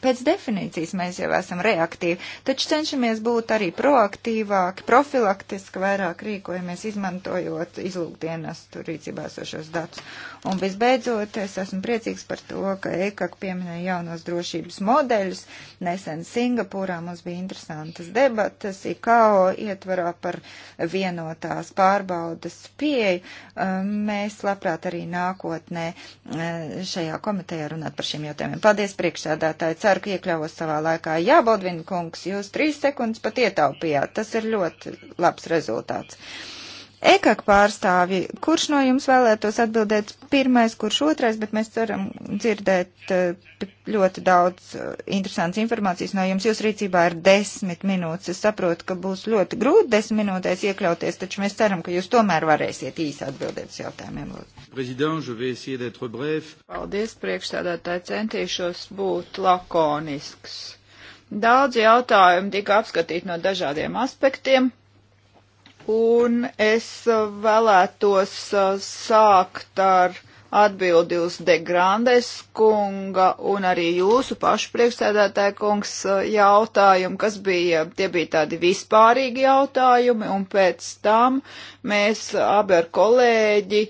Pēc definīcijas mēs jau esam reaktīvi, taču cenšamies būt arī proaktīvāki, profilaktiski vairāk rīkojamies, izmantojot izlūkdienas tur rīcībā esošos datus. Un visbeidzot, es esmu priecīgs par to, ka EKAK pieminēja jaunos drošības modeļus. Nesen Singapūrā mums bija interesantas debatas IKO ietvarā par vienotās pārbaudas pieeju. Um, mēs labprāt arī nākotnē uh, šajā komitejā runāt par šiem jautājumiem. Paldies priekšsēdētāji, ceru, ka iekļavos savā laikā. Jā, Bodvin kungs, jūs trīs sekundes pat ietaupījāt. Tas ir ļoti labs rezultāts. EKAK pārstāvji, kurš no jums vēlētos atbildēt pirmais, kurš otrais, bet mēs ceram dzirdēt eh, ļoti daudz eh, interesantas informācijas no jums. Jūs rīcībā ir desmit minūtes. Es saprotu, ka būs ļoti grūti desmit minūtēs iekļauties, taču mēs ceram, ka jūs tomēr varēsiet īsi atbildēt uz jautājumiem. Paldies, priekšstādātāji, centīšos būt lakonisks. Daudz jautājumu tika apskatīti no dažādiem aspektiem Un es uh, vēlētos uh, sākt ar atbildi uz Degrandes kunga un arī jūsu pašu priekšsēdētāja kungs uh, jautājumu, kas bija, tie bija tādi vispārīgi jautājumi, un pēc tam mēs abi ar kolēģi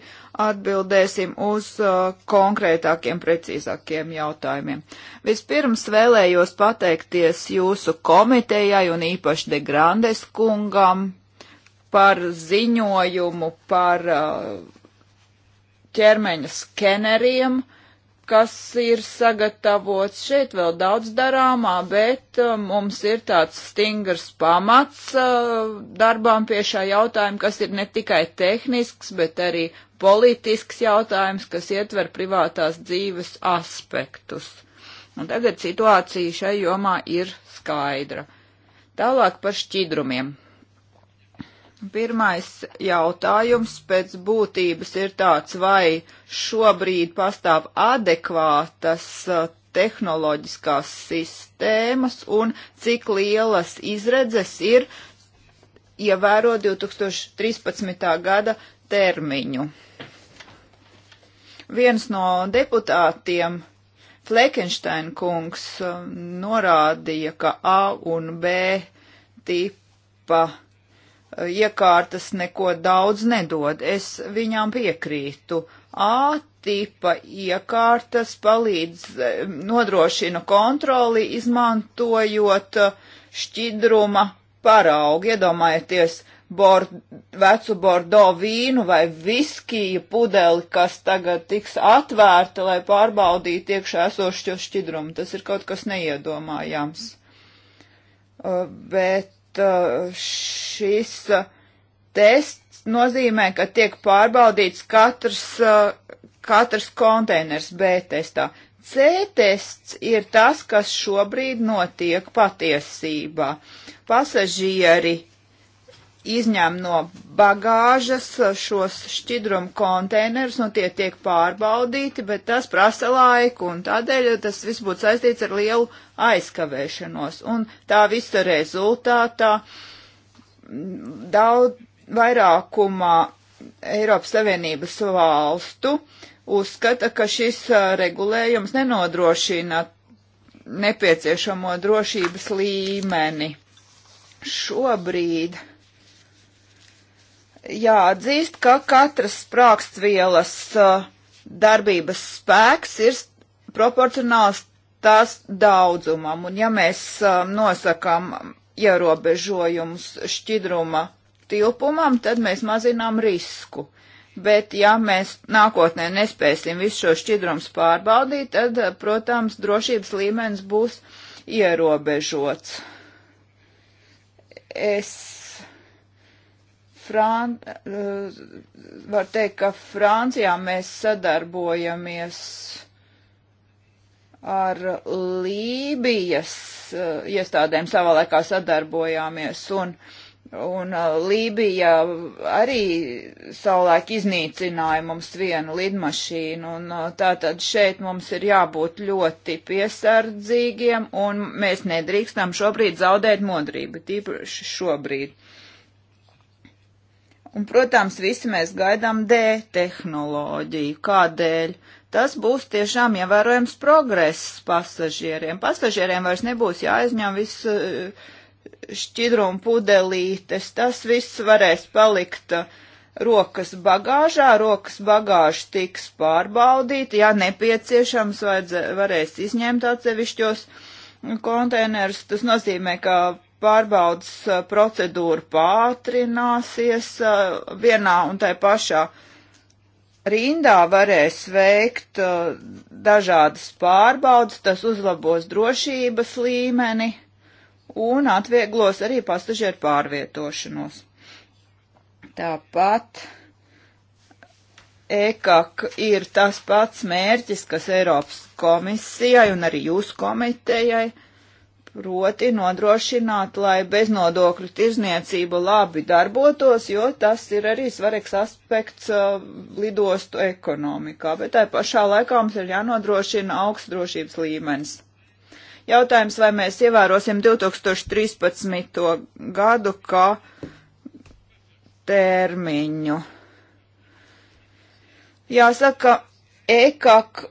atbildēsim uz uh, konkrētākiem, precīzākiem jautājumiem. Vispirms vēlējos pateikties jūsu komitejai un īpaši Degrandes kungam par ziņojumu par uh, ķermeņa skeneriem, kas ir sagatavots. Šeit vēl daudz darāmā, bet uh, mums ir tāds stingrs pamats uh, darbām pie šā jautājuma, kas ir ne tikai tehnisks, bet arī politisks jautājums, kas ietver privātās dzīves aspektus. Un tagad situācija šai jomā ir skaidra. Tālāk par šķidrumiem. Pirmais jautājums pēc būtības ir tāds, vai šobrīd pastāv adekvātas tehnoloģiskās sistēmas un cik lielas izredzes ir ievērot 2013. gada termiņu. Viens no deputātiem Fleckenstein kungs norādīja, ka A un B tipa iekārtas neko daudz nedod. Es viņām piekrītu. A-tipa iekārtas palīdz e, nodrošina kontroli, izmantojot e, šķidruma paraugu. Iedomājieties, bord, vecu bordo vīnu vai viskiju pudeli, kas tagad tiks atvērta, lai pārbaudītu iekšā esošo šķidrumu. Tas ir kaut kas neiedomājams. Uh, bet šis uh, tests nozīmē, ka tiek pārbaudīts katrs, uh, katrs konteiners B testā. C tests ir tas, kas šobrīd notiek patiesībā. Pasažieri izņem no bagāžas šos šķidrumu konteinerus, un nu, tie tiek pārbaudīti, bet tas prasa laiku, un tādēļ tas viss būtu saistīts ar lielu aizkavēšanos. Un tā visa rezultātā daudz vairākumā Eiropas Savienības valstu uzskata, ka šis regulējums nenodrošina nepieciešamo drošības līmeni. Šobrīd jāatzīst, ka katras sprākstvielas uh, darbības spēks ir proporcionāls tās daudzumam, un ja mēs uh, nosakam ierobežojumus šķidruma tilpumam, tad mēs mazinām risku. Bet, ja mēs nākotnē nespēsim visu šo šķidrums pārbaudīt, tad, uh, protams, drošības līmenis būs ierobežots. Es Fran eh, var teikt, ka Francijā mēs sadarbojamies ar Lībijas eh, iestādēm savā laikā sadarbojāmies, un, un eh, Lībija arī savulaik iznīcināja mums vienu lidmašīnu, un tātad šeit mums ir jābūt ļoti piesardzīgiem, un mēs nedrīkstam šobrīd zaudēt modrību, tīpaši šobrīd. Un, protams, visi mēs gaidām D tehnoloģiju. Kādēļ? Tas būs tiešām ievērojams progress pasažieriem. Pasažieriem vairs nebūs jāaizņem viss eh, šķidrumu pudelītes. Tas viss varēs palikt eh, rokas bagāžā, rokas bagāža tiks pārbaudīta, ja nepieciešams, vajadz, varēs izņemt atsevišķos konteinerus. Tas nozīmē, ka pārbaudas eh, procedūra pātrināsies, eh, vienā un tai pašā rindā varēs veikt eh, dažādas pārbaudas, tas uzlabos drošības līmeni un atvieglos arī pasažieru pārvietošanos. Tāpat EKAK ir tas pats mērķis, kas Eiropas komisijai un arī jūsu komitejai proti nodrošināt, lai beznodokļu tirzniecība labi darbotos, jo tas ir arī svarīgs aspekts uh, lidostu ekonomikā, bet tai pašā laikā mums ir jānodrošina augsts drošības līmenis. Jautājums, vai mēs ievērosim 2013. gadu kā termiņu. Jāsaka, EKAK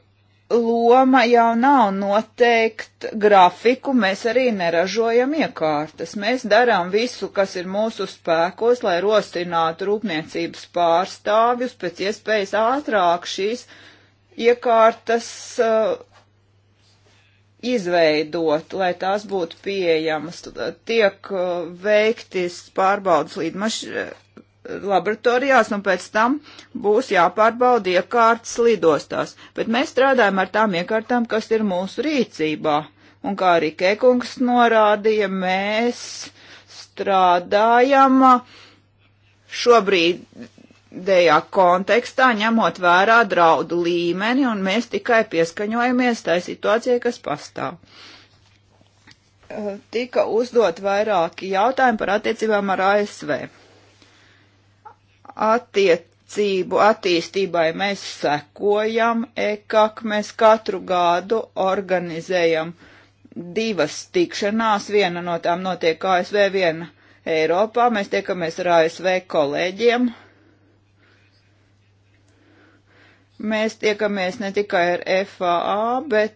loma jau nav noteikt grafiku, mēs arī neražojam iekārtas. Mēs darām visu, kas ir mūsu spēkos, lai rostinātu rūpniecības pārstāvjus pēc iespējas ātrāk šīs iekārtas uh, izveidot, lai tās būtu pieejamas. Uh, tiek uh, veiktis pārbaudas līdz mašīnai laboratorijās, un pēc tam būs jāpārbauda iekārtas lidostās. Bet mēs strādājam ar tām iekārtām, kas ir mūsu rīcībā. Un kā arī Kekungs norādīja, mēs strādājam šobrīd dējā kontekstā, ņemot vērā draudu līmeni, un mēs tikai pieskaņojamies tai situācijai, kas pastāv. Tika uzdot vairāki jautājumi par attiecībām ar ASV attiecību attīstībai mēs sekojam, ekak mēs katru gadu organizējam divas tikšanās, viena no tām notiek ASV, viena Eiropā, mēs tiekamies ar ASV kolēģiem. Mēs tiekamies ne tikai ar FAA, bet,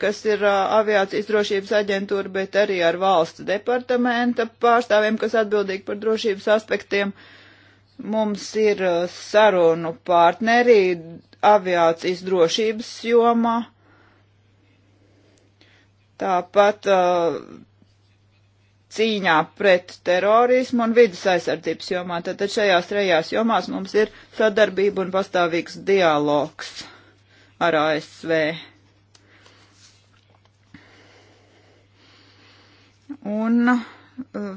kas ir uh, aviācijas drošības aģentūra, bet arī ar valsts departamenta pārstāvjiem, kas atbildīgi par drošības aspektiem uh, Mums ir uh, sarunu partneri aviācijas drošības jomā. Tāpat uh, cīņā pret terorismu un vidas aizsardzības jomā. Tātad šajās trejās jomās mums ir sadarbība un pastāvīgs dialogs ar ASV. Un uh,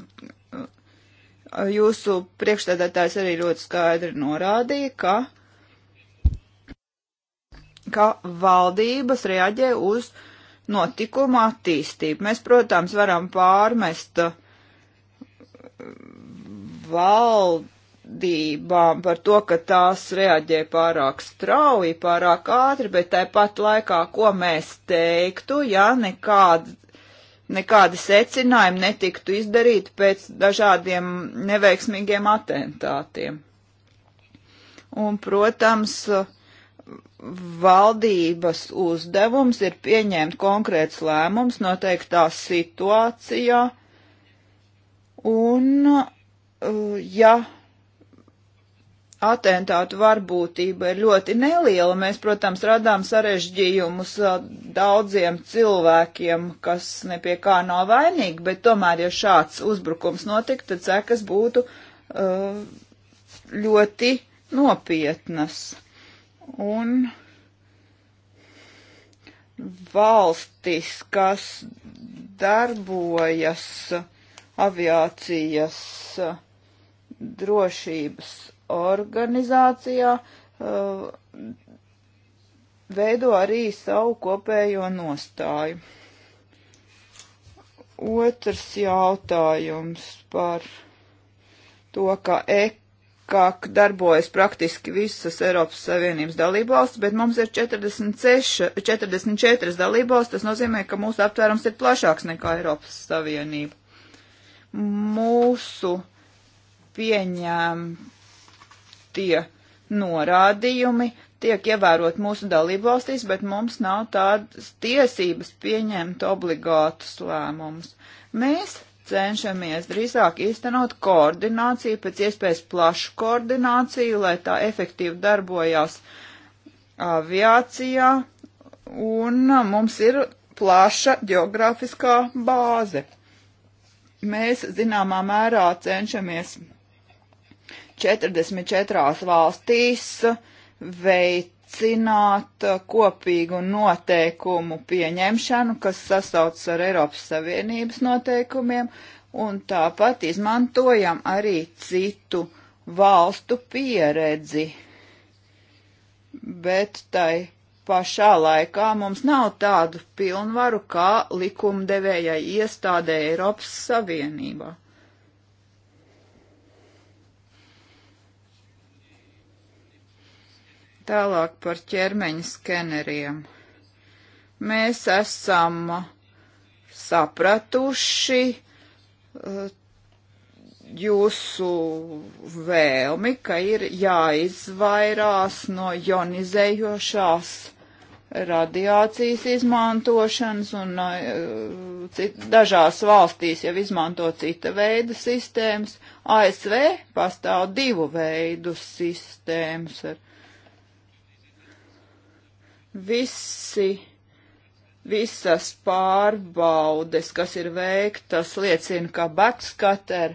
Jūsu priekšstādātājs arī ļoti skaidri norādīja, ka, ka valdības reaģē uz notikuma attīstību. Mēs, protams, varam pārmest valdībām par to, ka tās reaģē pārāk strauji, pārāk ātri, bet tāpat laikā, ko mēs teiktu, ja nekāda nekādi secinājumi netiktu izdarīti pēc dažādiem neveiksmīgiem atentātiem. Un, protams, valdības uzdevums ir pieņemt konkrēts lēmums noteiktā situācijā, un, ja atentātu varbūtība ir ļoti neliela. Mēs, protams, radām sarežģījumus uh, daudziem cilvēkiem, kas nepie kā nav vainīgi, bet tomēr, ja šāds uzbrukums notiktu, tad sekas būtu uh, ļoti nopietnas. Un valstis, kas darbojas aviācijas uh, drošības organizācijā uh, veido arī savu kopējo nostāju. Otrs jautājums par to, ka EKAK darbojas praktiski visas Eiropas Savienības dalībvalstis, bet mums ir 46, 44 dalībvalstis, tas nozīmē, ka mūsu aptvērums ir plašāks nekā Eiropas Savienība. Mūsu pieņēmums tie norādījumi tiek ievērot mūsu dalību valstīs, bet mums nav tādas tiesības pieņemt obligātus lēmumus. Mēs cenšamies drīzāk īstenot koordināciju, pēc iespējas plašu koordināciju, lai tā efektīvi darbojās aviācijā, un mums ir plaša geogrāfiskā bāze. Mēs zināmā mērā cenšamies 44 valstīs veicināt kopīgu noteikumu pieņemšanu, kas sasaucas ar Eiropas Savienības noteikumiem, un tāpat izmantojam arī citu valstu pieredzi. Bet tai pašā laikā mums nav tādu pilnvaru kā likumdevējai iestādē Eiropas Savienībā. Tālāk par ķermeņa skeneriem. Mēs esam sapratuši eh, jūsu vēlmi, ka ir jāizvairās no jonizējošās radiācijas izmantošanas, un uh, cit, dažās valstīs jau izmanto cita veida sistēmas. ASV pastāv divu veidu sistēmas ar Visi, visas pārbaudes, kas ir veiktas, liecina, ka batskater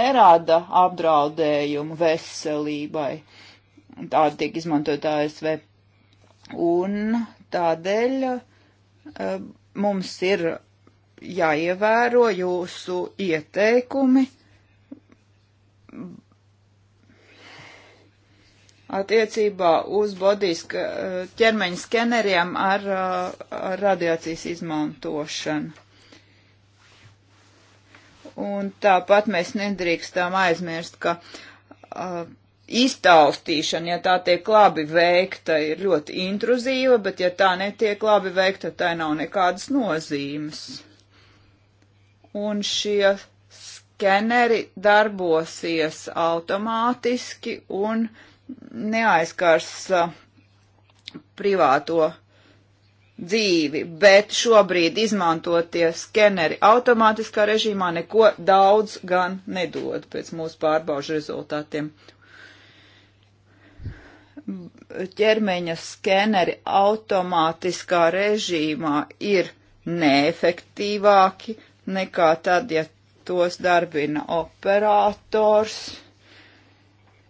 nerada apdraudējumu veselībai. Tāda tiek izmantot ASV. Un tādēļ eh, mums ir jāievēro jūsu ieteikumi attiecībā uz bodijas eh, ķermeņa skeneriem ar, eh, ar radiācijas izmantošanu. Un tāpat mēs nedrīkstam aizmirst, ka uh, iztaustīšana, ja tā tiek labi veikta, ir ļoti intruzīva, bet ja tā netiek labi veikta, tai nav nekādas nozīmes. Un šie skeneri darbosies automātiski un uh, neaizskars privāto dzīvi, bet šobrīd izmantotie skeneri automātiskā režīmā neko daudz gan nedod pēc mūsu pārbaužu rezultātiem. Ķermeņa skeneri automātiskā režīmā ir neefektīvāki nekā tad, ja tos darbina operators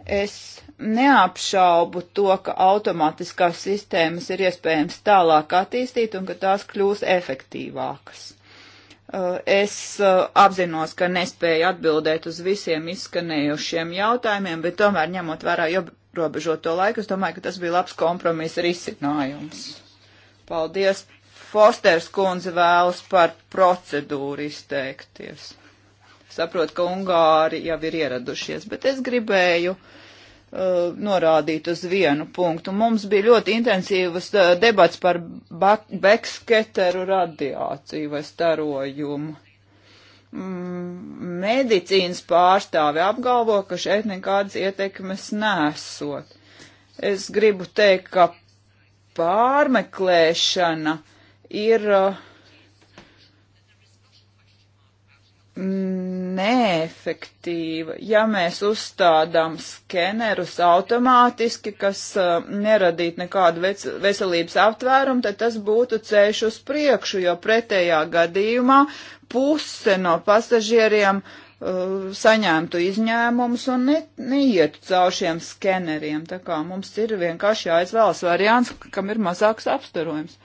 Es neapšaubu to, ka automātiskās sistēmas ir iespējams tālāk attīstīt un ka tās kļūs efektīvākas. Uh, es uh, apzinos, ka nespēju atbildēt uz visiem izskanējušiem jautājumiem, bet tomēr ņemot vērā ierobežoto laiku, es domāju, ka tas bija labs kompromisa risinājums. Paldies! Fosters kundze vēlas par procedūru izteikties. Saprot, ka Ungāri jau ir ieradušies, bet es gribēju uh, norādīt uz vienu punktu. Mums bija ļoti intensīvas uh, debats par beksketeru radiāciju vai starojumu. Mm, medicīnas pārstāvi apgalvo, ka šeit nekādas ietekmes nesot. Es gribu teikt, ka pārmeklēšana ir uh, neefektīva. Ja mēs uzstādām skenerus automātiski, kas uh, neradītu nekādu vec, veselības aptvērumu, tad tas būtu ceļš uz priekšu, jo pretējā gadījumā puse no pasažieriem uh, saņemtu izņēmumus un ne, neietu caur šiem skeneriem. Tā kā mums ir vienkārši jāizvēlas variants, kam ir mazāks apstarojums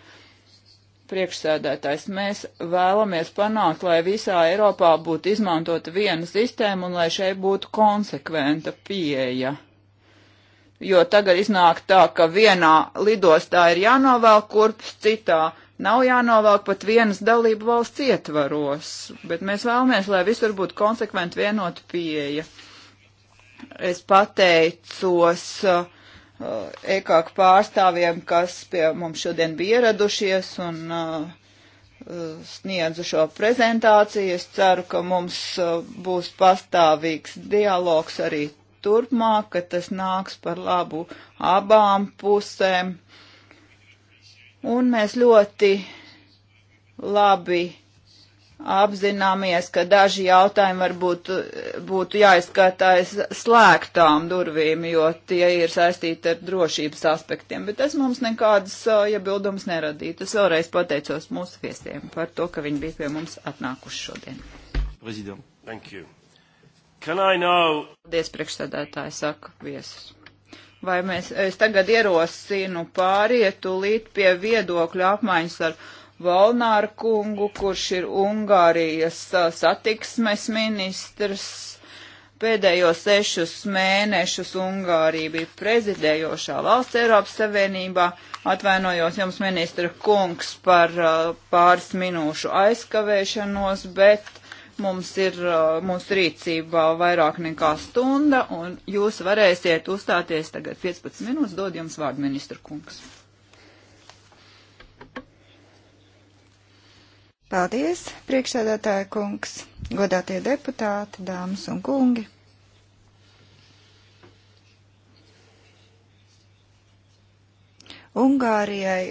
priekšsēdētājs, mēs vēlamies panākt, lai visā Eiropā būtu izmantota viena sistēma un lai šeit būtu konsekventa pieeja. Jo tagad iznāk tā, ka vienā lidostā ir jānovēl kurps, citā nav jānovelk pat vienas dalību valsts ietvaros, bet mēs vēlamies, lai visur būtu konsekventi vienota pieeja. Es pateicos uh, Uh, ekāk pārstāvjiem, kas pie mums šodien bija ieradušies un uh, uh, sniedzu šo prezentāciju. Es ceru, ka mums būs pastāvīgs dialogs arī turpmāk, ka tas nāks par labu abām pusēm. Un mēs ļoti labi apzināmies, ka daži jautājumi varbūt eh, būtu jāizskatā aiz slēgtām durvīm, jo tie ir saistīti ar drošības aspektiem, bet tas mums nekādas eh, iebildums ja neradītu. Es vēlreiz pateicos mūsu viesiem par to, ka viņi bija pie mums atnākuši šodien. Prezident, thank you. Can I now? Paldies, priekšsēdētāji, saka viesus. Vai mēs, es tagad ierosinu pārietu līdz pie viedokļu apmaiņas ar Valnāru kungu, kurš ir Ungārijas satiksmes ministrs. Pēdējos sešus mēnešus Ungārija bija prezidējošā valsts Eiropas Savienībā. Atvainojos jums, ministra kungs, par pāris minūšu aizkavēšanos, bet mums ir mūsu rīcībā vairāk nekā stunda, un jūs varēsiet uzstāties tagad 15 minūtes. Dod jums vārdu, ministra kungs. Paldies, priekšsēdētāja kungs, godātie deputāti, dāmas un kungi. Ungārijai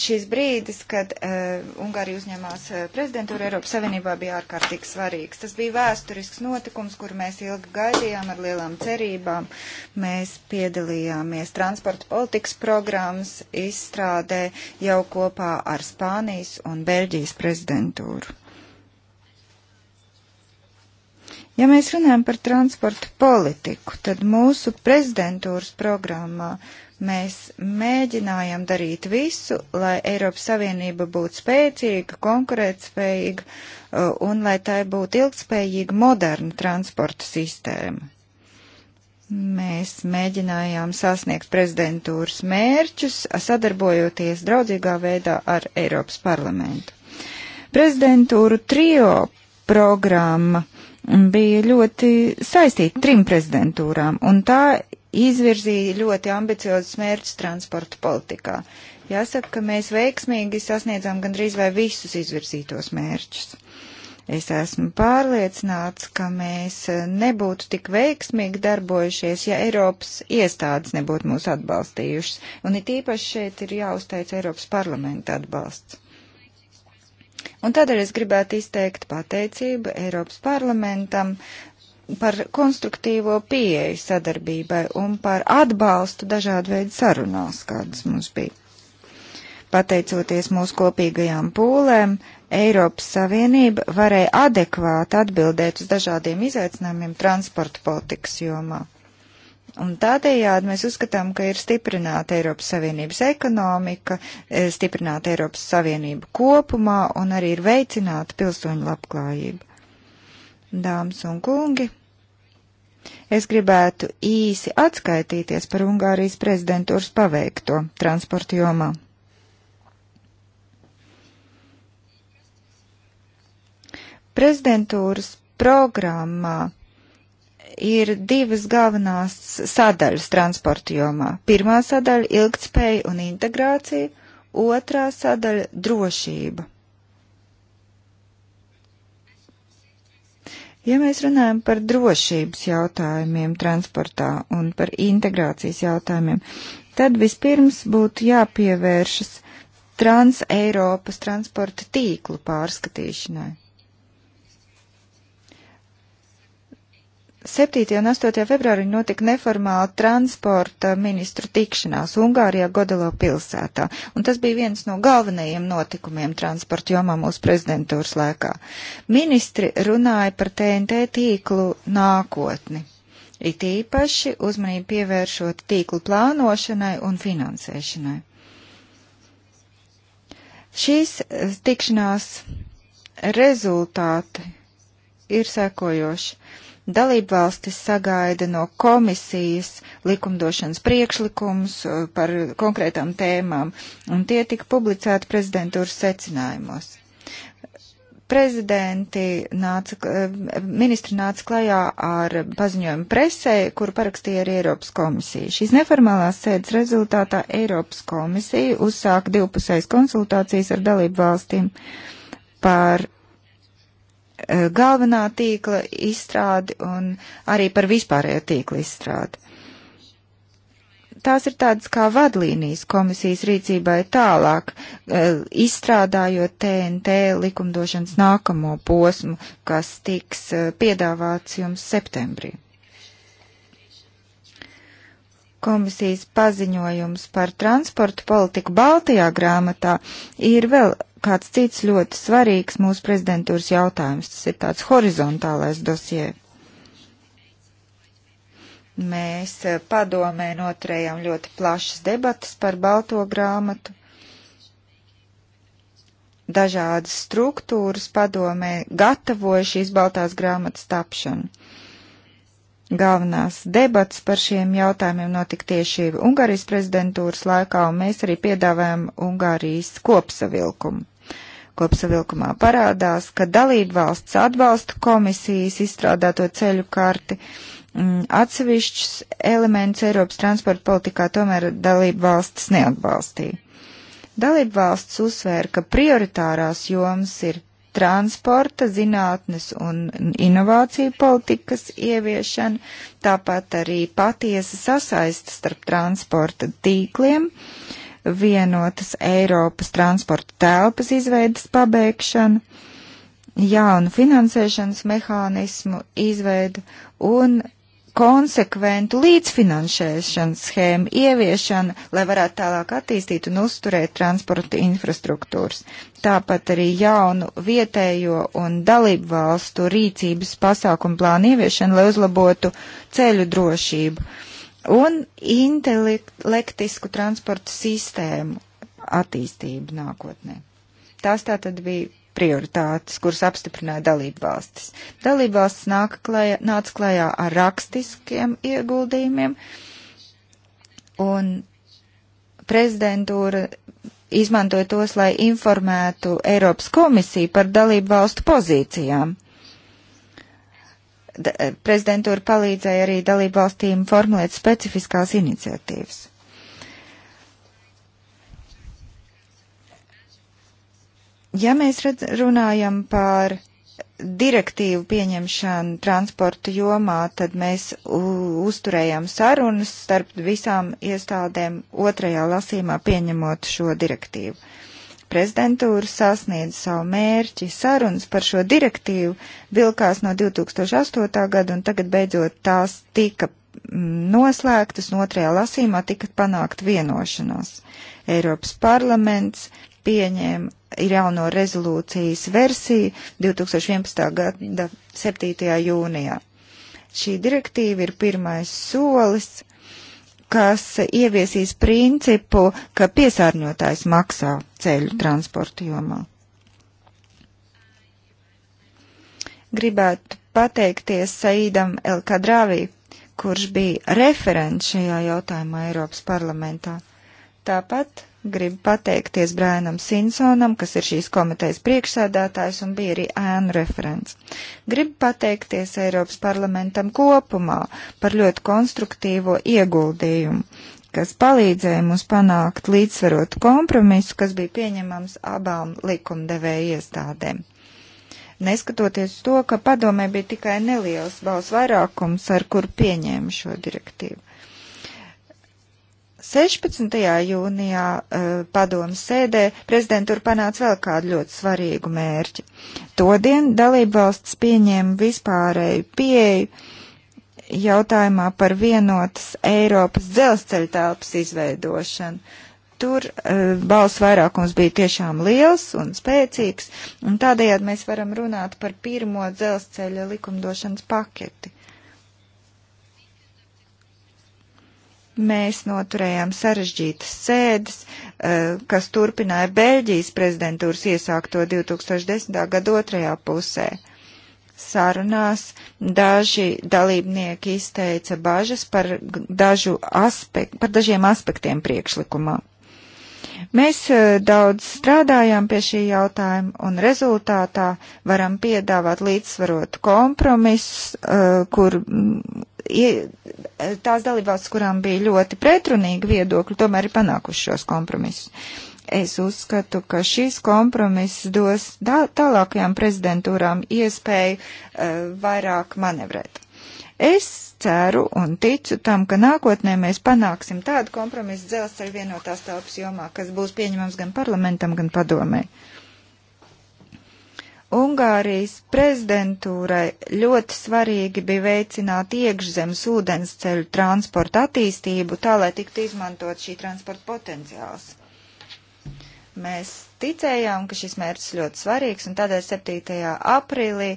šīs brīdis, kad uh, Ungārija uzņemās uh, eh, prezidentūru Eiropas Savienībā, bija ārkārtīgi svarīgs. Tas bija vēsturisks notikums, kuru mēs ilgi gaidījām ar lielām cerībām. Mēs piedalījāmies transporta politikas programmas izstrādē jau kopā ar Spānijas un Beļģijas prezidentūru. Ja mēs runājam par transporta politiku, tad mūsu prezidentūras programmā uh, Mēs mēģinājām darīt visu, lai Eiropas Savienība būtu spēcīga, konkurētspējīga uh, un lai tai būtu ilgspējīga moderna transporta sistēma. Mēs mēģinājām sasniegt prezidentūras mērķus, sadarbojoties draudzīgā veidā ar Eiropas parlamentu. Prezidentūru trio programma bija ļoti saistīta trim prezidentūrām, un tā izvirzīja ļoti ambiciozus mērķus transporta politikā. Jāsaka, ka mēs veiksmīgi sasniedzām gandrīz vai visus izvirzītos mērķus. Es esmu pārliecināts, ka mēs nebūtu tik veiksmīgi darbojušies, ja Eiropas iestādes nebūtu mūs atbalstījušas, un it īpaši šeit ir jāuzteic Eiropas parlamenta atbalsts. Un tādēļ es gribētu izteikt pateicību Eiropas parlamentam par konstruktīvo pieeju sadarbībai un par atbalstu dažādu veidu sarunās, kādas mums bija. Pateicoties mūsu kopīgajām pūlēm, Eiropas Savienība varēja adekvāti atbildēt uz dažādiem izaicinājumiem transporta politikas jomā. Un tādējādi mēs uzskatām, ka ir stiprināta Eiropas Savienības ekonomika, e, stiprināta Eiropas Savienība kopumā un arī ir veicināta pilsoņu labklājība. Dāmas un kungi, es gribētu īsi atskaitīties par Ungārijas prezidentūras paveikto transporta jomā. Prezidentūras programmā ir divas galvenās sadaļas transporta jomā. Pirmā sadaļa - ilgtspēja un integrācija, otrā sadaļa - drošība. Ja mēs runājam par drošības jautājumiem transportā un par integrācijas jautājumiem, tad vispirms būtu jāpievēršas Trans-Eiropas transporta tīklu pārskatīšanai. 7. un 8. februārī notika neformāla transporta ministru tikšanās Ungārijā Godalo pilsētā, un tas bija viens no galvenajiem notikumiem transporta jomā mūsu prezidentūras laikā. Ministri runāja par TNT tīklu nākotni, it īpaši uzmanību pievēršot tīklu plānošanai un finansēšanai. Šīs eh, tikšanās rezultāti ir sekojoši Dalība valstis sagaida no komisijas likumdošanas priekšlikums uh, par konkrētām tēmām, un tie tika publicēti prezidentūras secinājumos. Prezidenti nāca, uh, ministri nāca klajā ar paziņojumu presē, kuru parakstīja arī Eiropas komisija. Šīs neformālās sēdes rezultātā Eiropas komisija uzsāka divpusējas konsultācijas ar dalību valstīm par E, galvenā tīkla izstrādi un arī par vispārējo tīkla izstrādi. Tās ir tādas kā vadlīnijas komisijas rīcībai tālāk, e, izstrādājot TNT likumdošanas nākamo posmu, kas tiks e, piedāvāts jums septembrī komisijas paziņojums par transportu politiku Baltijā grāmatā ir vēl kāds cits ļoti svarīgs mūsu prezidentūras jautājums. Tas ir tāds horizontālais dosie. Mēs eh, padomē noturējām ļoti plašas debatas par balto grāmatu. Dažādas struktūras padomē gatavoja šīs baltās grāmatas tapšanu. Galvenās debats par šiem jautājumiem notika tieši Ungārijas prezidentūras laikā, un mēs arī piedāvājam Ungārijas kopsavilkumu kopsavilkumā parādās, ka dalībvalsts atbalsta komisijas izstrādāto ceļu karti. Mm, atsevišķs elements Eiropas transporta politikā tomēr dalību valstis neatbalstīja. Dalību valsts uzsvēra, ka prioritārās jomas ir transporta, zinātnes un inovāciju politikas ieviešana, tāpat arī patiesa sasaista starp transporta tīkliem, uh, vienotas Eiropas transporta telpas izveidas pabeigšanu, jaunu finansēšanas mehānismu izveidu un konsekventu līdzfinansēšanas schēmu ieviešana, lai varētu tālāk attīstīt un uzturēt transporta infrastruktūras. Tāpat arī jaunu vietējo un dalību valstu rīcības pasākumu plānu ieviešana, lai uzlabotu ceļu drošību. Uh, un intelektisku transportu sistēmu attīstību nākotnē. Tās tā tad bija prioritātes, kuras apstiprināja dalību valstis. Dalību valstis klajā, nāca klajā ar rakstiskiem ieguldījumiem, un prezidentūra izmantoja tos, lai informētu Eiropas komisiju par dalību valstu pozīcijām Eh, prezidentūra palīdzēja arī dalībvalstīm formulēt specifiskās iniciatīvas. Ja mēs redz, runājam par direktīvu pieņemšanu transporta jomā, tad mēs uzturējām sarunas starp visām iestādēm otrajā lasīmā pieņemot šo direktīvu. Uh, prezidentūra sasniedz savu mērķi. Sarunas par šo direktīvu vilkās no 2008. gada un tagad beidzot tās tika mm, noslēgtas un otrajā lasīmā tika panākt vienošanos. Eiropas parlaments pieņēma jauno rezolūcijas versiju 2011. gada 7. jūnijā. Šī direktīva ir pirmais solis kas ieviesīs principu, ka piesārņotājs maksā ceļu transporta jomā. Gribētu pateikties Saidam Elkadrāvī, kurš bija referents šajā jautājumā Eiropas parlamentā. Tāpat Gribu pateikties Brēnam Simpsonam, kas ir šīs komitejas priekšsēdētājs un bija arī ēnu referents. Gribu pateikties Eiropas parlamentam kopumā par ļoti konstruktīvo ieguldījumu, kas palīdzēja mums panākt līdzsvarotu kompromisu, kas bija pieņemams abām likumdevēja iestādēm neskatoties to, ka padomē bija tikai neliels balss vairākums, ar kuru pieņēma šo direktīvu. 16. jūnijā uh, padomas sēdē prezidentūra panāca vēl kādu ļoti svarīgu mērķi. Todien dalībvalsts pieņēma vispārēju pieeju jautājumā par vienotas Eiropas dzelzceļa telpas izveidošanu. Tur uh, balss vairākums bija tiešām liels un spēcīgs, un tādējādi mēs varam runāt par pirmo dzelzceļa likumdošanas paketi. Uh, Mēs noturējām sarežģītas sēdes, eh, kas turpināja Beļģijas prezidentūras iesākto 2010. gada otrajā pusē. Sarunās daži dalībnieki izteica bažas par, dažu aspekt, par dažiem aspektiem priekšlikumā. Mēs eh, daudz strādājām pie šī jautājuma un rezultātā varam piedāvāt līdzsvarotu kompromisu, eh, kur mm, eh, tās dalībvalsts, kurām bija ļoti pretrunīgi viedokļi, tomēr ir panākuši šos kompromisus. Es uzskatu, ka šīs kompromiss dos tālākajām prezidentūrām iespēju uh, vairāk manevrēt. Es ceru un ticu tam, ka nākotnē mēs panāksim tādu kompromisu dzelzceļa vienotās telpas jomā, kas būs pieņemams gan parlamentam, gan padomē. Ungārijas prezidentūrai ļoti svarīgi bija veicināt iekšzemes ūdensceļu transporta attīstību, tā lai tiktu izmantot šī transporta potenciāls. Mēs ticējām, ka šis mērķis ļoti svarīgs, un tādēļ 7. aprīlī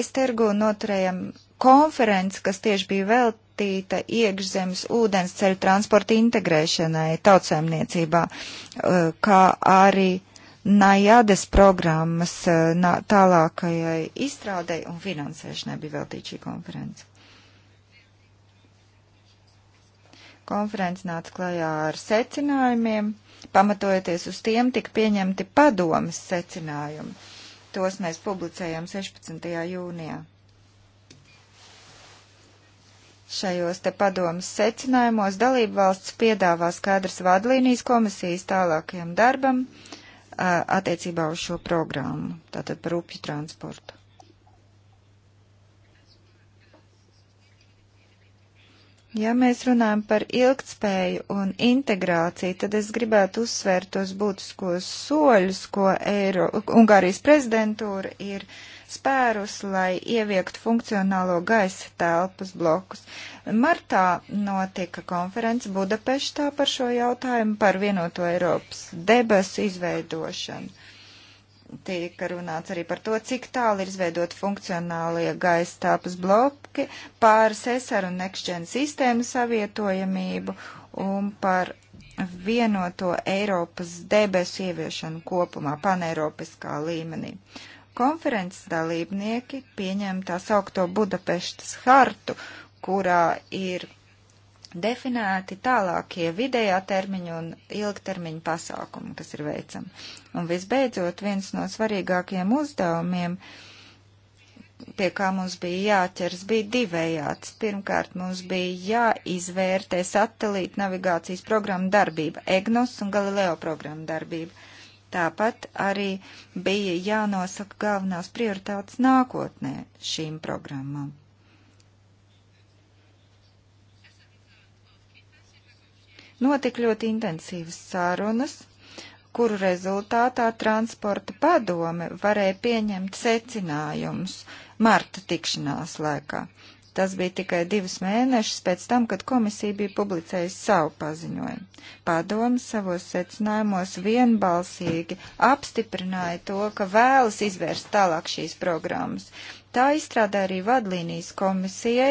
Estergu noturējam konferences, kas tieši bija veltīta iekšzemes ūdens ceļu transporta integrēšanai tautsēmniecībā, eh, kā arī Najādes programmas eh, tālākajai izstrādei un finansēšanai bija veltīta šī konference. Konference nāca klajā ar secinājumiem, pamatojoties uz tiem tika pieņemti padomas secinājumi. Tos mēs publicējam 16. jūnijā. Šajos te padomas secinājumos dalība valsts piedāvā skaidras vadlīnijas komisijas tālākajam darbam attiecībā uz šo programmu, tātad par upju transportu. Ja mēs runājam par ilgtspēju un integrāciju, tad es gribētu uzsvērt tos būtiskos soļus, ko Eiro, Ungārijas prezidentūra ir uh, spērus, lai ieviektu funkcionālo gaisa telpas blokus. Martā notika konference Budapeštā par šo jautājumu, par vienoto Eiropas debesu izveidošanu. Tika runāts arī par to, cik tālu ir izveidot funkcionālie gaisa tāpas bloki, par sesaru un nekšķēnu sistēmu savietojamību un par vienoto Eiropas debesu ieviešanu kopumā, paneiropiskā līmenī. Konferences dalībnieki pieņem tā saukto Budapeštas hartu, kurā ir definēti tālākie vidējā termiņa un ilgtermiņa pasākumi, kas ir veicami. Un visbeidzot, viens no svarīgākajiem uzdevumiem, pie kā mums bija jāķers, bija divējāds. Pirmkārt, mums bija jāizvērtē satelīta navigācijas programma darbība, EGNOS un Galileo programma darbība. Tāpat arī bija jānosaka galvenās prioritātes nākotnē šīm programmām. Notika ļoti intensīvas sarunas, kuru rezultātā transporta padome varēja pieņemt secinājumus marta tikšanās laikā. Tas bija tikai divus mēnešus pēc tam, kad komisija bija publicējusi savu paziņojumu. Padoms savos secinājumos vienbalsīgi apstiprināja to, ka vēlas izvērst tālāk šīs programmas. Tā izstrādā arī vadlīnijas komisijai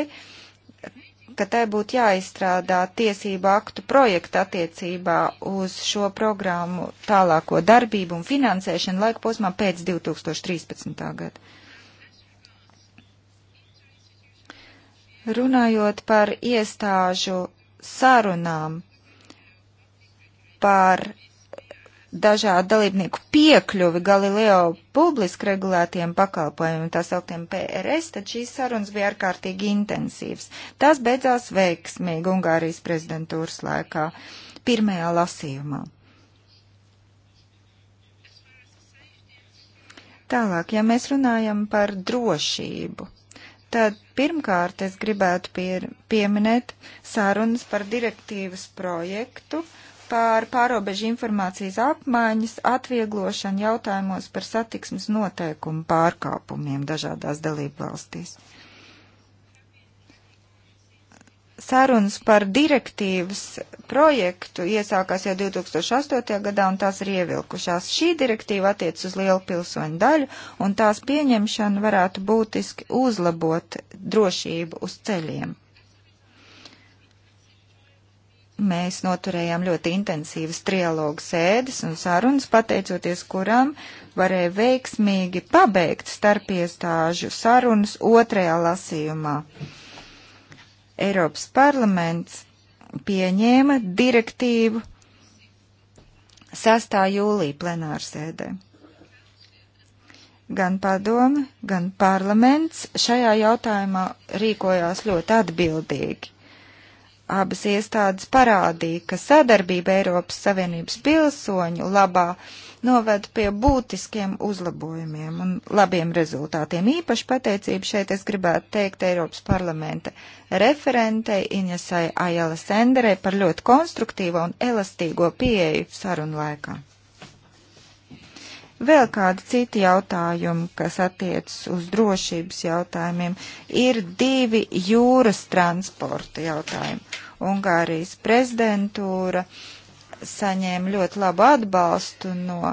ka tai būtu jāizstrādā tiesību aktu projekta attiecībā uz šo programmu tālāko darbību un finansēšanu laika posmā pēc 2013. gada. Runājot par iestāžu sarunām par dažādu dalībnieku piekļuvi Galileo publiski regulētiem pakalpojumiem, tā sauktiem PRS, tad šīs sarunas bija ārkārtīgi intensīvas. Tās beidzās veiksmīgi Ungārijas prezidentūras laikā, pirmajā lasījumā. Tālāk, ja mēs runājam par drošību Tad pirmkārt es gribētu pie, pieminēt sarunas par direktīvas projektu par pārobežu informācijas apmaiņas atvieglošanu jautājumos par satiksmes noteikumu pārkāpumiem dažādās dalību valstīs. Sarunas par direktīvas projektu iesākās jau 2008. gadā un tās ir ievilkušās. Šī direktīva attiec uz lielu pilsoņu daļu un tās pieņemšana varētu būtiski uzlabot drošību uz ceļiem. Mēs noturējām ļoti intensīvas trialogu sēdes un sarunas, pateicoties kurām varēja veiksmīgi pabeigt starpiestāžu sarunas otrajā lasījumā. Eiropas parlaments pieņēma direktīvu 6. jūlija plenārsēdē. Gan padome, gan parlaments šajā jautājumā rīkojās ļoti atbildīgi. Abas iestādes parādīja, ka sadarbība Eiropas Savienības pilsoņu labā uh, noved pie būtiskiem uzlabojumiem un labiem rezultātiem. Īpaši pateicību šeit es gribētu teikt Eiropas parlamenta referentei Inesai Ajala Senderei par ļoti konstruktīvo un elastīgo pieeju sarunu laikā. Vēl kādi citi jautājumi, kas attiecas uz drošības jautājumiem, ir divi jūras transporta jautājumi. Ungārijas prezidentūra uh, saņēma ļoti labu atbalstu no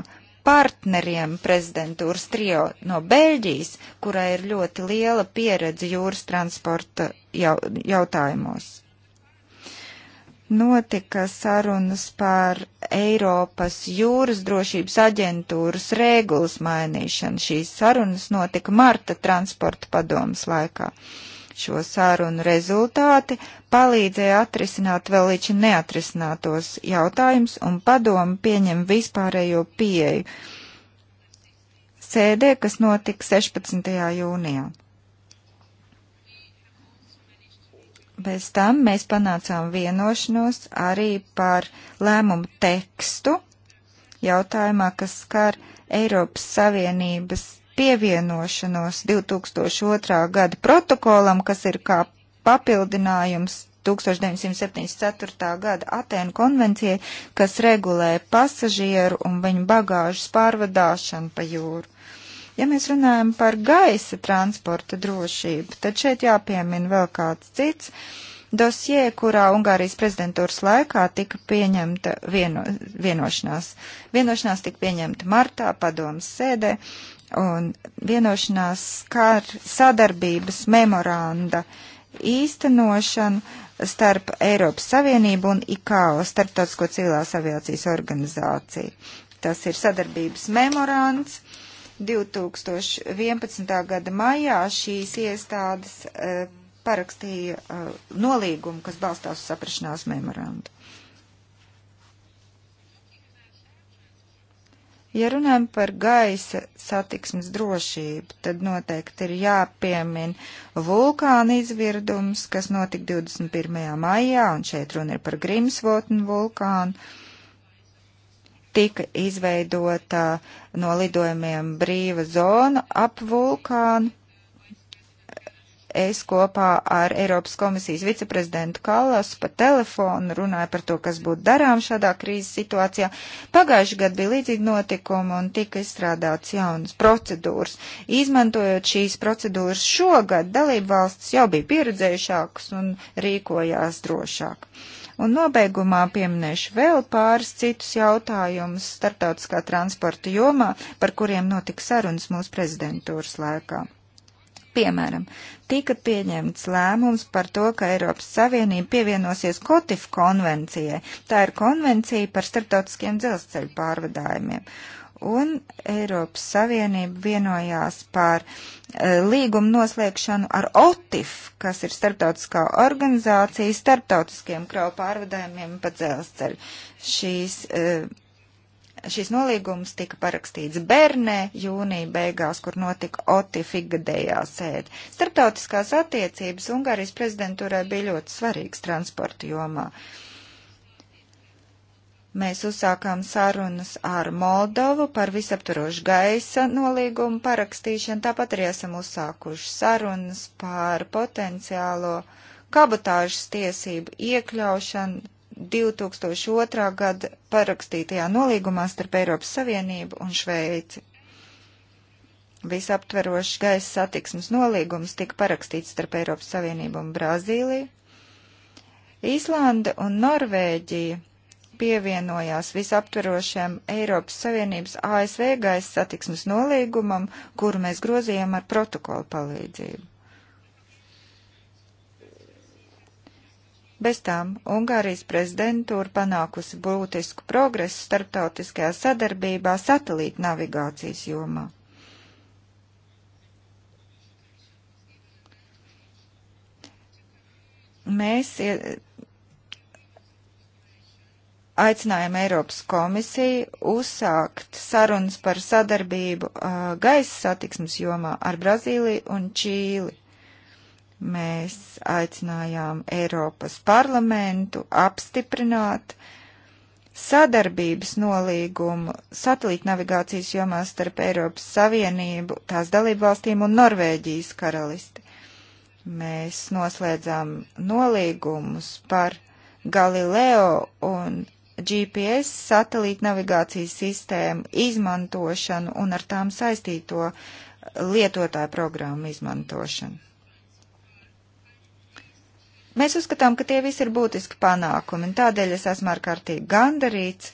partneriem prezidentūras trio no Beļģijas, kurai ir ļoti liela pieredze jūras transporta jautājumos. Notika sarunas par Eiropas jūras drošības aģentūras regulas mainīšanu. Šīs sarunas notika Marta transporta padomas laikā. Uh, Šo sārunu rezultāti palīdzēja atrisināt vēl līdz šim neatrisinātos jautājumus un padomu pieņem vispārējo pieeju sēdē, kas notika 16. jūnijā. Bez tam mēs panācām vienošanos arī par lēmumu tekstu jautājumā, kas skar Eiropas Savienības pievienošanos 2002. gada protokolam, kas ir kā papildinājums 1974. gada Atēnu konvencijai, kas regulē pasažieru un viņu bagāžas pārvadāšanu pa jūru. Ja mēs runājam par gaisa transporta drošību, tad šeit jāpiemina vēl kāds cits dosie, kurā Ungārijas prezidentūras laikā tika pieņemta vieno, vienošanās. Vienošanās tika pieņemta martā padomas sēdē, Un vienošanās skar sadarbības memoranda īstenošanu starp Eiropas Savienību un ICAO, Starptautisko civilās aviācijas organizāciju. Tas ir sadarbības memorands. 2011. gada maijā šīs iestādes uh, parakstīja uh, nolīgumu, kas balstās uz saprašanās memorandu. Ja runājam par gaisa satiksmes drošību, tad noteikti ir jāpiemin vulkāna izvirdums, kas notika 21. maijā, un šeit runa ir par Grimsvotnu vulkānu. Tika izveidota no lidojumiem brīva zona ap vulkānu Es kopā ar Eiropas komisijas viceprezidentu Kallasu pa telefonu runāju par to, kas būtu darām šādā krīzes situācijā. Pagājuši gadu bija līdzīgi notikumi un tika izstrādāts jaunas procedūras. Izmantojot šīs procedūras šogad, dalību valsts jau bija pieredzējušākas un rīkojās drošāk. Un nobeigumā pieminēšu vēl pāris citus jautājumus starptautiskā transporta jomā, par kuriem notika sarunas mūsu prezidentūras laikā. Piemēram, tika pieņemts lēmums par to, ka Eiropas Savienība pievienosies Kotif konvencijai. Tā ir konvencija par starptautiskiem dzelzceļu pārvadājumiem. Un Eiropas Savienība vienojās par e, līgumu noslēgšanu ar OTIF, kas ir starptautiskā organizācija starptautiskiem kravu pārvadājumiem pa dzelzceļu. Šīs e, šis nolīgums tika parakstīts Bernē jūnija beigās, kur notika Otifa ikgadējā sēde. Startautiskās attiecības Ungārijas prezidentūrai bija ļoti svarīgs transporta jomā. Mēs uzsākām sarunas ar Moldovu par visaptvarošu gaisa nolīgumu parakstīšanu, tāpat arī esam uzsākuši sarunas par potenciālo kabotāžas tiesību iekļaušanu 2002. gada parakstītajā nolīgumā starp Eiropas Savienību un Šveici. Visaptverošs gaisa satiksmes nolīgums tika parakstīts starp Eiropas Savienību un Brazīliju. Īslanda un Norvēģija pievienojās visaptverošajam Eiropas Savienības ASV gaisa satiksmes nolīgumam, kuru mēs grozījām ar protokolu palīdzību. Bez tām Ungārijas prezidentūra panākusi būtisku progresu starptautiskajā sadarbībā satelīta navigācijas jomā. Mēs aicinājām Eiropas komisiju uzsākt sarunas par sadarbību uh, gaisa satiksmes jomā ar Brazīliju un Čīli. Mēs aicinājām Eiropas parlamentu apstiprināt sadarbības nolīgumu satelītnavigācijas jomā starp Eiropas Savienību, tās dalību valstīm un Norvēģijas karalisti. Mēs noslēdzām nolīgumus par Galileo un GPS satelīta navigācijas sistēmu izmantošanu un ar tām saistīto lietotāju programmu izmantošanu. Mēs uzskatām, ka tie visi ir būtiski panākumi, un tādēļ es esmu ārkārtīgi gandarīts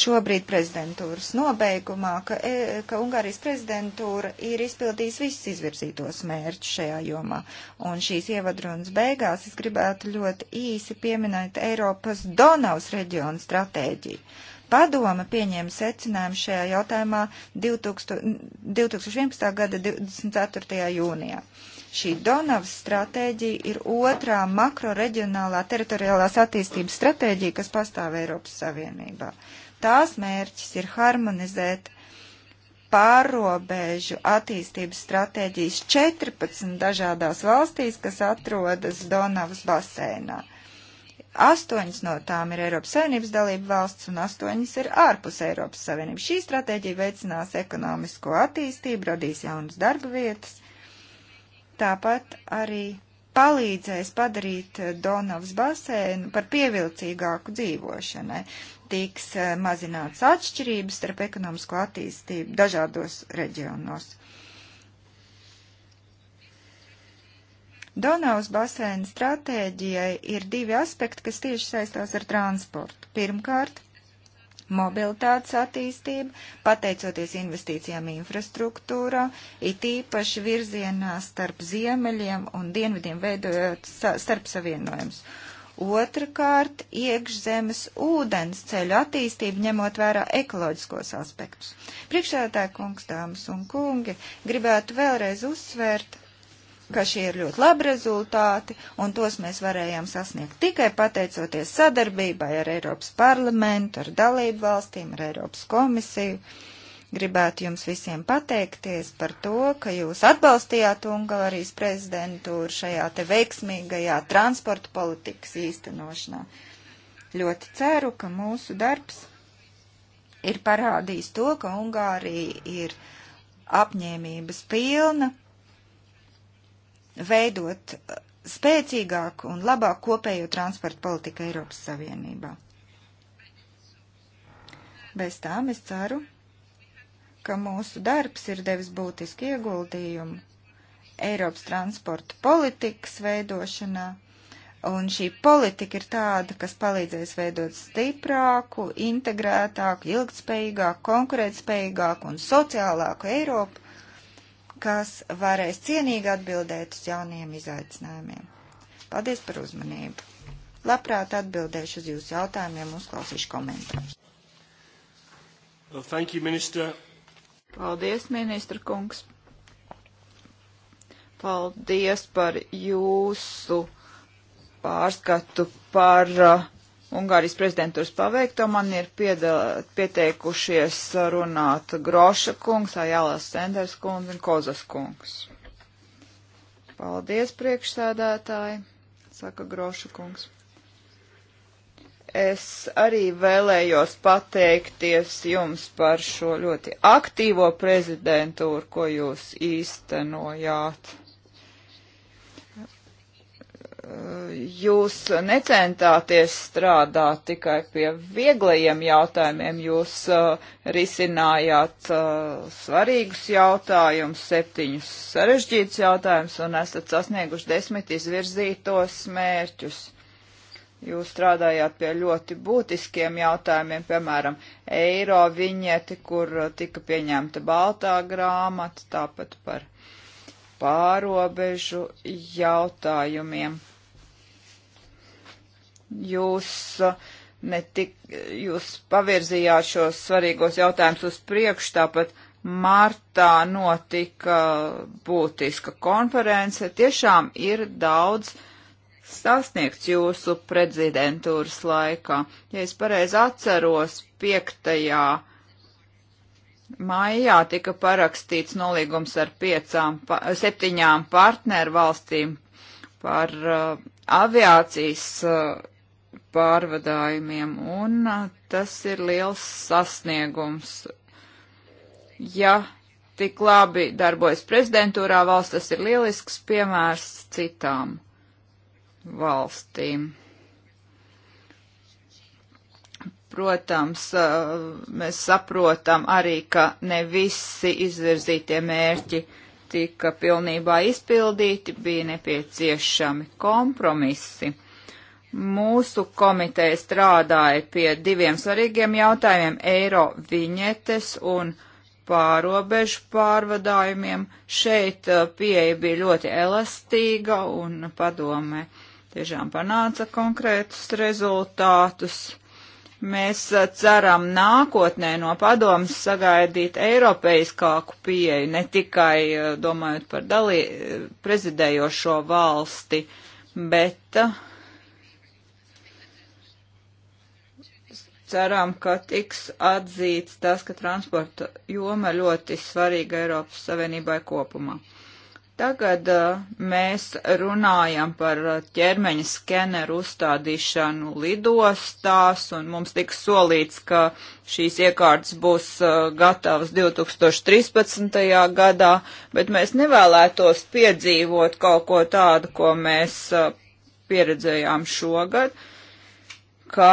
šobrīd prezidentūras nobeigumā, ka, e, ka Ungārijas prezidentūra ir izpildījusi visus izvirzītos mērķus šajā jomā. Un šīs ievadrunas beigās es gribētu ļoti īsi pieminēt Eiropas Donavas reģionu stratēģiju. Padome pieņēma secinājumu šajā jautājumā 2000, 2011. gada 24. jūnijā. Šī Donavas stratēģija ir otrā makroreģionālā teritoriālās attīstības stratēģija, kas pastāv Eiropas Savienībā. Tās mērķis ir harmonizēt pārobežu attīstības stratēģijas 14 dažādās valstīs, kas atrodas Donavas basēnā. Astoņas no tām ir Eiropas Savienības dalība valsts un astoņas ir ārpus Eiropas Savienības. Šī stratēģija veicinās ekonomisko attīstību, radīs jaunas darba vietas Tāpat arī palīdzēs padarīt eh, Donavas basēnu par pievilcīgāku dzīvošanai. Tiks eh, mazināts atšķirības starp ekonomisko attīstību dažādos reģionos. Donavas basēna stratēģijai ir divi aspekti, kas tieši saistās ar transportu. Pirmkārt, mobilitātes attīstība, pateicoties investīcijām infrastruktūrā, it īpaši virzienā starp ziemeļiem un dienvidiem veidojot sa starp savienojums. Otrakārt, iekšzemes ūdens ceļu attīstību ņemot vērā ekoloģiskos aspektus. Priekšsēdētāji kungs, dāmas un kungi, gribētu vēlreiz uzsvērt, ka šie ir ļoti labi rezultāti, un tos mēs varējām sasniegt tikai pateicoties sadarbībai ar Eiropas parlamentu, ar dalību valstīm, ar Eiropas komisiju. Gribētu jums visiem pateikties par to, ka jūs atbalstījāt Ungārijas prezidentūru šajā te veiksmīgajā transporta politikas īstenošanā. Ļoti ceru, ka mūsu darbs ir parādījis to, ka Ungārija ir apņēmības pilna veidot spēcīgāku un labāku kopējo transportu politiku Eiropas Savienībā. Bez tām es ceru, ka mūsu darbs ir devis būtiski ieguldījumu Eiropas transporta politikas veidošanā, un šī politika ir tāda, kas palīdzēs veidot stiprāku, integrētāku, ilgtspējīgāku, konkurētspējīgāku un sociālāku Eiropu, kas varēs cienīgi atbildēt uz jauniem izaicinājumiem. Paldies par uzmanību! Labprāt atbildēšu uz jūsu jautājumiem, uzklausīšu komentārus. Well, thank you, minister. Paldies, ministra kungs. Paldies par jūsu pārskatu par uh, Ungārijas prezidentūras paveikto. Man ir piedal, pieteikušies runāt Groša kungs, Ajālās Senders kungs un Kozas kungs. Paldies, priekšsēdētāji, saka Groša kungs. Es arī vēlējos pateikties jums par šo ļoti aktīvo prezidentūru, ko jūs īstenojāt jūs necentāties strādāt tikai pie vieglajiem jautājumiem, jūs uh, risinājāt uh, svarīgus jautājumus, septiņus sarežģītus jautājumus un esat sasnieguši desmit izvirzītos mērķus. Jūs strādājāt pie ļoti būtiskiem jautājumiem, piemēram, eiro viņieti, kur tika pieņemta baltā grāmata, tāpat par pārobežu jautājumiem. Jūs uh, ne tik, jūs pavirzījāt šos svarīgos jautājumus uz priekšu, tāpat martā notika būtiska konference. Tiešām ir daudz sasniegts jūsu prezidentūras laikā. Ja es pareizi atceros, 5. maijā tika parakstīts nolīgums ar piecām, pa, septiņām partneru valstīm par uh, aviācijas uh, pārvadājumiem, un tas ir liels sasniegums. Ja tik labi darbojas prezidentūrā valsts, tas ir lielisks piemērs citām valstīm. Protams, mēs saprotam arī, ka ne visi izvirzītie mērķi tika pilnībā izpildīti, bija nepieciešami kompromisi. Mūsu komiteja strādāja pie diviem svarīgiem jautājumiem - eiro viņetes un pārobežu pārvadājumiem. Šeit uh, pieeja bija ļoti elastīga un padome tiešām panāca konkrētus rezultātus. Mēs uh, ceram nākotnē no padomas sagaidīt eiropeiskāku pieeju, ne tikai uh, domājot par dalī, prezidējošo valsti, bet uh, ceram, ka tiks atzīts tas, ka transporta joma ļoti svarīga Eiropas Savienībai kopumā. Tagad uh, mēs runājam par uh, ķermeņa skeneru uzstādīšanu lidostās, un mums tiks solīts, ka šīs iekārtas būs uh, gatavas 2013. gadā, bet mēs nevēlētos piedzīvot kaut ko tādu, ko mēs uh, pieredzējām šogad, ka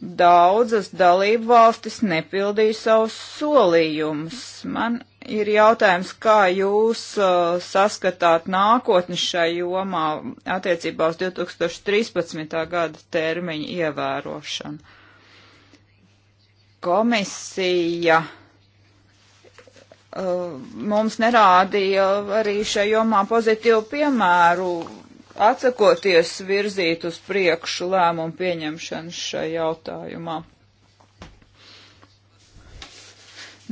daudzas dalību valstis nepildīja savus solījumus. Man ir jautājums, kā jūs uh, saskatāt nākotni šai jomā attiecībā uz 2013. gada termiņu ievērošanu. Komisija uh, mums nerādīja arī šai jomā pozitīvu piemēru atsakoties virzīt uz priekšu lēmumu pieņemšanu šajā jautājumā.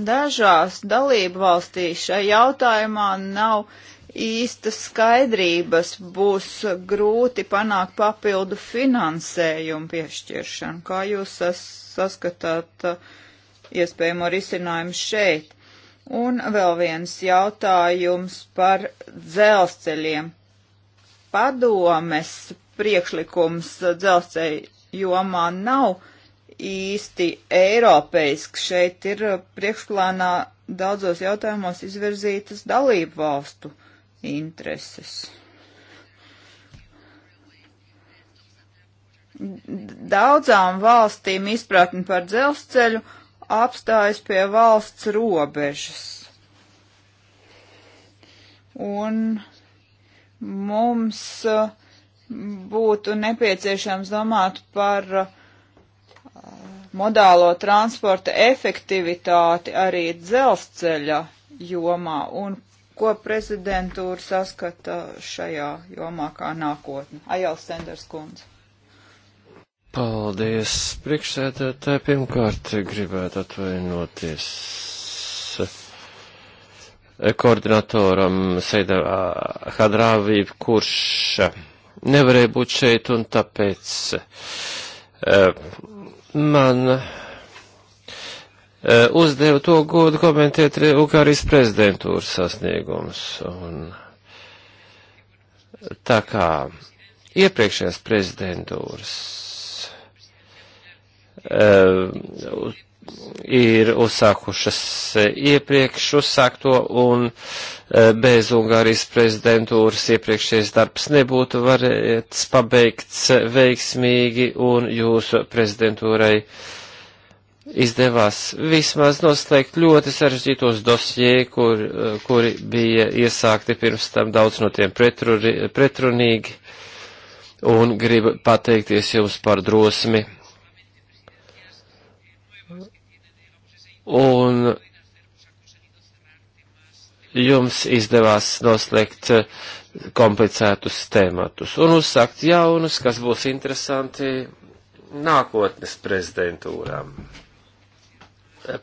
Dažās dalību valstīs šajā jautājumā nav īstas skaidrības, būs grūti panākt papildu finansējumu piešķiršanu. Kā jūs sas saskatāt uh, iespējamo risinājumu šeit? Un vēl viens jautājums par dzelzceļiem padomes priekšlikums dzelzceļa jomā nav īsti eiropeisks. Šeit ir priekšplānā daudzos jautājumos izvirzītas dalību valstu intereses. Daudzām valstīm izpratni par dzelzceļu apstājas pie valsts robežas. Un mums uh, būtu nepieciešams domāt par uh, modālo transporta efektivitāti arī dzelzceļa jomā un ko prezidentūra saskata šajā jomā kā nākotni. Ajāls Senders kundze. Paldies, priekšsēdētāji. Pirmkārt, gribētu atvainoties koordinatoram Seida Hadrāvī, kurš nevarēja būt šeit, un tāpēc e, man e, uzdeva to godu komentēt Ugārijas prezidentūras sasniegums. Un tā kā iepriekšējās prezidentūras e, ir uzsākušas eh, iepriekš uzsākto un eh, bez Ungārijas prezidentūras iepriekšējais darbs nebūtu varēts pabeigts veiksmīgi un jūsu prezidentūrai izdevās vismaz noslēgt ļoti sarežģītos dosjē, kur, eh, kuri bija iesākti pirms tam daudz no tiem pretrunīgi un gribu pateikties jums par drosmi un jums izdevās noslēgt eh, komplicētus tēmatus un uzsākt jaunus, kas būs interesanti nākotnes prezidentūrām.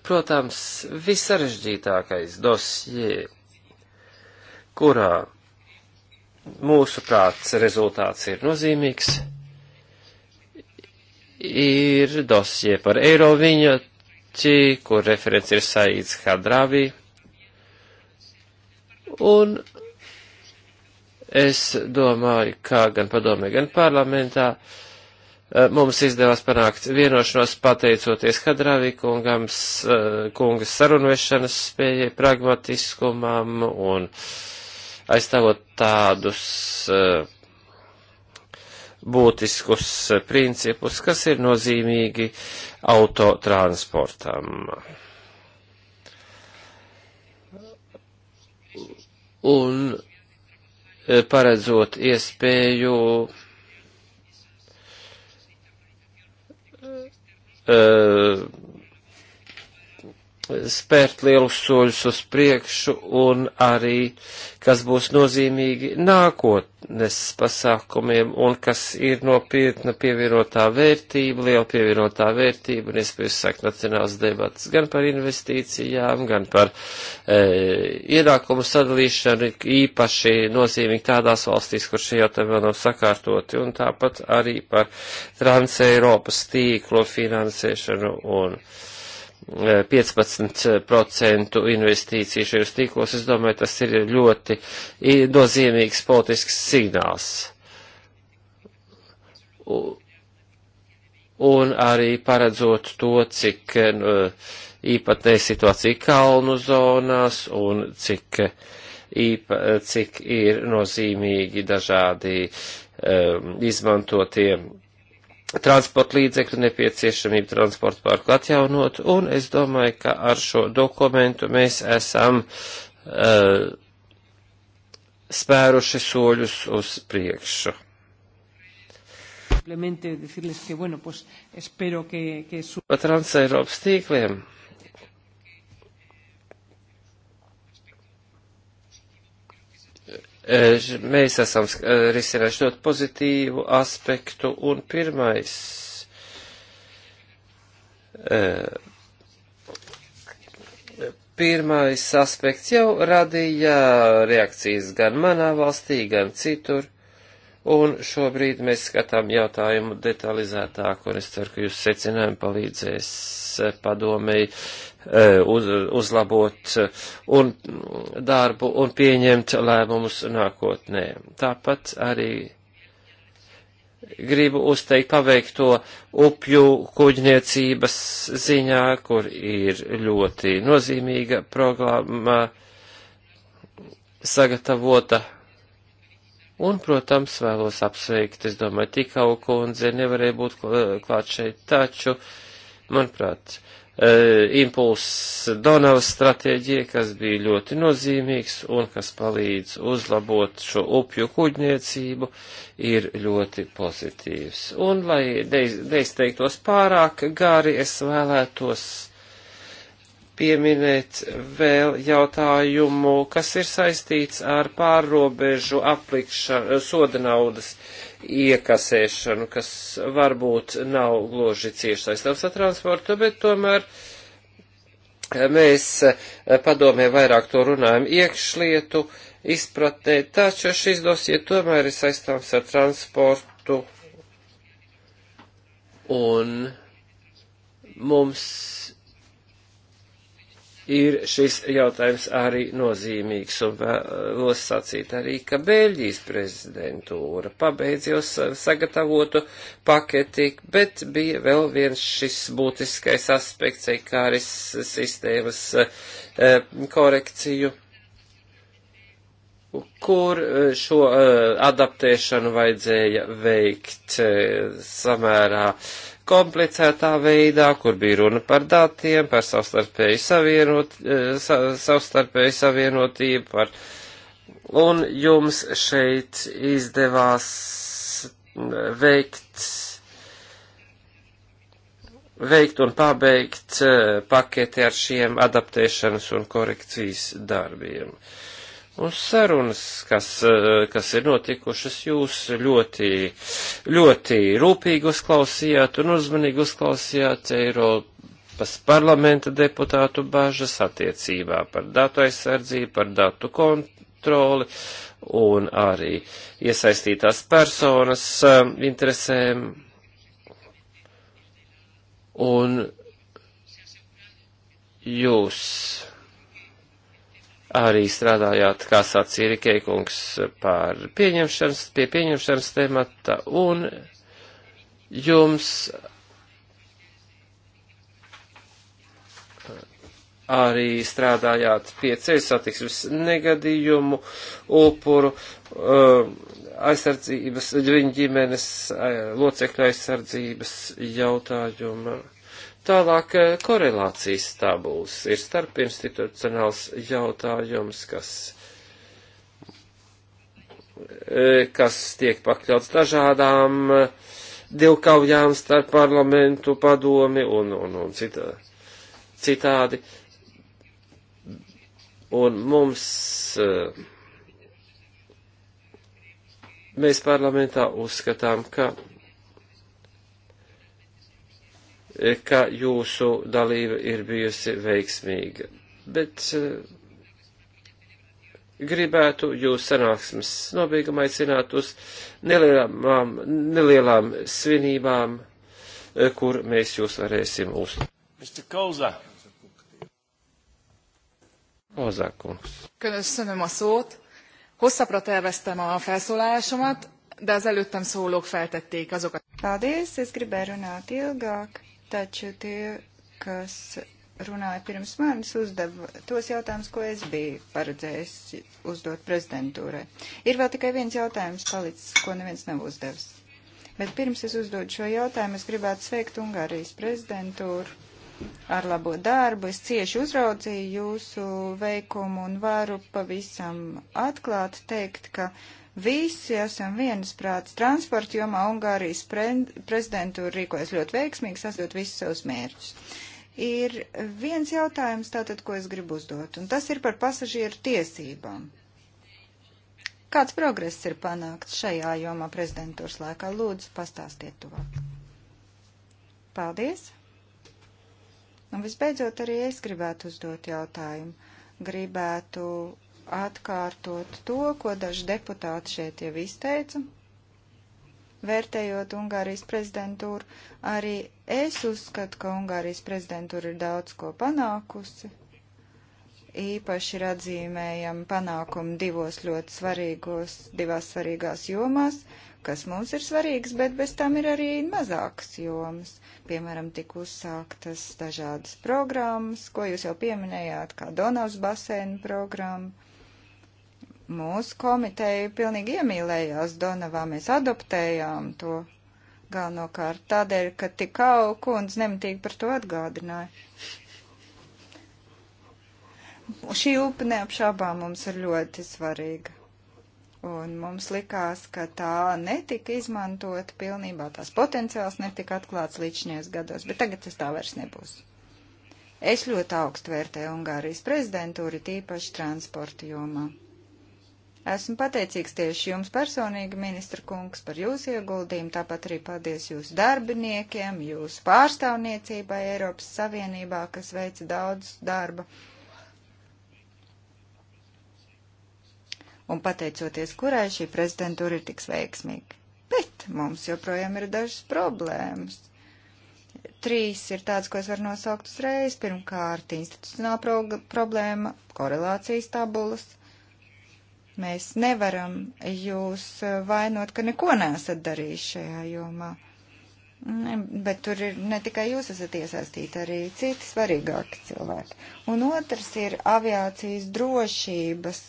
Protams, visarežģītākais dosjē, kurā mūsu prāts rezultāts ir nozīmīgs, ir dosjē par Eiroviņu mērķi, kur referents ir Saīds Hadravi. Un es domāju, kā gan padomē, gan parlamentā eh, mums izdevās panākt vienošanos pateicoties Hadravi kungam, eh, kungas sarunvešanas spējai, pragmatiskumam un aizstāvot tādus uh, būtiskus principus, kas ir nozīmīgi autotransportam. Un e, paredzot iespēju uh, spērt lielus soļus uz priekšu un arī, kas būs nozīmīgi nākotnes pasākumiem un kas ir nopietna pievienotā vērtība, liela pievienotā vērtība, un es piesāku nacionāls debats gan par investīcijām, gan par e, ienākumu sadalīšanu, īpaši nozīmīgi tādās valstīs, kur šie jautājumi vēl nav sakārtoti, un tāpat arī par Transeiropas tīklo finansēšanu un 15% investīciju šajos tīklos, es domāju, tas ir ļoti nozīmīgs politisks signāls. Un arī paredzot to, cik nu, īpatnēja situācija kalnu zonās un cik, īpa, cik ir nozīmīgi dažādi um, izmantotie transporta līdzekļu nepieciešamību transporta parku atjaunot, un es domāju, ka ar šo dokumentu mēs esam uh, spēruši soļus uz priekšu. Pa Transeiropas tīkliem Mēs esam risinājuši ļoti pozitīvu aspektu, un pirmais pirmais aspekts jau radīja reakcijas gan manā valstī, gan citur. Un šobrīd mēs skatām jautājumu detalizētāk, un es ceru, ka jūs secinājumi palīdzēs eh, padomēji eh, uz, uzlabot eh, un darbu un pieņemt lēmumus nākotnē. Tāpat arī gribu uzteikt paveikto upju kuģniecības ziņā, kur ir ļoti nozīmīga programma sagatavota Un, protams, vēlos apsveikt, es domāju, tikau kundze nevarēja būt eh, klāt šeit, taču, manuprāt, eh, impulss Donavas stratēģija, kas bija ļoti nozīmīgs un kas palīdz uzlabot šo upju kuģniecību, ir ļoti pozitīvs. Un, lai neizteiktos pārāk gari, es vēlētos pieminēt vēl jautājumu, kas ir saistīts ar pārrobežu aplikšanu, soda naudas iekasēšanu, kas varbūt nav gloži cieši saistāms ar transportu, bet tomēr mēs eh, padomē vairāk to runājam iekšlietu izpratnē, taču šis dosie tomēr ir saistāms ar transportu un mums ir šis jautājums arī nozīmīgs, un vēlos sacīt arī, ka Bēļģijas prezidentūra pabeidz jau sagatavotu paketi, bet bija vēl viens šis būtiskais aspekts, ekāris sistēmas e, korekciju kur e, šo e, adaptēšanu vajadzēja veikt samērā uh, komplicētā veidā, kur bija runa par datiem, par savstarpēju, savienot, eh, sa, savstarpēju savienotību, par, un jums šeit izdevās veikt, veikt un pabeigt eh, paketi ar šiem adaptēšanas un korekcijas darbiem. Uh, Un sarunas, kas, eh, kas ir notikušas, jūs ļoti, ļoti rūpīgi uzklausījāt un uzmanīgi uzklausījāt Eiropas parlamenta deputātu bažas attiecībā par datu aizsardzību, par datu kontroli un arī iesaistītās personas eh, interesēm. Un jūs arī strādājāt, kā sācīja Rikeikungs, par pieņemšanas, pie pieņemšanas temata, un jums arī strādājāt pie ceļu satiksmes negadījumu, upuru, um, aizsardzības, viņa ģimenes eh, locekļu aizsardzības jautājuma. Tālāk eh, korelācijas tabulas ir starpinstitucionāls jautājums, kas, eh, kas tiek pakļauts dažādām eh, divkaujām starp parlamentu padomi un, un, un citā, citādi. Un mums, mēs parlamentā uzskatām, ka ka jūsu dalība ir bijusi veiksmīga. Bet eh, gribētu jūs sanāksmes nobeigumā aicināt uz nelielām, nelielām svinībām, eh, kur mēs jūs varēsim uzlūgt. Mr. Kauza. Kauza kungs. Köszönöm a szót. Hosszabbra terveztem a felszólalásomat, de az előttem szólók feltették azokat. Paldies, es gribēju runāt ilgāk taču tie, kas runāja pirms manis, uzdeva tos jautājumus, ko es biju paredzējis uzdot prezidentūrai. Ir vēl tikai viens jautājums palicis, ko neviens nav uzdevis. Bet pirms es uzdodu šo jautājumu, es gribētu sveikt Ungārijas prezidentūru ar labo darbu. Es cieši uzraudzīju jūsu veikumu un varu pavisam atklāt teikt, ka visi esam viensprāts transporta jomā. Ungārijas pre prezidentūra rīkojas ļoti veiksmīgi, sasniedzot visus savus mērķus. Ir viens jautājums, tātad, ko es gribu uzdot, un tas ir par pasažieru tiesībām. Kāds progress ir panākts šajā jomā prezidentūras laikā? Lūdzu, pastāstiet tuvāk. Paldies! Un visbeidzot, arī es gribētu uzdot jautājumu. Gribētu atkārtot to, ko daži deputāti šeit jau izteica. Vērtējot Ungārijas prezidentūru, arī es uzskatu, ka Ungārijas prezidentūra ir daudz ko panākusi. Īpaši ir atzīmējami panākumi divos ļoti svarīgos, divās svarīgās jomās. Uh, kas mums ir svarīgas, bet bez tam ir arī mazākas jomas. Piemēram, tik uzsāktas dažādas programmas, ko jūs jau pieminējāt, kā Donavas basēna programma. Mūsu komiteja pilnīgi iemīlējās Donavā, mēs adoptējām to galvenokārt tādēļ, ka tikau kundze nemitīgi par to atgādināja. Šī upe neapšābām mums ir ļoti svarīga. Un mums likās, ka tā netika izmantota pilnībā, tās potenciāls netika atklāts līdz gados, bet tagad tas tā vairs nebūs. Es ļoti augstu vērtēju Ungārijas prezidentūru, tīpaši transporta jomā. Esmu pateicīgs tieši jums personīgi, ministra kungs, par jūsu ieguldījumu, tāpat arī paldies jūsu darbiniekiem, jūsu pārstāvniecībai Eiropas Savienībā, kas veica daudz darba un pateicoties kurai šī prezidentūra ir tik veiksmīga. Bet mums joprojām ir dažas problēmas. Trīs ir tāds, ko es varu nosaukt uzreiz. Pirmkārt, institucionāla pro problēma, korelācijas tabulas. Mēs nevaram jūs eh, vainot, ka neko nesat darījuši šajā jomā. Bet tur ir ne tikai jūs esat iesaistīti, arī citi svarīgāki cilvēki. Un otrs ir aviācijas drošības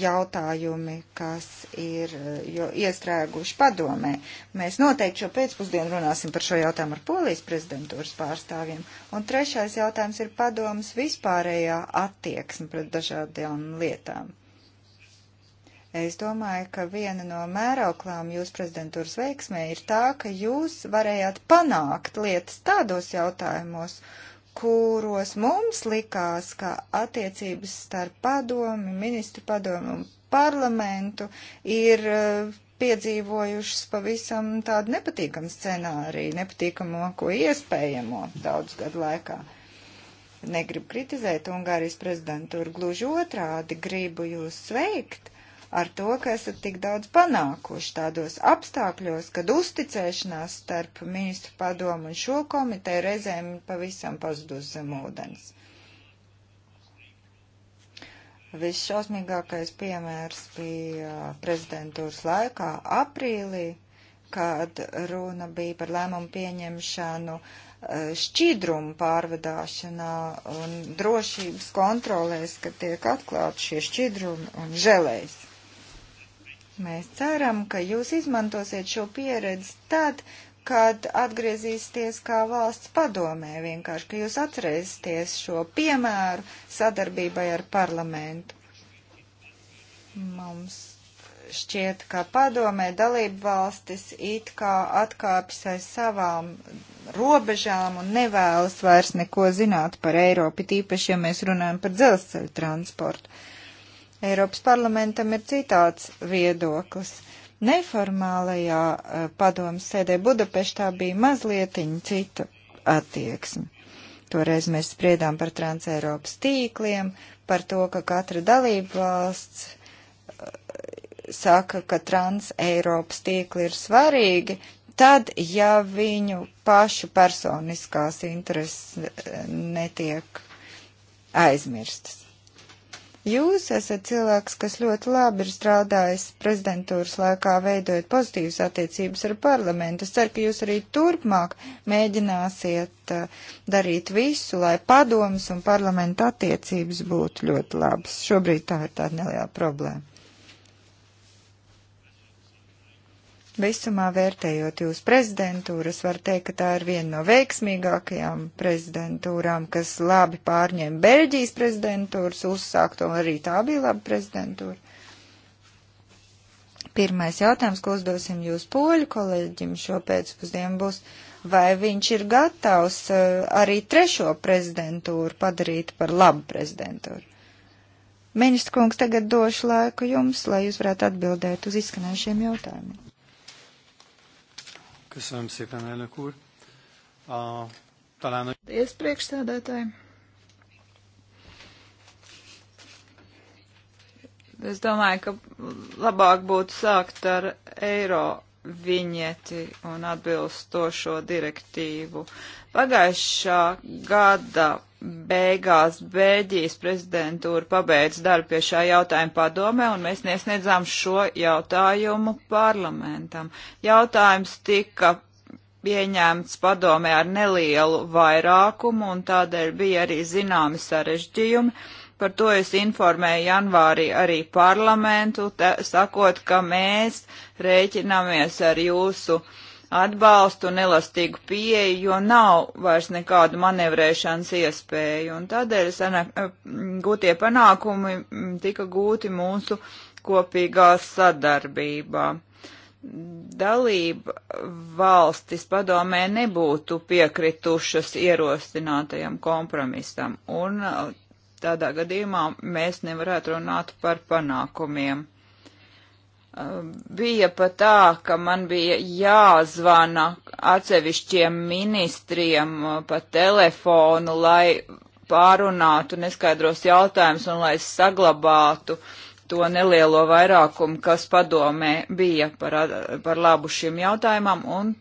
jautājumi, kas ir iestrēguši padomē. Mēs noteikti šo pēcpusdienu runāsim par šo jautājumu ar polijas prezidentūras pārstāvjiem. Un trešais jautājums ir padomas vispārējā attieksme pret dažādām lietām. Es domāju, ka viena no mērauklām jūsu prezidentūras veiksmē ir tā, ka jūs varējāt panākt lietas tādos jautājumos, uh, kuros mums likās, ka attiecības starp padomi, ministru padomu un parlamentu ir eh, piedzīvojušas pavisam tādu nepatīkamu scenāriju, nepatīkamo, ko iespējamo daudz gadu laikā. Negribu kritizēt Ungārijas prezidentūru, gluži otrādi gribu jūs sveikt ar to, ka esat tik daudz panākuši tādos apstākļos, kad uzticēšanās starp ministru padomu un šo komiteju reizēm pavisam pazudus zem ūdens. Visšausmīgākais piemērs bija prezidentūras laikā, aprīlī, kad runa bija par lēmumu pieņemšanu eh, šķidrumu pārvadāšanā un drošības kontrolēs, kad tiek atklāti šie šķidrumi un želējs. Mēs ceram, ka jūs izmantosiet šo pieredzi tad, kad atgriezīsieties kā valsts padomē, vienkārši, ka jūs atcerēsieties šo piemēru sadarbībai ar parlamentu. Mums šķiet, ka padomē dalību valstis it kā atkāpjas aiz savām robežām un nevēlas vairs neko zināt par Eiropu, tīpaši, ja mēs runājam par dzelzceļu transportu. Eiropas parlamentam ir citāds viedoklis. Neformālajā eh, padomas sēdē Budapeštā bija mazlietiņa cita attieksme. Toreiz mēs spriedām par transeiropas tīkliem, par to, ka katra dalība valsts eh, saka, ka transeiropas tīkli ir svarīgi, tad, ja viņu pašu personiskās intereses eh, netiek aizmirstas. Jūs esat cilvēks, kas ļoti labi ir strādājis prezidentūras laikā, veidojot pozitīvas attiecības ar parlamentu. Es ceru, ka jūs arī turpmāk mēģināsiet uh, darīt visu, lai padomas un parlamenta attiecības būtu ļoti labas. Šobrīd tā ir tāda neliela problēma. Visumā vērtējot jūs prezidentūras, var teikt, ka tā ir viena no veiksmīgākajām prezidentūrām, kas labi pārņēma Beļģijas prezidentūras uzsākto, un arī tā bija laba prezidentūra. Pirmais jautājums, ko uzdosim jūs poļu kolēģim šo pēcpusdienu būs, vai viņš ir gatavs eh, arī trešo prezidentūru padarīt par labu prezidentūru? Ministrs kungs, tagad došu laiku jums, lai jūs varētu atbildēt uz izskanējušiem jautājumiem. Köszönöm szépen, elnök úr. A, talán a... Paldies, priekšsēdētāji. Es domāju, ka labāk būtu sākt ar eiro viņieti un atbilstošo direktīvu. Pagājušā gada beigās Bēļģijas prezidentūra pabeidz darbu pie šā jautājuma padomē, un mēs niesniedzām šo jautājumu parlamentam. Jautājums tika pieņemts padomē ar nelielu vairākumu, un tādēļ bija arī zināmi sarežģījumi. Par to es informēju janvārī arī parlamentu, te, sakot, ka mēs rēķinamies ar jūsu uh, atbalstu un elastīgu pieeju, jo nav vairs nekādu manevrēšanas iespēju. Un tādēļ sanāk, eh, gūtie panākumi mm, tika gūti mūsu kopīgā sadarbībā. Dalība valstis padomē nebūtu piekritušas ierostinātajam kompromisam, un eh, tādā gadījumā mēs nevarētu runāt par panākumiem bija pat tā, ka man bija jāzvana atsevišķiem ministriem uh, pa telefonu, lai pārunātu neskaidros jautājumus un lai saglabātu to nelielo vairākumu, kas padomē bija par, par labu šiem jautājumam, un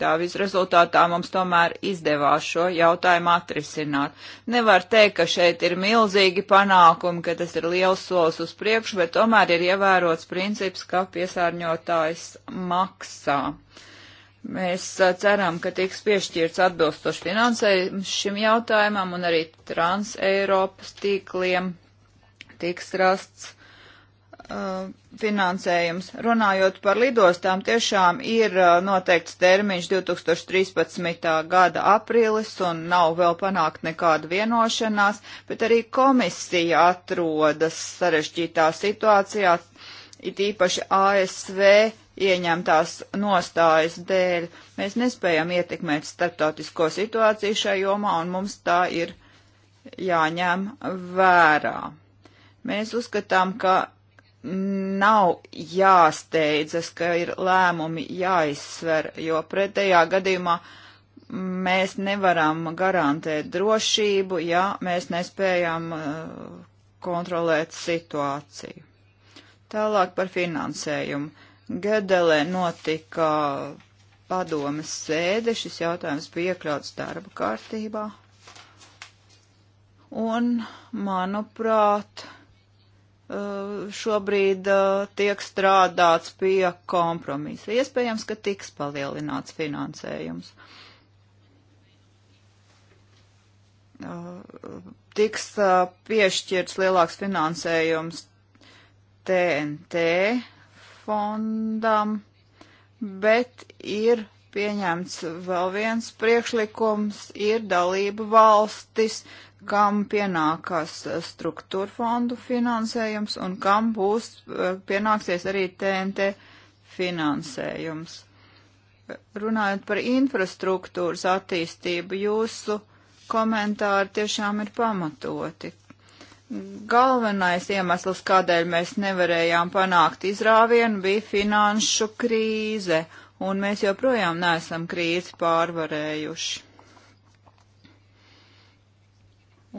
tā visrezultātā mums tomēr izdevās šo jautājumu atrisināt. Nevar teikt, ka šeit ir milzīgi panākumi, ka tas ir liels solis uz priekšu, bet tomēr ir ievērots princips, ka piesārņotājs maksā. Mēs ceram, ka tiks piešķirts atbilstoši finansējums šim jautājumam un arī trans Eiropas tīkliem tiks rasts Uh, finansējums. Runājot par lidostām, tiešām ir uh, noteikts termiņš 2013. gada aprīlis un nav vēl panākt nekāda vienošanās, bet arī komisija atrodas sarežģītā situācijā, it īpaši ASV ieņemtās nostājas dēļ. Mēs nespējam ietekmēt starptautisko situāciju šajā jomā un mums tā ir jāņem vērā. Mēs uzskatām, ka nav jāsteidzas, ka ir lēmumi jāizsver, jo pretējā gadījumā mēs nevaram garantēt drošību, ja mēs nespējam uh, kontrolēt situāciju. Tālāk par finansējumu. Gedelē notika padomes sēde, šis jautājums bija iekļauts darba kārtībā. Un, manuprāt, uh, Eh, šobrīd eh, tiek strādāts pie kompromisa. Iespējams, ka tiks palielināts finansējums. Eh, tiks piešķirts lielāks finansējums TNT fondam, bet ir pieņemts vēl viens priekšlikums, ir dalība valstis, kam pienākas eh, struktūra fondu finansējums un kam būs eh, pienāksies arī TNT finansējums. Runājot par infrastruktūras attīstību, jūsu komentāri tiešām ir pamatoti. Galvenais iemesls, kādēļ mēs nevarējām panākt izrāvienu, bija finanšu krīze, un mēs joprojām neesam krīzi pārvarējuši.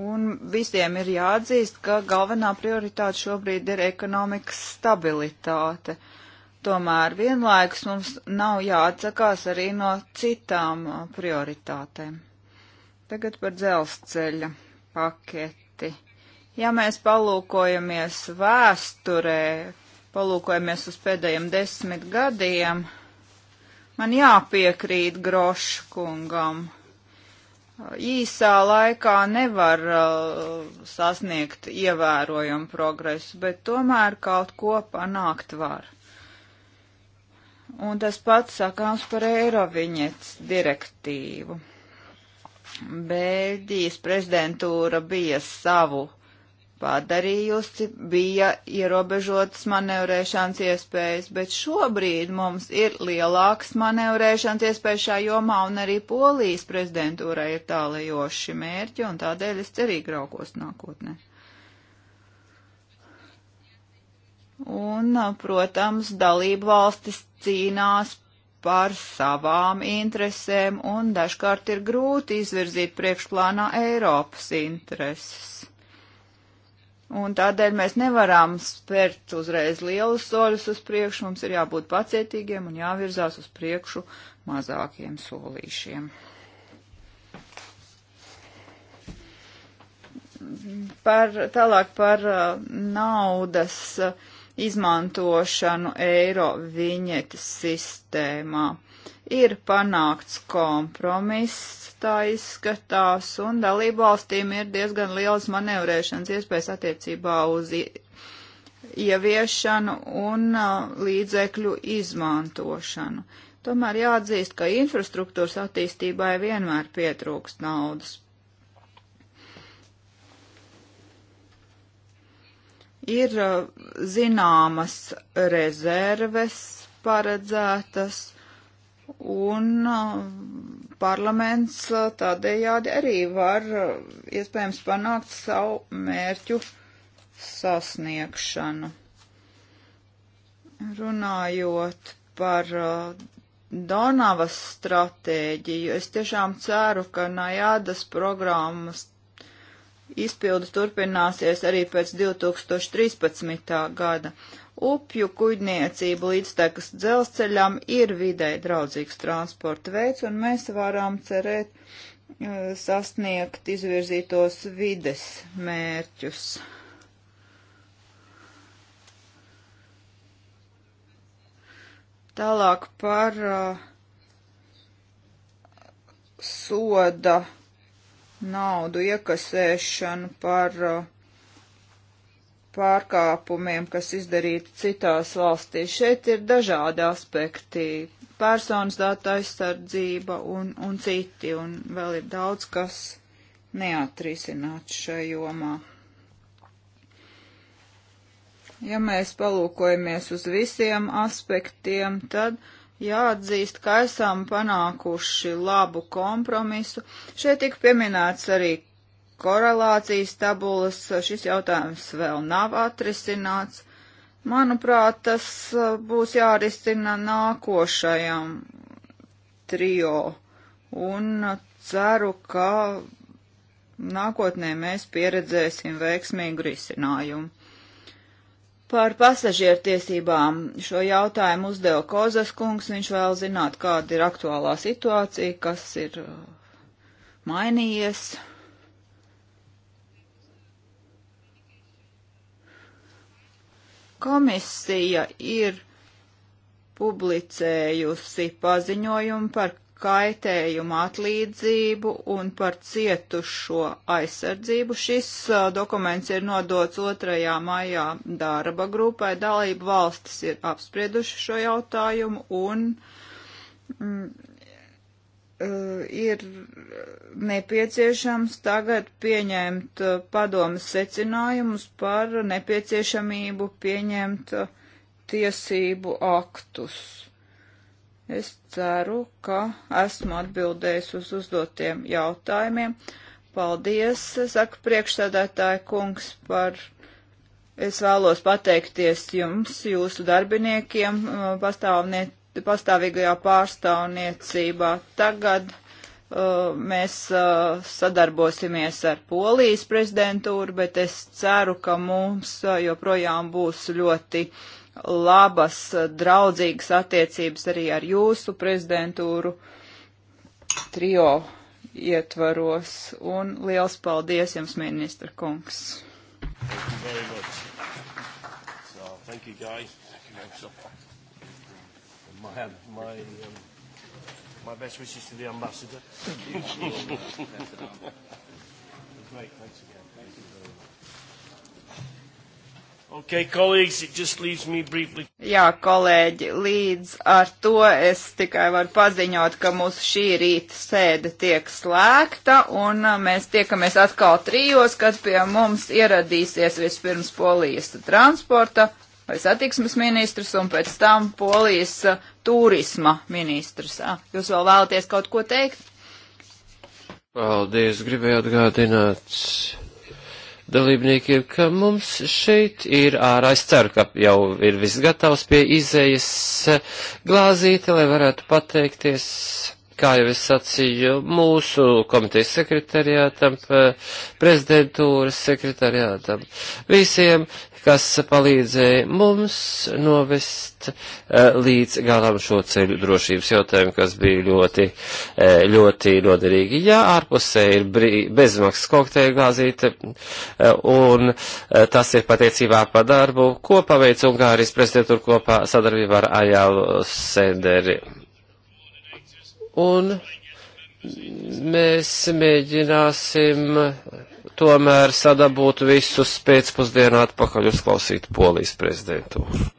Un visiem ir jāatzīst, ka galvenā prioritāte šobrīd ir ekonomikas stabilitāte. Tomēr vienlaikus mums nav jāatsakās arī no citām uh, prioritātēm. Tagad par dzelzceļa paketi. Ja mēs palūkojamies vēsturē, palūkojamies uz pēdējiem desmit gadiem, man jāpiekrīt Groškungam. kungam īsā laikā nevar uh, sasniegt ievērojumu progresu, bet tomēr kaut ko panākt var. Un tas pats sakāms par Eiroviņets direktīvu. Bēļģijas prezidentūra bija savu uh, padarījusi, bija ierobežotas manevrēšanas iespējas, bet šobrīd mums ir lielāks manevrēšanas iespējas šā jomā, un arī Polijas prezidentūrai ir tālajoši mērķi, un tādēļ es cerīgi raukos nākotnē. Un, protams, dalību valstis cīnās par savām interesēm, un dažkārt ir grūti izvirzīt priekšplānā Eiropas intereses Un tādēļ mēs nevaram spērt uzreiz lielus soļus uz priekšu, mums ir jābūt pacietīgiem un jāvirzās uz priekšu mazākiem solīšiem. Par, tālāk par uh, naudas uh, izmantošanu eiro viņetes sistēmā. Uh, ir panākts kompromiss, tā izskatās, un dalībvalstīm ir diezgan liels manevrēšanas iespējas attiecībā uz ieviešanu un līdzekļu izmantošanu. Tomēr jāatzīst, ka infrastruktūras attīstībai vienmēr pietrūkst naudas. Ir zināmas rezerves paredzētas Un uh, parlaments uh, tādējādi arī var uh, iespējams panākt savu mērķu sasniegšanu. Runājot par Donavas stratēģiju, es tiešām ceru, ka Najādas programmas Izpildi turpināsies arī pēc 2013. gada. Upju kuģniecība līdztekas dzelzceļam ir vidē draudzīgs transporta veids, un mēs varam cerēt uh, sasniegt izvirzītos vides mērķus. Tālāk par uh, soda naudu iekasēšanu par uh, pārkāpumiem, kas izdarīti citās valstīs. Šeit ir dažādi aspekti - personas data aizsardzība un, un citi, un vēl ir daudz, kas neatrisināts šajā jomā. Ja mēs palūkojamies uz visiem aspektiem, tad uh, jāatzīst, ka esam panākuši labu kompromisu. Šeit tika pieminēts arī korelācijas tabulas, šis jautājums vēl nav atrisināts. Manuprāt, tas uh, būs jārisina nākošajam trio, un uh, ceru, ka nākotnē mēs pieredzēsim veiksmīgu risinājumu. Par pasažieru tiesībām šo jautājumu uzdeva Kozas kungs. Viņš vēl zināt, kāda ir aktuālā situācija, kas ir uh, mainījies. Komisija ir publicējusi paziņojumu par kaitējuma atlīdzību un par cietušo aizsardzību. Šis uh, dokuments ir nodots 2. maijā darba grupai. Dalību valstis ir apsprieduši šo jautājumu un mm, ir nepieciešams tagad pieņemt padomas secinājumus par nepieciešamību pieņemt tiesību aktus. Es ceru, ka esmu atbildējis uz uzdotiem jautājumiem. Paldies, saka priekšsēdētāja kungs, par. Es vēlos pateikties jums, jūsu darbiniekiem, uh, pastāvīgajā pārstāvniecībā. Tagad uh, mēs uh, sadarbosimies ar Polijas prezidentūru, bet es ceru, ka mums uh, joprojām būs ļoti labas, draudzīgas attiecības arī ar jūsu prezidentūru trio ietvaros. Un liels paldies jums, ministra kungs! Thank you, Guy. Thank you, my, my, um, my best wishes to the ambassador. Great, thanks again. Okay, Jā, kolēģi, līdz ar to es tikai varu paziņot, ka mūsu šī rīta sēde tiek slēgta, un mēs tiekamies atkal trijos, kad pie mums ieradīsies vispirms polijas transporta vai satiksmes ministrs, un pēc tam polijas turisma ministrs. Jūs vēl vēlaties kaut ko teikt? Paldies, gribēju atgādināt dalībniekiem, ka mums šeit ir ārā. Es ceru, ka jau ir viss gatavs pie izējas glāzīte, lai varētu pateikties, kā jau es sacīju, mūsu komitejas sekretariātam, prezidentūras sekretariātam, visiem kas palīdzēja mums novest eh, līdz galam šo ceļu drošības jautājumu, kas bija ļoti, eh, ļoti noderīgi. Jā, ārpusē ir bezmaksas kokteļa gāzīte, eh, un tas ir pateicībā par darbu, ko paveic Ungārijas prezidentūra kopā sadarbībā ar Ajālu Senderi. Un mēs mēģināsim tomēr sadabūt visus pēcpusdienā atpakaļ uzklausīt Polijas prezidentūru.